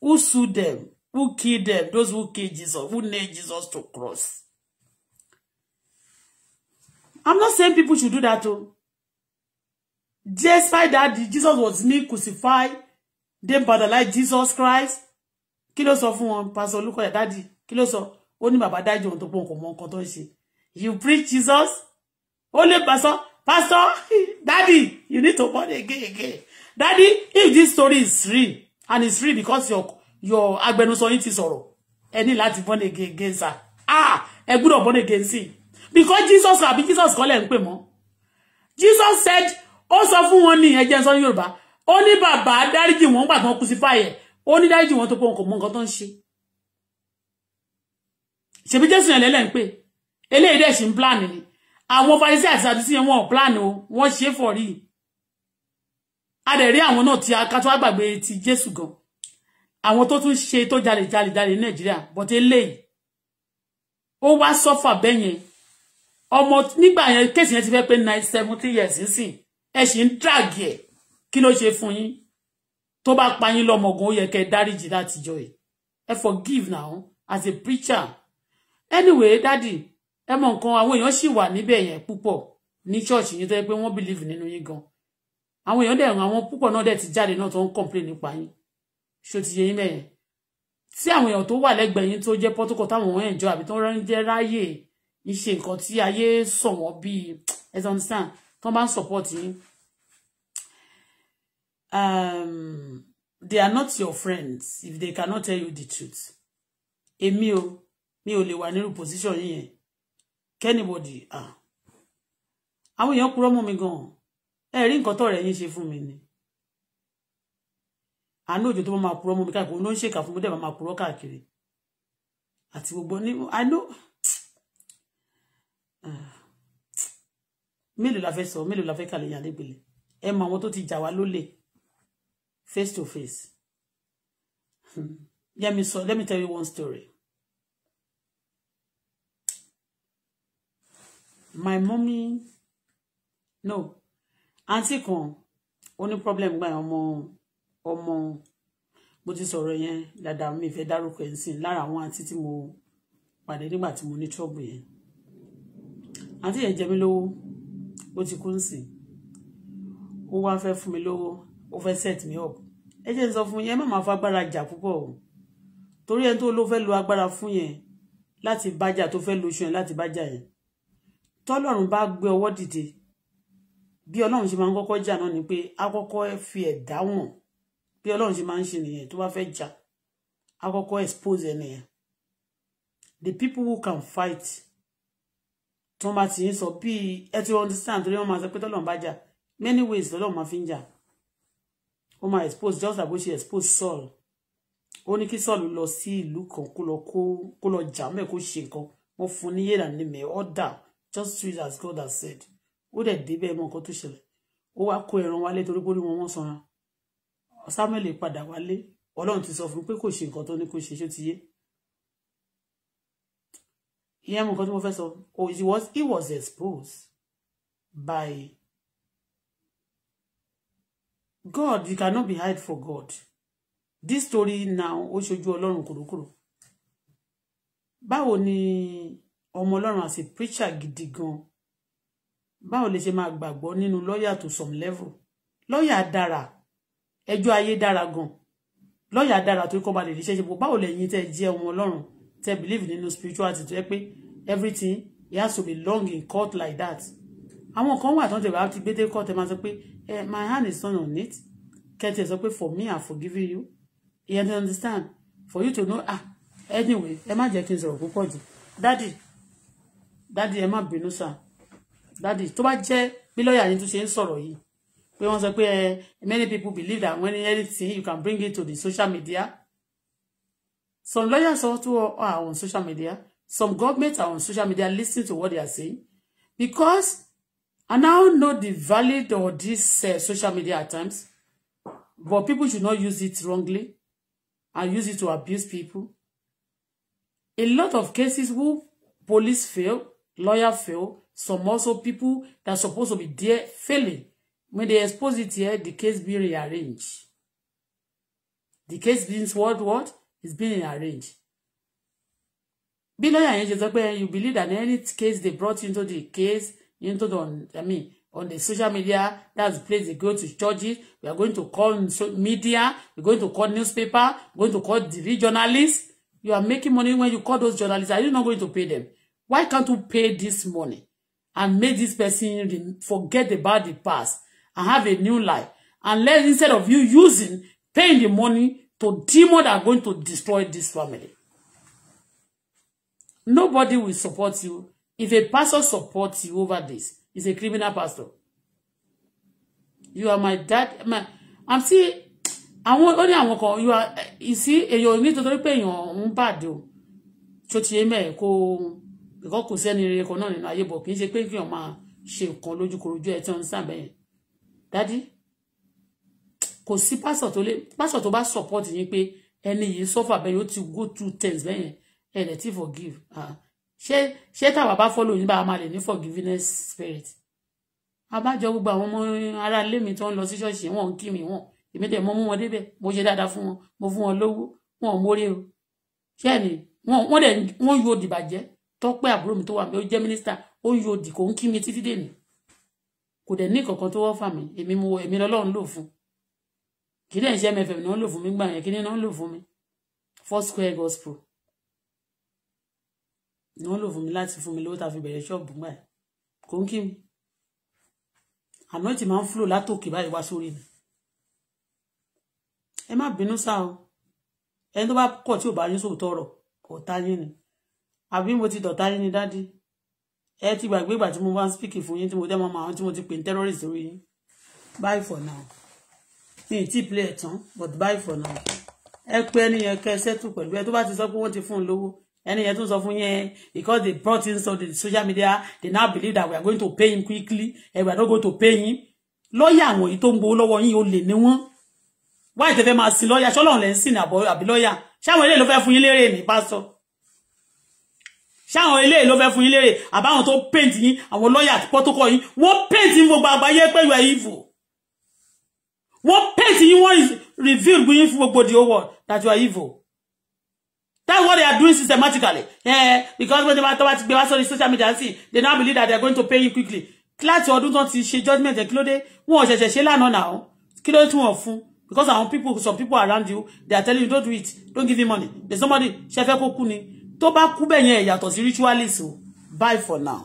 Who sued them? Who killed them? Those who killed Jesus, who nailed Jesus to cross. I'm not saying people should do that too. Oh. Despite that, Jesus was me crucified. They brutalized Jesus Christ. Kí ló sọ fún wọn, Pastor Lukoya, Daddy. Kí ló sọ, ó ní bàbá dájú ohun tó pọ̀ nǹkan mọ́ nǹkan tó ń ṣe. You preach Jesus. Only pastor, pastor, daddy, you need to born again again. Daddy, if this story is real, and it's real because your your agbẹnusọ yín ti sọ̀rọ̀, ẹ ní láti born again again sir. Ah, a good gbọ́dọ̀ born again see Because Jesus àbí Jesus kọ́ lẹ̀ ń pè Jesus said, ó sọ fún wọn ní ẹjẹ́ sọ ní Yorùbá, ó ní bàbá dáríjì wọn gbà kan crucify ẹ̀, ó ní dáríjì wọn tó pé wọn kò mọ nǹkan tó ń ṣe. Ṣèbí Jésù yẹn lẹ́lẹ́ ń pè, eléyìí dẹ̀ ṣì àwọn farisi àti sàdúsí yẹn wọn plan o wọ́n ṣe for real a dẹ̀ rí àwọn náà tí a ká tó àgbàgbé ti jésù gan àwọn tó tún ṣe tó jalè jalè jalè ní nàìjíríà but eléyìí ó wá sọ́fà bẹ́yẹn ọmọ nígbà yẹn kéèsì yẹn ti fẹ́ pé nine seventy years sísìn ẹ sì ń dragi ẹ̀ kí ló ṣe fún yín tó bá pa yín lọ́mọgùn ó yẹ kẹ́ ẹ dáríjì látijọ́ ẹ̀ ẹ forgive now as a preacher anyway daddy ẹ mọ nǹkan àwọn èèyàn sì wà níbẹ̀ yẹn púpọ̀ ní ṣọ́ọ̀ṣì yìí tó yẹ pé wọ́n bìlíìfù nínú yín gan àwọn èèyàn dẹ̀ àwọn púpọ̀ náà dẹ̀ ti jáde náà tó ń kọ̀m̀plé nípa yín ṣó ti yẹ yín mẹ́yẹn tí àwọn èèyàn tó wà lẹ́gbẹ̀ẹ́ yín tó jẹ́ pọ́tòkọ̀ táwọn wọn ẹ̀jọ́ àbí tó ń jẹ́ ráyè ń ṣe nǹkan tí ayé sọ wọ́n bíi ẹ tó ń sàn tó bá ń support yín um, they are not your friends if they cannot tell you the truth èmi o mi ò lè wà nírú position yín yẹn kẹ́nìbọ̀dì ah. àwọn èèyàn purọ́ mọ́ mi gan-an ẹ rí nǹkan tọ̀rẹ́ yín ṣe fún mi ni àánú òjò tó máa purọ́ mọ́ mi káàkiri òun ló ń ṣèkà fún mi dẹ̀ máa purọ́ káàkiri àti gbogbo ní àánú ah. mélòó la fẹ́ sọ mélòó la fẹ́ kàlẹ́ yàn lébèlè ẹ mọ àwọn tó ti jà wá lólè face to face hmm. let me so let me tell you one story my mommy no àǹtí kan ó ní problem gba ọmọ ọmọ mo ti sọ̀rọ̀ yẹn dáadáa mi ìfẹ́ dárúkọ ẹ̀ sí lára àwọn àǹtí tí mo pàdé nígbà tí mo ní trouble yẹn àǹtí yẹn jẹ mí lówó ó ti kú ń sìn ó wá fẹ́ fún mi lówó ó fẹ́ set me up ẹ jẹ́ n sọ fún yẹn má máa fagbára jà púpọ̀ o torí ẹni tó ló fẹ́ lo agbára fún yẹn láti bájà tó fẹ́ lo oṣù yẹn láti bájà tọ́lọ́run bá gbé ọwọ́ dìde bí ọlọ́run ṣe máa ń kọ́kọ́ jà náà ni pé akọ́kọ́ fi ẹ̀dá wọn bí ọlọ́run ṣe máa ń ṣe nìyẹn tó bá fẹ́ jà akọ́kọ́ expose ẹ̀ nìyẹn the people who can fight tí wọ́n bá ti ń sọ bíi ẹ ti understand torí wọ́n máa sọ pé tọ́lọ́run bá jà many ways tọ́lọ́run máa fi ń jà ó máa expose just like bó ṣe expose Saul ó ní kí Saul lọ sí ìlú kan kó lọ kó lọ jà mẹ́ẹ̀ kó ṣe nǹkan wọ́n fún un ní yéèrà nímẹ̀ ọ́dà just do as God has said ó dẹ̀ débẹ̀ mọ nǹkan tó ṣẹlẹ̀ ó wá kó ẹran wálé torí pé orí wọn wọ́n sanra Samuel padà wálé Ọlọ́run ti sọ fún un pé kò ṣe nǹkan tó ní kò ṣe ṣó ti yé ìyẹn mọ nǹkan tí mo fẹ́ sọ oh he was he was exposed by God you cannot be hide for God this story now ó ṣojú Ọlọ́run kòrókòrò báwo ni ọmọ ọlọ́run àti preacher gidi gan báwo lè ṣe máa gbàgbọ́ nínú lọ́ọ̀yà to some level lọ́ọ̀yà dára ẹjọ́ ayé dára gan lọ́ọ̀yà dára torí kọ́ ba lè ṣe ṣe bó báwo lẹ́yìn tẹ́ jẹ́ ọmọ ọlọ́run tẹ́ believe nínú spirituality tó yẹ pé everything it has to be long in court like that àwọn kan wà tán tẹ̀ bá ti gbé court ẹ̀ máa sọ pé eh, my hand is not on it kẹ́tì ẹ̀ sọ pé for me i'm forgiving you you understand for you to know ah anyway ẹ má jẹ́ kí n sọ̀rọ̀ púpọ̀ jù dádì dádì ẹ má bínú sà dádì tó bá jẹ́ bí lọ́ọ̀yà yín tún ṣe ń sọ̀rọ̀ yìí pé wọ́n sọ pé eh, many people believe that when anything you can bring it to the social media some lawyers also are on social media some governments are on social media listening to what they are saying because I now know the valid of this uh, social media at times but people should not use it wrongly and use it to abuse people. A lot of cases who police fail lawyer fail. Some also people that are supposed to be there failing. When they expose it here, the case being rearranged. The case being what what is being arranged. Be lawyer yẹn you believe that any case they brought into the case into the I mean on the social media that's the place they go to churches we are going to call media we are going to call newspaper we going to call the journalists you are making money when you call those journalists are you not going to pay them Why can't we pay this money and make this person forget about the past and have a new life? And let instead of you using, paying the money to demons that are going to destroy this family. Nobody will support you. If a pastor supports you over this, he's a criminal pastor. You are my dad. My, I'm see. àwọn ó ní àwọn kan you are, eh, you see, èèyàn eh, ní nítorí pé èèyàn ń bàdé o. Tó ti yé go because kò sẹ́ni rere kan náà nínú ayé bọ̀ kì í ṣe pé kí wọ́n máa ṣe nǹkan lójúkorojú ẹ̀ tí wọ́n ń sàn bẹ́yẹn dádì kò sí pásọ̀ tó lé pásọ̀ tó bá support yín pé ẹni yìí sọ́fà bẹ́yẹn ó ti go through things bẹ́yẹn ẹ̀ lè ti forgive ṣé ṣé táwa bá follow yín bá a máa lè ní forgiveness spirit abájọ gbogbo àwọn ọmọ ará ilé mi tó ń lọ sí ṣọ́ọ̀ṣì wọn ń kí mi wọn èmi dẹ̀ mo mú wọn débẹ̀ mo ṣe dáadáa fún wọn mo fún wọn lówó wọn ò mórí o ṣẹ́ni wọn dẹ̀ wọn yóò dìbàjẹ́ tọ́pẹ́ àbúrò mi tó wà mí ó jẹ́ mínísítà ó yọ òdì kò ń kí mi títí dènì kò dẹ̀ ní kankan tó wọ́fà mi èmi mo èmi lọ́lọ́run lò fún kí dẹ̀ ń ṣe mfm náà lò fún mi gbà yẹn kí ni náà lò fún mi four square gospel ni wọ́n lò fún mi láti fún mi lówó tá a fi bẹ̀rẹ̀ ṣọ́ọ̀bù gbà yẹn kò ń kí mi àná ti máa ń fúlò látòkè báyìí wá sórí mi ẹ má bínú sáà o ẹni tó bá kọ̀ tí ò bá yín sòótọ́ ọ̀rọ̀ ọ̀tá yín ni àbí mo ti dọ̀tá yín ni dádì ẹ ti gbàgbé ìgbà tí mo bá ń spíkì fún yín tí mo dẹ́ mọ́ àwọn tí mo ti pè ní terrorist orí yín bye for now mi ì tí ì tán but bye for now ẹ pé ẹni yẹn kẹ ṣẹ́tù pẹ̀lú ẹ tó bá ti sọ pé wọ́n ti fún un lówó ẹni tó sọ fún yẹn because they brought in so the social media they now believe that we are going to pay him quickly and we are not going to pay him lọ́ọ̀yà àwọn èyí tó ń gbowó lọ́wọ́ yín ó lè ní wọ́n wáyé tẹ́fẹ́ máa sin lọ́ọ̀yà ṣọ́lọ́run lẹ́ ń sìn àbí lọ́ọ̀yà ṣáwọn eléyìí ló fẹ́ fún yín lérè ní pásítọ̀ ṣáwọn ilé ló fẹ́ fún yín lérè àbáwọn tó paint yín àwọn lọ́ọ̀yà pọ́tókọ̀ yín wọ́n paint yín gbogbo àgbáyé pé you are evil wọ́n paint yín wọ́n reveal yín fún gbogbo the whole world that you are evil that's what they are doing systematically Yeah, because when they were talking about gbé wá sórí social media sí they now believe that they are going to pay you quickly kíláàsì ọdún tó ti ṣe judgement ẹ̀ kí ló dé wọn ò ṣẹ̀ṣẹ̀ ṣe lánàá náà kí ló tún wọn fún because àwọn people some people around you they are telling you don't do it don't give him money there's somebody ṣe fẹ́ kó kú ni tó bá kú bẹ́ẹ̀ yẹn yàtọ̀ ritualist o bye for now.